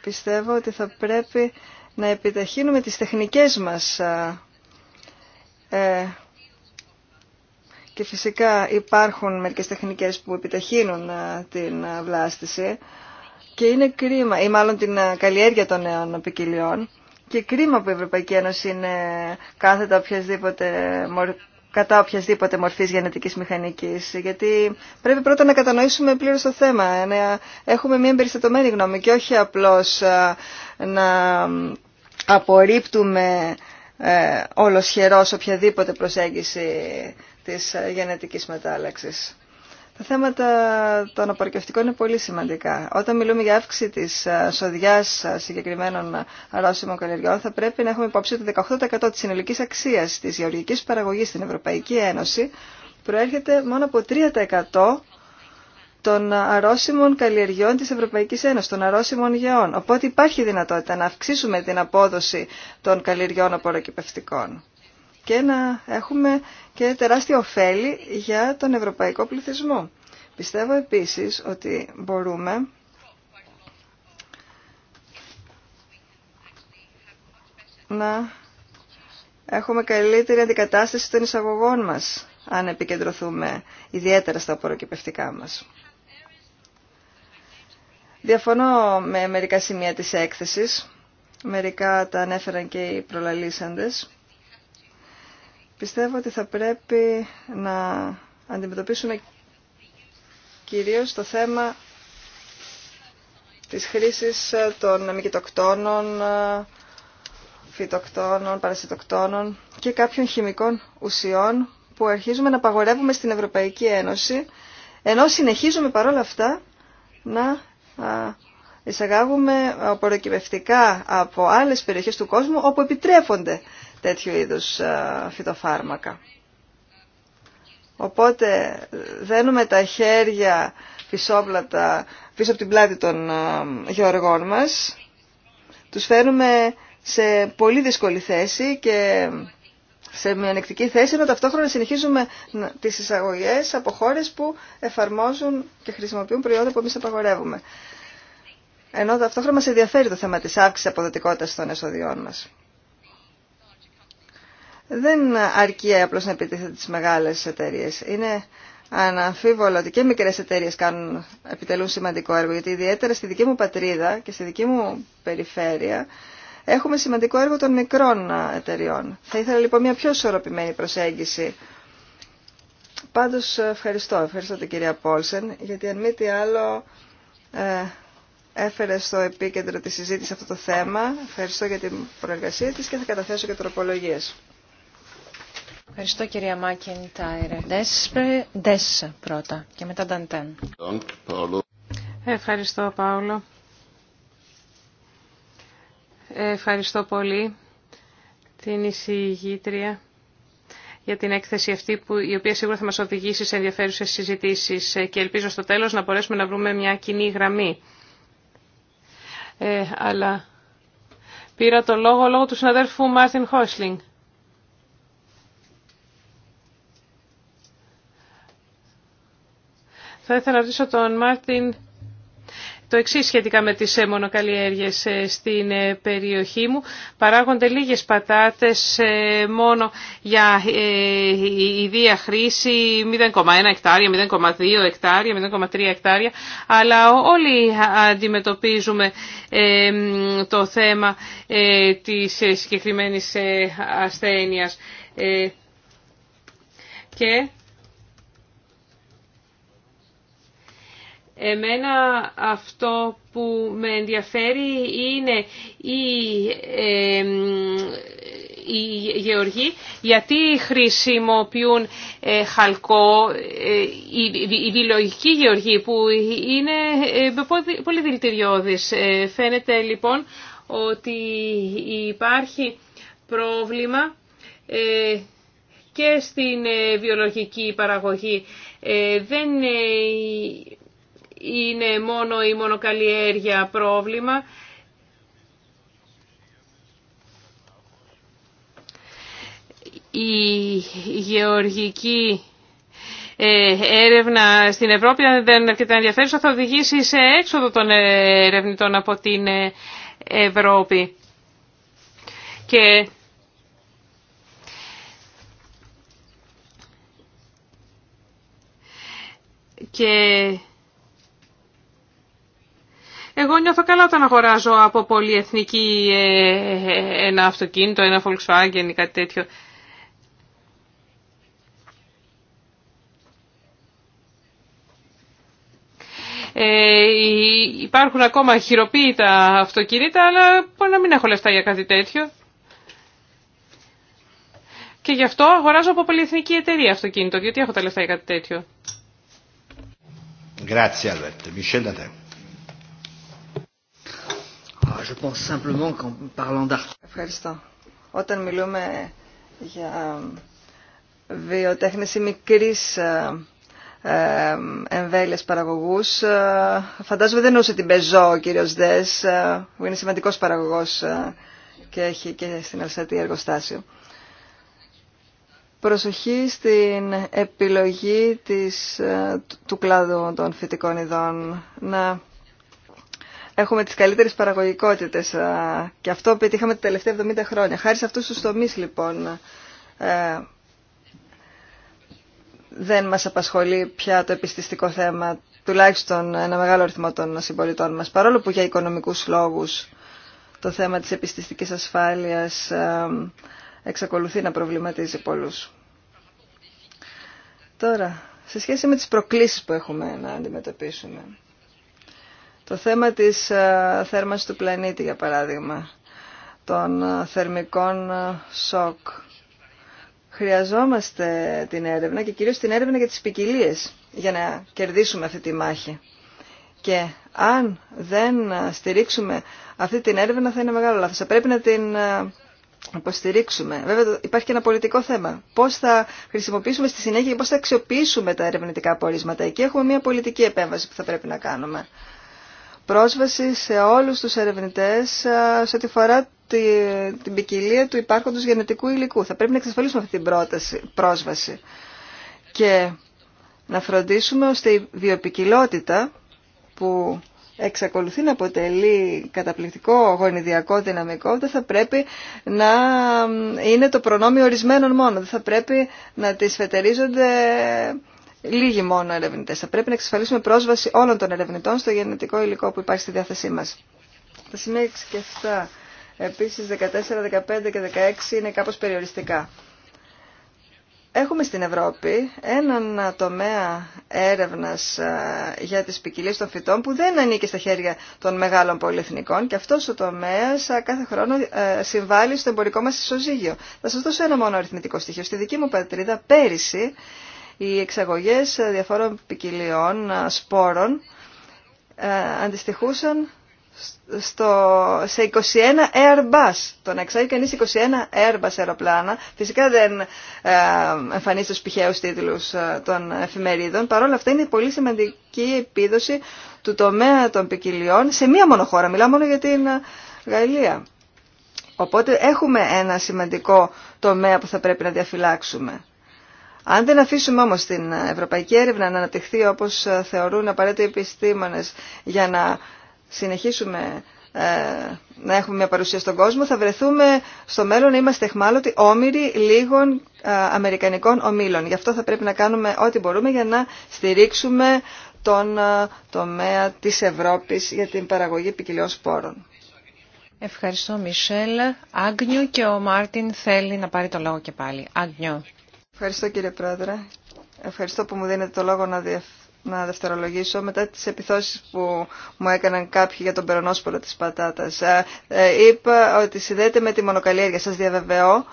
πιστεύω ότι θα πρέπει να επιταχύνουμε τις τεχνικές μας ε, ε, και φυσικά υπάρχουν μερικές τεχνικές που επιταχύνουν την βλάστηση, και είναι κρίμα, ή μάλλον την ε, καλλιέργεια των νέων ποικιλιών. Και κρίμα που η Ευρωπαϊκή Ένωση είναι κάθετα οποιασδήποτε, κατά οποιασδήποτε μορφής γενετικής μηχανικής. Γιατί πρέπει πρώτα να κατανοήσουμε πλήρως το θέμα. Ε, να έχουμε μια εμπεριστατωμένη γνώμη και όχι απλώς ε, να απορρίπτουμε όλο όλος χερός οποιαδήποτε προσέγγιση της γενετικής μετάλλαξης. Τα θέματα των απορκευτικών είναι πολύ σημαντικά. Όταν μιλούμε για αύξηση τη ε, σοδιά ε, συγκεκριμένων ε, αρρώσιμων καλλιεργιών, θα πρέπει να έχουμε υπόψη ότι το 18% τη συνολική αξία τη γεωργική παραγωγή στην Ευρωπαϊκή Ένωση προέρχεται μόνο από 3% των αρρώσιμων καλλιεργιών της Ευρωπαϊκής Ένωσης, των αρρώσιμων γεών. Οπότε υπάρχει δυνατότητα να αυξήσουμε την απόδοση των καλλιεργιών απορροκυπευτικών και να έχουμε και τεράστια ωφέλη για τον ευρωπαϊκό πληθυσμό. Πιστεύω επίσης ότι μπορούμε να έχουμε καλύτερη αντικατάσταση των εισαγωγών μας αν επικεντρωθούμε ιδιαίτερα στα απορροκυπευτικά μας. Διαφωνώ με μερικά σημεία της έκθεσης. Μερικά τα ανέφεραν και οι προλαλήσαντες. Πιστεύω ότι θα πρέπει να αντιμετωπίσουμε κυρίως το θέμα της χρήσης των μυκητοκτόνων, φυτοκτόνων, παρασιτοκτόνων και κάποιων χημικών ουσιών που αρχίζουμε να παγορεύουμε στην Ευρωπαϊκή Ένωση, ενώ συνεχίζουμε παρόλα αυτά να εισαγάγουμε απορροκυπευτικά από άλλες περιοχές του κόσμου όπου επιτρέπονται τέτοιου είδους ε, φυτοφάρμακα. Οπότε δένουμε τα χέρια πισόπλατα πίσω από την πλάτη των ε, γεωργών μας. Τους φέρνουμε σε πολύ δύσκολη θέση και σε μειονεκτική θέση, ενώ ταυτόχρονα συνεχίζουμε τις εισαγωγές από χώρε που εφαρμόζουν και χρησιμοποιούν προϊόντα που εμείς απαγορεύουμε. Ενώ ταυτόχρονα μας ενδιαφέρει το θέμα της αύξησης αποδοτικότητας των εσοδιών μας δεν αρκεί απλώ να επιτίθεται τις μεγάλες εταιρείε. Είναι αναμφίβολο ότι και μικρές εταιρείε κάνουν, επιτελούν σημαντικό έργο, γιατί ιδιαίτερα στη δική μου πατρίδα και στη δική μου περιφέρεια έχουμε σημαντικό έργο των μικρών εταιριών. Θα ήθελα λοιπόν μια πιο ισορροπημένη προσέγγιση. Πάντως ευχαριστώ, ευχαριστώ την κυρία Πόλσεν, γιατί αν μη τι άλλο ε, έφερε στο επίκεντρο της συζήτησης αυτό το θέμα. Ευχαριστώ για την προεργασία της και θα καταθέσω και τροπολογίες. Ευχαριστώ κυρία Μάκιν Τάιρε. Δες πρώτα και μετά Νταντέν. Ευχαριστώ Παύλο. Ευχαριστώ πολύ την εισηγήτρια για την έκθεση αυτή που, η οποία σίγουρα θα μας οδηγήσει σε ενδιαφέρουσες συζητήσεις και ελπίζω στο τέλος να μπορέσουμε να βρούμε μια κοινή γραμμή. Ε, αλλά πήρα το λόγο λόγω του συναδέρφου Μάρτιν Χόισλινγκ. Θα ήθελα να ρωτήσω τον Μάρτιν το εξή σχετικά με τις ε, μονοκαλλιέργειες ε, στην ε, περιοχή μου. Παράγονται λίγες πατάτες μόνο για ιδία χρήση 0,1 εκτάρια, 0,2 εκτάρια, 0,3 εκτάρια. Αλλά όλοι αντιμετωπίζουμε το θέμα της συγκεκριμένης ασθένειας. Και Εμένα αυτό που με ενδιαφέρει είναι η, ε, οι γεωργοί γιατί χρησιμοποιούν ε, χαλκό ε, η βιολογική η που είναι ε, πολύ δηλητηριώδης. Φαίνεται λοιπόν ότι υπάρχει πρόβλημα και στην βιολογική παραγωγή. Δεν είναι μόνο η μονοκαλλιέργεια πρόβλημα. Η γεωργική ε, έρευνα στην Ευρώπη, αν δεν είναι αρκετά ενδιαφέρουσα, θα οδηγήσει σε έξοδο των ερευνητών από την ε, Ευρώπη. Και και εγώ νιώθω καλά όταν αγοράζω από πολυεθνική ε, ε, ένα αυτοκίνητο, ένα Volkswagen ή κάτι τέτοιο. Ε, υπάρχουν ακόμα χειροποίητα αυτοκίνητα, αλλά μπορεί να μην έχω λεφτά για κάτι τέτοιο. Και γι' αυτό αγοράζω από πολυεθνική εταιρεία αυτοκίνητο, διότι έχω τα λεφτά για κάτι τέτοιο. Grazie Alberto, Ευχαριστώ. Όταν μιλούμε για ε, βιοτέχνε ή μικρή ε, ε, εμβέλειας παραγωγού. φαντάζομαι δεν νοούσε την Πεζό ο κύριος Δες, που είναι σημαντικό παραγωγό και έχει και στην Αλσατή εργοστάσιο. Προσοχή στην επιλογή της, του κλάδου των φυτικών ειδών. Να έχουμε τις καλύτερες παραγωγικότητες και αυτό πετύχαμε τα τελευταία 70 χρόνια. Χάρη σε αυτούς τους τομείς λοιπόν ε, δεν μας απασχολεί πια το επιστηστικό θέμα τουλάχιστον ένα μεγάλο αριθμό των συμπολιτών μας παρόλο που για οικονομικούς λόγους το θέμα της επιστηστικής ασφάλειας ε, εξακολουθεί να προβληματίζει πολλούς. Τώρα, σε σχέση με τις προκλήσεις που έχουμε να αντιμετωπίσουμε το θέμα της ε, θέρμανσης του πλανήτη, για παράδειγμα, των ε, θερμικών ε, σοκ. Χρειαζόμαστε την έρευνα και κυρίως την έρευνα για τις ποικιλίε για να κερδίσουμε αυτή τη μάχη. Και αν δεν στηρίξουμε αυτή την έρευνα θα είναι μεγάλο λάθος. Θα πρέπει να την υποστηρίξουμε. Βέβαια υπάρχει και ένα πολιτικό θέμα. Πώς θα χρησιμοποιήσουμε στη συνέχεια και πώς θα αξιοποιήσουμε τα ερευνητικά απορίσματα. Εκεί έχουμε μια πολιτική επέμβαση που θα πρέπει να κάνουμε πρόσβαση σε όλους τους ερευνητές σε ό,τι φορά την ποικιλία του υπάρχοντος γενετικού υλικού. Θα πρέπει να εξασφαλίσουμε αυτή την πρόταση, πρόσβαση και να φροντίσουμε ώστε η βιοπικιλότητα που εξακολουθεί να αποτελεί καταπληκτικό γονιδιακό δυναμικό δεν θα πρέπει να είναι το προνόμιο ορισμένων μόνο. Δεν θα πρέπει να τις φετερίζονται λίγοι μόνο ερευνητές. Θα πρέπει να εξασφαλίσουμε πρόσβαση όλων των ερευνητών στο γενετικό υλικό που υπάρχει στη διάθεσή μας. Τα σημεία 6 και 7, επίσης 14, 15 και 16 είναι κάπως περιοριστικά. Έχουμε στην Ευρώπη έναν τομέα έρευνας ε, για τις ποικιλίε των φυτών που δεν ανήκει στα χέρια των μεγάλων πολυεθνικών και αυτός ο τομέας ε, κάθε χρόνο ε, συμβάλλει στο εμπορικό μας ισοζύγιο. Θα σας δώσω ένα μόνο αριθμητικό στοιχείο. Στη δική μου πατρίδα πέρυσι οι εξαγωγές διαφόρων ποικιλιών ε, σπόρων ε, αντιστοιχούσαν στο, σε 21 Airbus. Το να εξάγει κανείς 21 Airbus αεροπλάνα. Φυσικά δεν ε, εμφανίζει τους πηχαίους τίτλους ε, των εφημερίδων. Παρόλα αυτά είναι η πολύ σημαντική επίδοση του τομέα των ποικιλιών σε μία μόνο χώρα. Μιλάω μόνο για την Γαλλία. Οπότε έχουμε ένα σημαντικό τομέα που θα πρέπει να διαφυλάξουμε. Αν δεν αφήσουμε όμως την ευρωπαϊκή έρευνα να αναπτυχθεί όπως ε, θεωρούν απαραίτητοι επιστήμονες για να συνεχίσουμε ε, να έχουμε μια παρουσία στον κόσμο, θα βρεθούμε στο μέλλον να είμαστε εχμάλωτοι όμοιροι λίγων ε, αμερικανικών ομίλων. Γι' αυτό θα πρέπει να κάνουμε ό,τι μπορούμε για να στηρίξουμε τον τομέα της Ευρώπης για την παραγωγή ποικιλιών σπόρων. Ευχαριστώ Μισελ. Άγνιο και ο Μάρτιν θέλει να πάρει το λόγο και πάλι. Άγνιο. Ευχαριστώ κύριε Πρόεδρε. Ευχαριστώ που μου δίνετε το λόγο να, διευ... δευτερολογήσω μετά τις επιθώσεις που μου έκαναν κάποιοι για τον περονόσπορο της πατάτας. Ε, ε, είπα ότι συνδέεται με τη μονοκαλλιέργεια. Σας διαβεβαιώ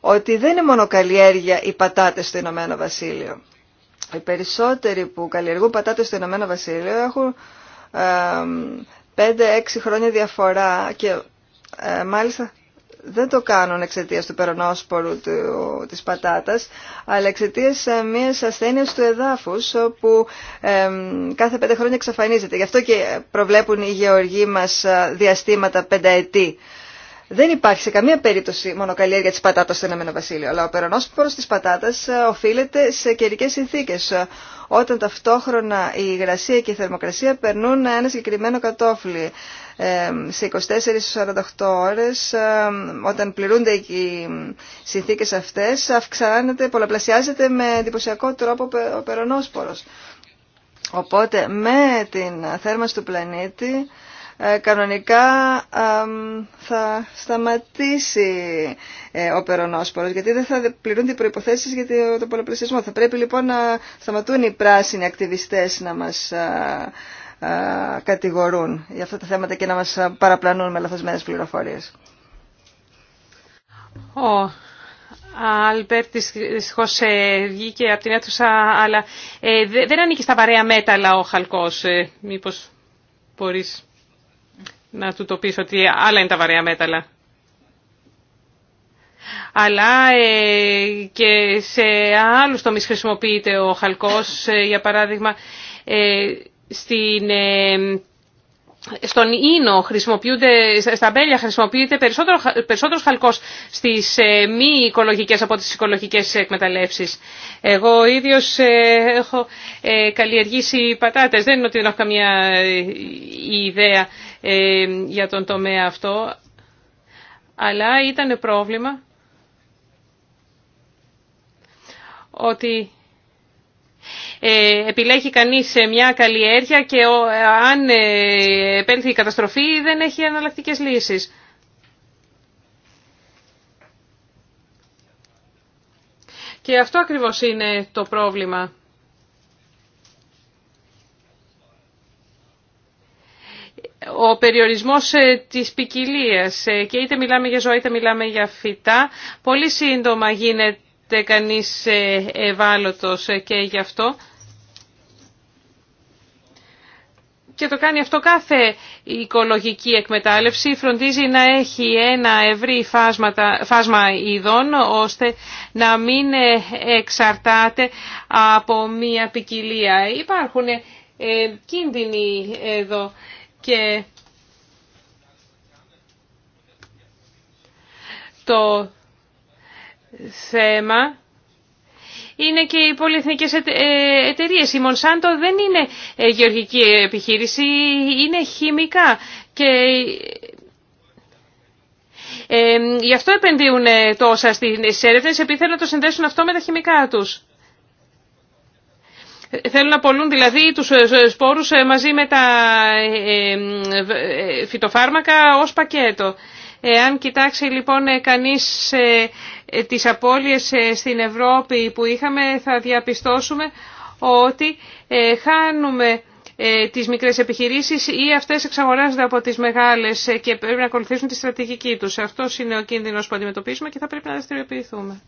ότι δεν είναι μονοκαλλιέργεια οι πατάτες στο Ηνωμένο Βασίλειο. Οι περισσότεροι που καλλιεργούν πατάτες στο Ηνωμένο Βασίλειο έχουν 5-6 ε, χρόνια διαφορά και μάλιστα δεν το κάνουν εξαιτία του περονόσπορου της πατάτας, αλλά εξαιτία ε, μιας ασθένειας του εδάφους που κάθε πέντε χρόνια εξαφανίζεται. Γι' αυτό και προβλέπουν οι γεωργοί μας ε, διαστήματα πενταετή. Δεν υπάρχει σε καμία περίπτωση μονοκαλλιέργεια τη πατάτας στο Ηνωμένο Βασίλειο, αλλά ο περονόσπορος της πατάτας ε, οφείλεται σε καιρικέ συνθήκε. όταν ταυτόχρονα η υγρασία και η θερμοκρασία περνούν ένα συγκεκριμένο κατόφλι. Ε, σε 24-48 ώρες ε, όταν πληρούνται οι συνθήκες αυτές αυξάνεται, πολλαπλασιάζεται με εντυπωσιακό τρόπο ο περονόσπορος. Οπότε με την θέρμανση του πλανήτη ε, κανονικά θα σταματήσει ο περονόσπορος γιατί δεν θα πληρούνται οι προϋποθέσεις για το πολλαπλασιασμό. Θα πρέπει λοιπόν να σταματούν οι πράσινοι ακτιβιστές να μας κατηγορούν για αυτά τα θέματα και να μας παραπλανούν με λαθασμένες πληροφορίες. Ο Άλμπερτ δυστυχώ ε, βγήκε από την αίθουσα, αλλά ε, δεν ανήκει στα βαρέα μέταλλα ο χαλκός. Ε, μήπως μπορείς να του το πεις ότι άλλα είναι τα βαρέα μέταλλα. Αλλά και σε άλλους τομείς χρησιμοποιείται ο χαλκός, για παράδειγμα, ε, στον ίνο χρησιμοποιούνται, στα μπέλια χρησιμοποιείται περισσότερο, περισσότερος χαλκός στις ε, μη οικολογικές από τις οικολογικές εκμεταλλεύσεις. Εγώ ίδιος ε, έχω καλλιεργήσει πατάτες, δεν είναι ότι δεν έχω καμία ιδέα για τον τομέα αυτό, αλλά ήταν πρόβλημα ότι ε, επιλέγει κανείς ε, μια καλλιέργεια και ε, αν επέλθει η καταστροφή δεν έχει εναλλακτικές λύσεις. Και αυτό ακριβώς είναι το πρόβλημα. ο περιορισμός της ποικιλία. και είτε μιλάμε για ζώα είτε μιλάμε για φυτά, πολύ σύντομα γίνεται κανείς ευάλωτος και γι' αυτό και το κάνει αυτό κάθε οικολογική εκμετάλλευση. Φροντίζει να έχει ένα ευρύ φάσμα ειδών ώστε να μην εξαρτάται από μία ποικιλία. Υπάρχουν ε, κίνδυνοι εδώ και το θέμα είναι και οι πολυεθνικές ε, εταιρείε. Η Μονσάντο δεν είναι ε, γεωργική επιχείρηση, είναι χημικά. Και ε, ε γι' αυτό επενδύουν τόσα στι έρευνε, επειδή θέλουν να το συνδέσουν αυτό με τα χημικά τους. Θέλουν να πολλούν δηλαδή τους σπόρους μαζί με τα φυτοφάρμακα ως πακέτο. Αν κοιτάξει λοιπόν κανείς τις απώλειες ε, στην Ευρώπη που είχαμε θα διαπιστώσουμε ότι ε, χάνουμε ε, τις μικρές επιχειρήσεις ή αυτές εξαγοράζονται από τις μεγάλες και πρέπει να ακολουθήσουν τη στρατηγική τους. αυτό είναι ο κίνδυνος που αντιμετωπίζουμε και θα πρέπει να δραστηριοποιηθούμε.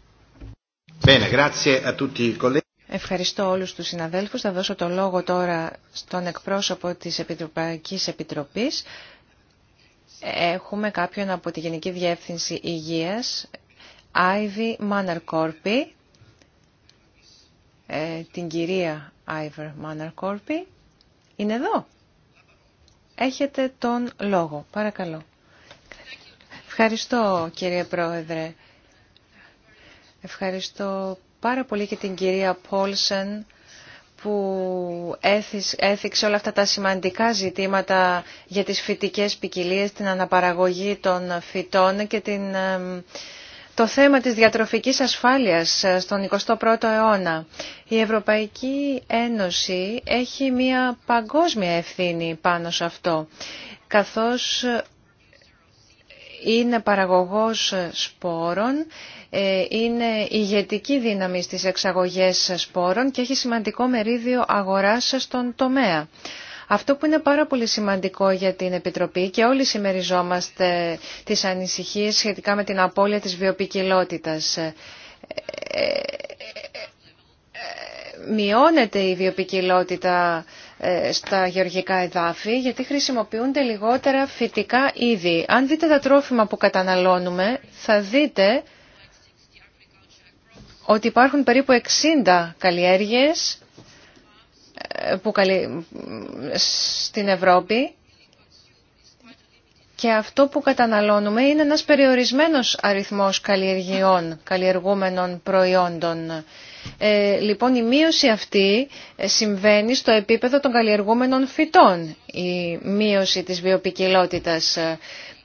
Ευχαριστώ όλους τους συναδέλφους. Θα δώσω το λόγο τώρα στον εκπρόσωπο της Επιτροπαϊκής Επιτροπής. Έχουμε κάποιον από τη Γενική Διεύθυνση Υγείας, Άιβι Corpy, ε, την κυρία Άιβερ Manor είναι εδώ. Έχετε τον λόγο. Παρακαλώ. Ευχαριστώ κύριε Πρόεδρε. Ευχαριστώ πάρα πολύ και την κυρία Πόλσεν που έθιξε όλα αυτά τα σημαντικά ζητήματα για τις φυτικές ποικιλίε, την αναπαραγωγή των φυτών και την το θέμα της διατροφικής ασφάλειας ε, στον 21ο αιώνα. Η Ευρωπαϊκή Ένωση έχει μια παγκόσμια ευθύνη πάνω σε αυτό, καθώς είναι παραγωγός σπόρων, ε, είναι ηγετική δύναμη στις εξαγωγές σπόρων και έχει σημαντικό μερίδιο αγοράς στον τομέα. Αυτό που είναι πάρα πολύ σημαντικό για την Επιτροπή και όλοι συμμεριζόμαστε τις ανησυχίες σχετικά με την απώλεια της βιοπικιλότητας ε, ε, ε, μειώνεται η βιοπικιλότητα στα γεωργικά εδάφη γιατί χρησιμοποιούνται λιγότερα φυτικά είδη. Αν δείτε τα τρόφιμα που καταναλώνουμε θα δείτε ότι υπάρχουν περίπου 60 καλλιέργειες που στην Ευρώπη και αυτό που καταναλώνουμε είναι ένας περιορισμένος αριθμός καλλιεργιών, καλλιεργούμενων προϊόντων. Ε, λοιπόν, η μείωση αυτή ε, συμβαίνει στο επίπεδο των καλλιεργούμενων φυτών, η μείωση της βιοπικιλότητας.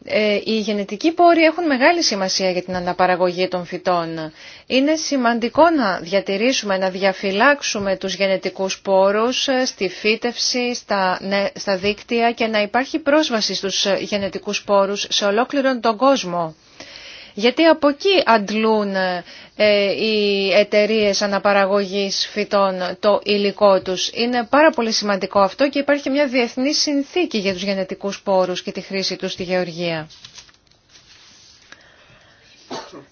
Ε, οι γενετικοί πόροι έχουν μεγάλη σημασία για την αναπαραγωγή των φυτών. Είναι σημαντικό να διατηρήσουμε, να διαφυλάξουμε τους γενετικούς πόρους ε, στη φύτευση, ναι, στα, δίκτυα και να υπάρχει πρόσβαση στους ε, γενετικούς πόρους σε ολόκληρον τον κόσμο. Γιατί από εκεί αντλούν ε, οι εταιρείε αναπαραγωγής φυτών το υλικό τους. Είναι πάρα πολύ σημαντικό αυτό και υπάρχει μια διεθνή συνθήκη για τους γενετικούς πόρους και τη χρήση τους στη γεωργία.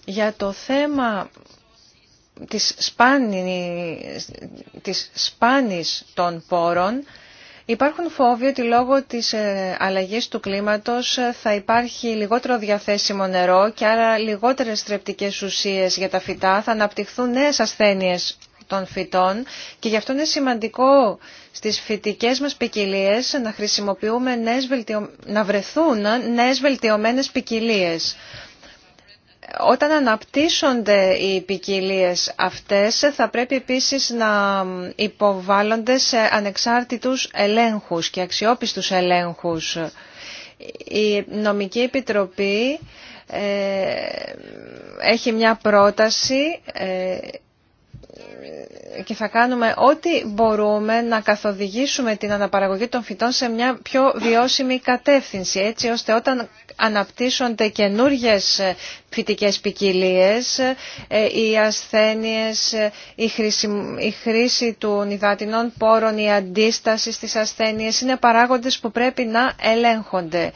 Για το θέμα της σπάνης, της σπάνης των πόρων, Υπάρχουν φόβοι ότι λόγω της ε, αλλαγής του κλίματος ε, θα υπάρχει λιγότερο διαθέσιμο νερό και άρα λιγότερες θρεπτικές ουσίες για τα φυτά, θα αναπτυχθούν νέες ασθένειες των φυτών και γι' αυτό είναι σημαντικό στις φυτικές μας ποικιλίε να χρησιμοποιούμε νέες να βρεθούν νέες βελτιωμένες ποικιλίε. Όταν αναπτύσσονται οι ποικιλίε αυτές θα πρέπει επίσης να υποβάλλονται σε ανεξάρτητους ελέγχους και αξιόπιστους ελέγχους. Η Νομική Επιτροπή ε, έχει μια πρόταση ε, και θα κάνουμε ό,τι μπορούμε να καθοδηγήσουμε την αναπαραγωγή των φυτών σε μια πιο βιώσιμη κατεύθυνση, έτσι ώστε όταν αναπτύσσονται καινούριε ε, φυτικές ποικιλίε, ε, οι ασθένειες, ε, η χρήση, η χρήση των υδατινών πόρων, η αντίσταση στις ασθένειες είναι παράγοντες που πρέπει να ελέγχονται.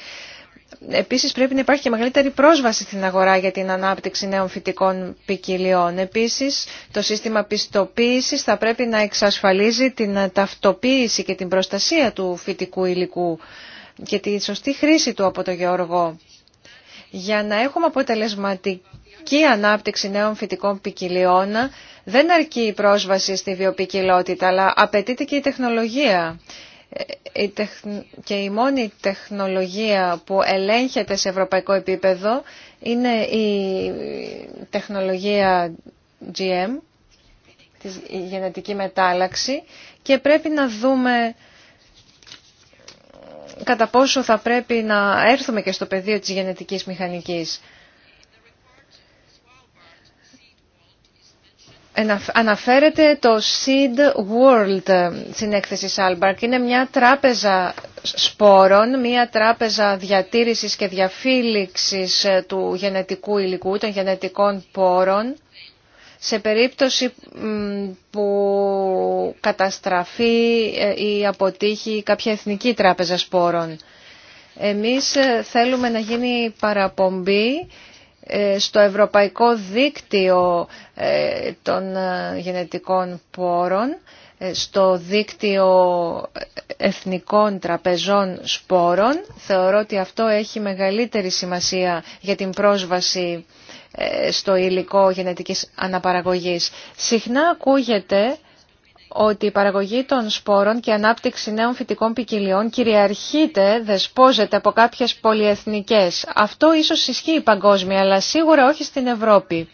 Επίσης πρέπει να υπάρχει και μεγαλύτερη πρόσβαση στην αγορά για την ανάπτυξη νέων φυτικών ποικιλιών. Επίσης το σύστημα πιστοποίησης θα πρέπει να εξασφαλίζει την ταυτοποίηση και την προστασία του φυτικού υλικού και τη σωστή χρήση του από το γεωργό. Για να έχουμε αποτελεσματική ανάπτυξη νέων φυτικών ποικιλιών δεν αρκεί η πρόσβαση στη βιοπικιλότητα αλλά απαιτείται και η τεχνολογία. Ε, και η μόνη τεχνολογία που ελέγχεται σε ευρωπαϊκό επίπεδο είναι η τεχνολογία GM, η γενετική μετάλλαξη και πρέπει να δούμε κατά πόσο θα πρέπει να έρθουμε και στο πεδίο της γενετικής μηχανικής. Αναφέρεται το Seed World ε, στην έκθεση Σάλμπαρκ. Είναι μια τράπεζα σπόρων, μια τράπεζα διατήρησης και διαφύλιξης ε, του γενετικού υλικού, των γενετικών πόρων. Σε περίπτωση που καταστραφεί ε, ή αποτύχει κάποια εθνική τράπεζα σπόρων. Εμείς θέλουμε να γίνει παραπομπή ε, στο Ευρωπαϊκό Δίκτυο ε, των ε, Γενετικών Πόρων, στο δίκτυο εθνικών τραπεζών σπόρων. Θεωρώ ότι αυτό έχει μεγαλύτερη σημασία για την πρόσβαση στο υλικό γενετικής αναπαραγωγής. Συχνά ακούγεται ότι η παραγωγή των σπόρων και η ανάπτυξη νέων φυτικών ποικιλιών κυριαρχείται, δεσπόζεται από κάποιες πολυεθνικές. Αυτό ίσως ισχύει παγκόσμια, αλλά σίγουρα όχι στην Ευρώπη.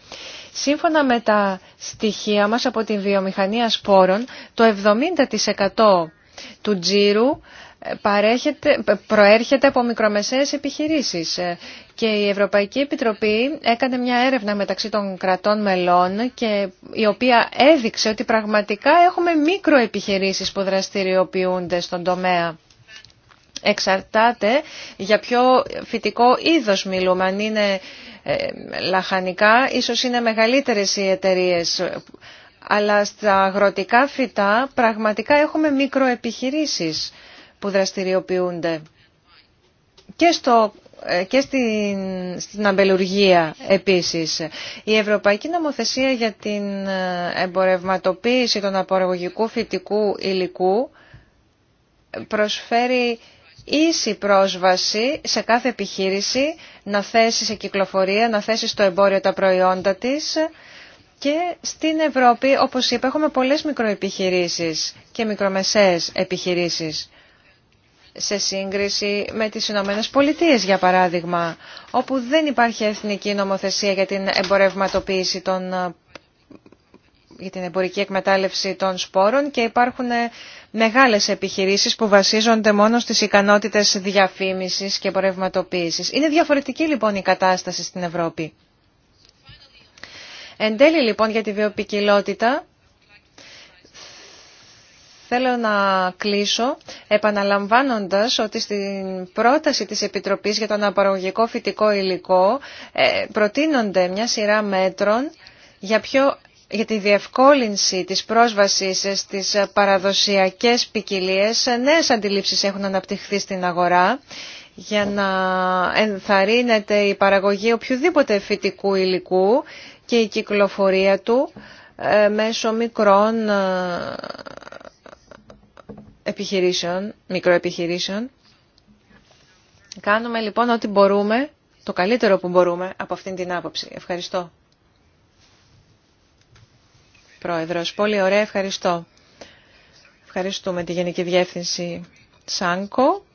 Σύμφωνα με τα στοιχεία μας από την βιομηχανία σπόρων, το 70% του τζίρου προέρχεται από μικρομεσαίες επιχειρήσεις. Ε, και η Ευρωπαϊκή Επιτροπή έκανε μια έρευνα μεταξύ των κρατών μελών και η οποία έδειξε ότι πραγματικά έχουμε μικροεπιχειρήσεις που δραστηριοποιούνται στον τομέα. Εξαρτάται για ποιο φυτικό είδος μιλούμε. Αν είναι ε, λαχανικά, ίσως είναι μεγαλύτερες οι εταιρείες. Αλλά στα αγροτικά φυτά πραγματικά έχουμε μικροεπιχειρήσεις που δραστηριοποιούνται και στο ε, και στην, στην αμπελουργία επίσης. Η Ευρωπαϊκή Νομοθεσία για την ε, εμπορευματοποίηση των απορρογικού φυτικού υλικού προσφέρει ίση πρόσβαση σε κάθε επιχείρηση να θέσει σε κυκλοφορία, να θέσει στο εμπόριο τα προϊόντα της και στην Ευρώπη, όπως είπα, έχουμε πολλές μικροεπιχειρήσεις και μικρομεσαίες επιχειρήσεις σε σύγκριση με τις Ηνωμένε Πολιτείες, για παράδειγμα, όπου δεν υπάρχει εθνική νομοθεσία για την εμπορευματοποίηση των ε, για την εμπορική εκμετάλλευση των σπόρων και υπάρχουν ε, μεγάλες επιχειρήσεις που βασίζονται μόνο στις ικανότητες διαφήμισης και εμπορευματοποίησης. Είναι διαφορετική λοιπόν η κατάσταση στην Ευρώπη. Εν τέλει λοιπόν για τη βιοπικιλότητα, Θέλω να κλείσω επαναλαμβάνοντας ότι στην πρόταση της Επιτροπής για τον απαραγωγικό φυτικό υλικό ε, προτείνονται μια σειρά μέτρων για πιο για τη διευκόλυνση της πρόσβασης στις παραδοσιακές ποικιλίε, νέες αντιλήψεις έχουν αναπτυχθεί στην αγορά για να ενθαρρύνεται η παραγωγή οποιοδήποτε φυτικού υλικού και η κυκλοφορία του ε, μέσω μικρών ε, επιχειρήσεων, μικροεπιχειρήσεων. Κάνουμε λοιπόν ό,τι μπορούμε, το καλύτερο που μπορούμε από αυτήν την άποψη. Ευχαριστώ. Πρόεδρος, πολύ ωραία, ευχαριστώ. Ευχαριστούμε τη Γενική Διεύθυνση Σάνκο.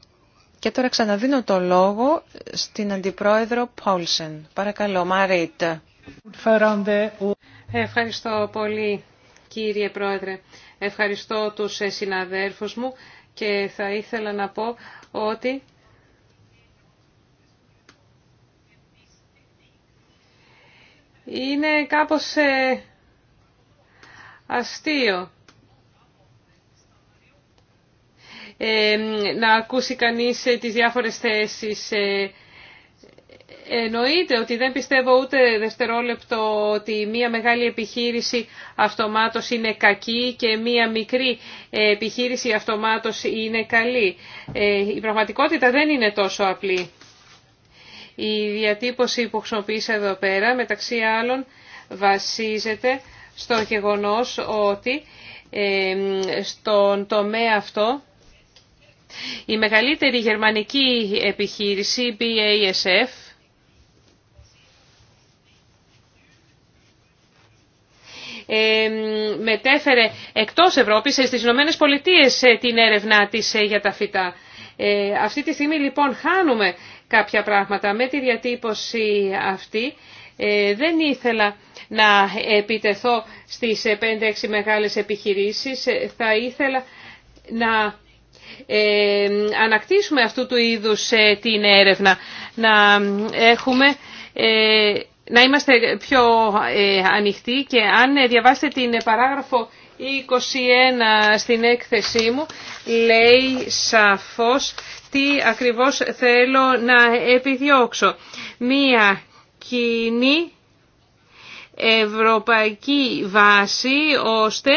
Και τώρα ξαναδίνω το λόγο στην Αντιπρόεδρο Πόλσεν. Παρακαλώ, Μαρίτ. Ε, ευχαριστώ πολύ, κύριε Πρόεδρε. Ευχαριστώ τους ε, συναδέρφους μου και θα ήθελα να πω ότι είναι κάπως ε, αστείο ε, να ακούσει κανείς τις διάφορες θέσεις Εννοείται ότι δεν πιστεύω ούτε δευτερόλεπτο ότι μία μεγάλη επιχείρηση αυτομάτως είναι κακή και μία μικρή ε, επιχείρηση αυτομάτως είναι καλή. Ε, η πραγματικότητα δεν είναι τόσο απλή. Η διατύπωση που χρησιμοποιείς εδώ πέρα, μεταξύ άλλων, βασίζεται στο γεγονός ότι ε, στον τομέα αυτό η μεγαλύτερη γερμανική επιχείρηση, BASF, μετέφερε εκτός Ευρώπης ε, στις Ηνωμένες Πολιτείες ε, την έρευνά της ε, για τα φυτά. Αυτή τη στιγμή λοιπόν χάνουμε κάποια πράγματα με τη διατύπωση αυτή. Δεν ήθελα να επιτεθώ στις 5-6 μεγάλες επιχειρήσεις. Θα ήθελα να ανακτήσουμε αυτού του είδους την έρευνα. Να έχουμε να είμαστε πιο ε, ανοιχτοί και αν ε, διαβάσετε την ε, παράγραφο 21 στην έκθεσή μου, λέει σαφώς τι ακριβώς θέλω να επιδιώξω. Μία κοινή ευρωπαϊκή βάση ώστε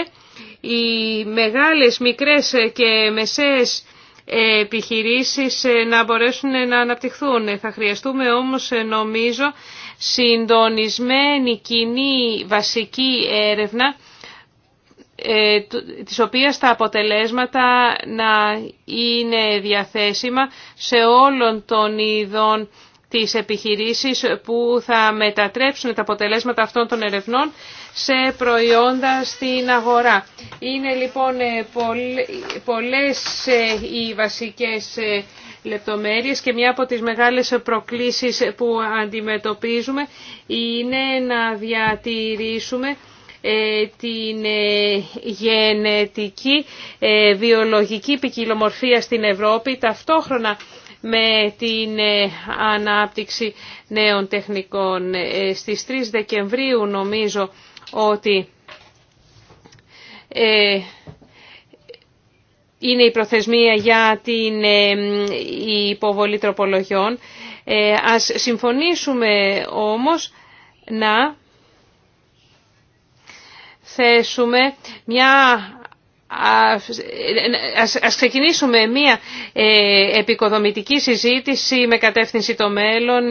οι μεγάλες, μικρές και μεσές επιχειρήσεις να μπορέσουν να αναπτυχθούν. Θα χρειαστούμε όμως νομίζω συντονισμένη κοινή βασική έρευνα ε, της οποίας τα αποτελέσματα να είναι διαθέσιμα σε όλων των ειδών της επιχειρήσεις που θα μετατρέψουν τα αποτελέσματα αυτών των ερευνών σε προϊόντα στην αγορά. Είναι λοιπόν ε, πολλές ε, οι βασικές λεπτομέρειες και μια από τις μεγάλες προκλήσεις που αντιμετωπίζουμε είναι να διατηρήσουμε ε, την ε, γενετική ε, βιολογική ποικιλομορφία στην Ευρώπη ταυτόχρονα με την ανάπτυξη νέων τεχνικών. Στις 3 Δεκεμβρίου νομίζω ότι είναι η προθεσμία για την ε, υποβολή τροπολογιών. Ε, ας συμφωνήσουμε όμως να θέσουμε μια Ας ξεκινήσουμε μία ε, επικοδομητική συζήτηση με κατεύθυνση το μέλλον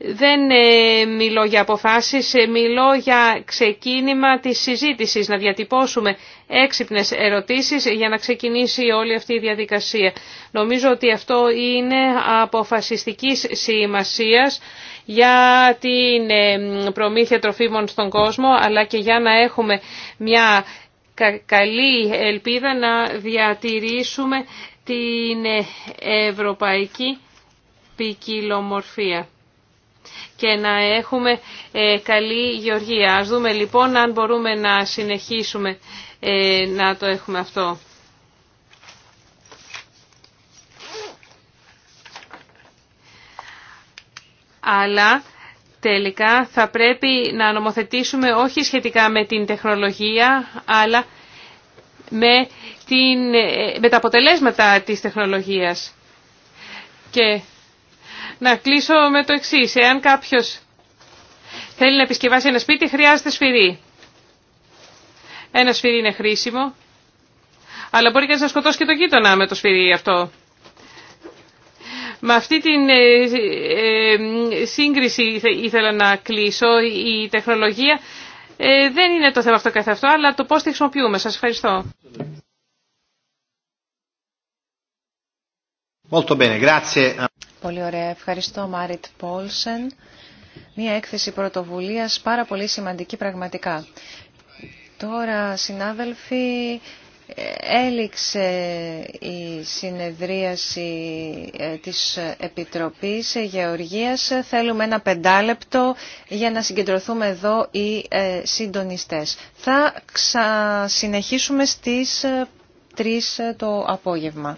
δεν ε, μιλώ για αποφάσεις, ε, μιλώ για ξεκίνημα της συζήτησης, να διατυπώσουμε έξυπνες ερωτήσεις για να ξεκινήσει όλη αυτή η διαδικασία. Νομίζω ότι αυτό είναι αποφασιστικής σημασίας για την ε, προμήθεια τροφίμων στον κόσμο, αλλά και για να έχουμε μια καλή ελπίδα να διατηρήσουμε την ευρωπαϊκή ποικιλομορφία και να έχουμε ε, καλή γεωργία. Ας δούμε λοιπόν αν μπορούμε να συνεχίσουμε ε, να το έχουμε αυτό. Αλλά τελικά θα πρέπει να νομοθετήσουμε όχι σχετικά με την τεχνολογία, αλλά με, την, ε, με τα αποτελέσματα της τεχνολογίας. Και να κλείσω με το εξή. Εάν κάποιο θέλει να επισκευάσει ένα σπίτι, χρειάζεται σφυρί. Ένα σφυρί είναι χρήσιμο, αλλά μπορεί και να σκοτώσει και το γείτονα με το σφυρί αυτό. Με αυτή την ε, ε, σύγκριση ήθελα να κλείσω. Η τεχνολογία ε, δεν είναι το θέμα αυτό καθ' αυτό, αλλά το πώς τη χρησιμοποιούμε. Σας ευχαριστώ. Πολύ ωραία. Ευχαριστώ Μάριτ Πόλσεν. Μία έκθεση πρωτοβουλίας πάρα πολύ σημαντική πραγματικά. Τώρα, συνάδελφοι, έληξε η συνεδρίαση ε, της Επιτροπής Γεωργίας. Θέλουμε ένα πεντάλεπτο για να συγκεντρωθούμε εδώ οι ε, συντονιστές. Θα συνεχίσουμε στις 3 ε, το απόγευμα.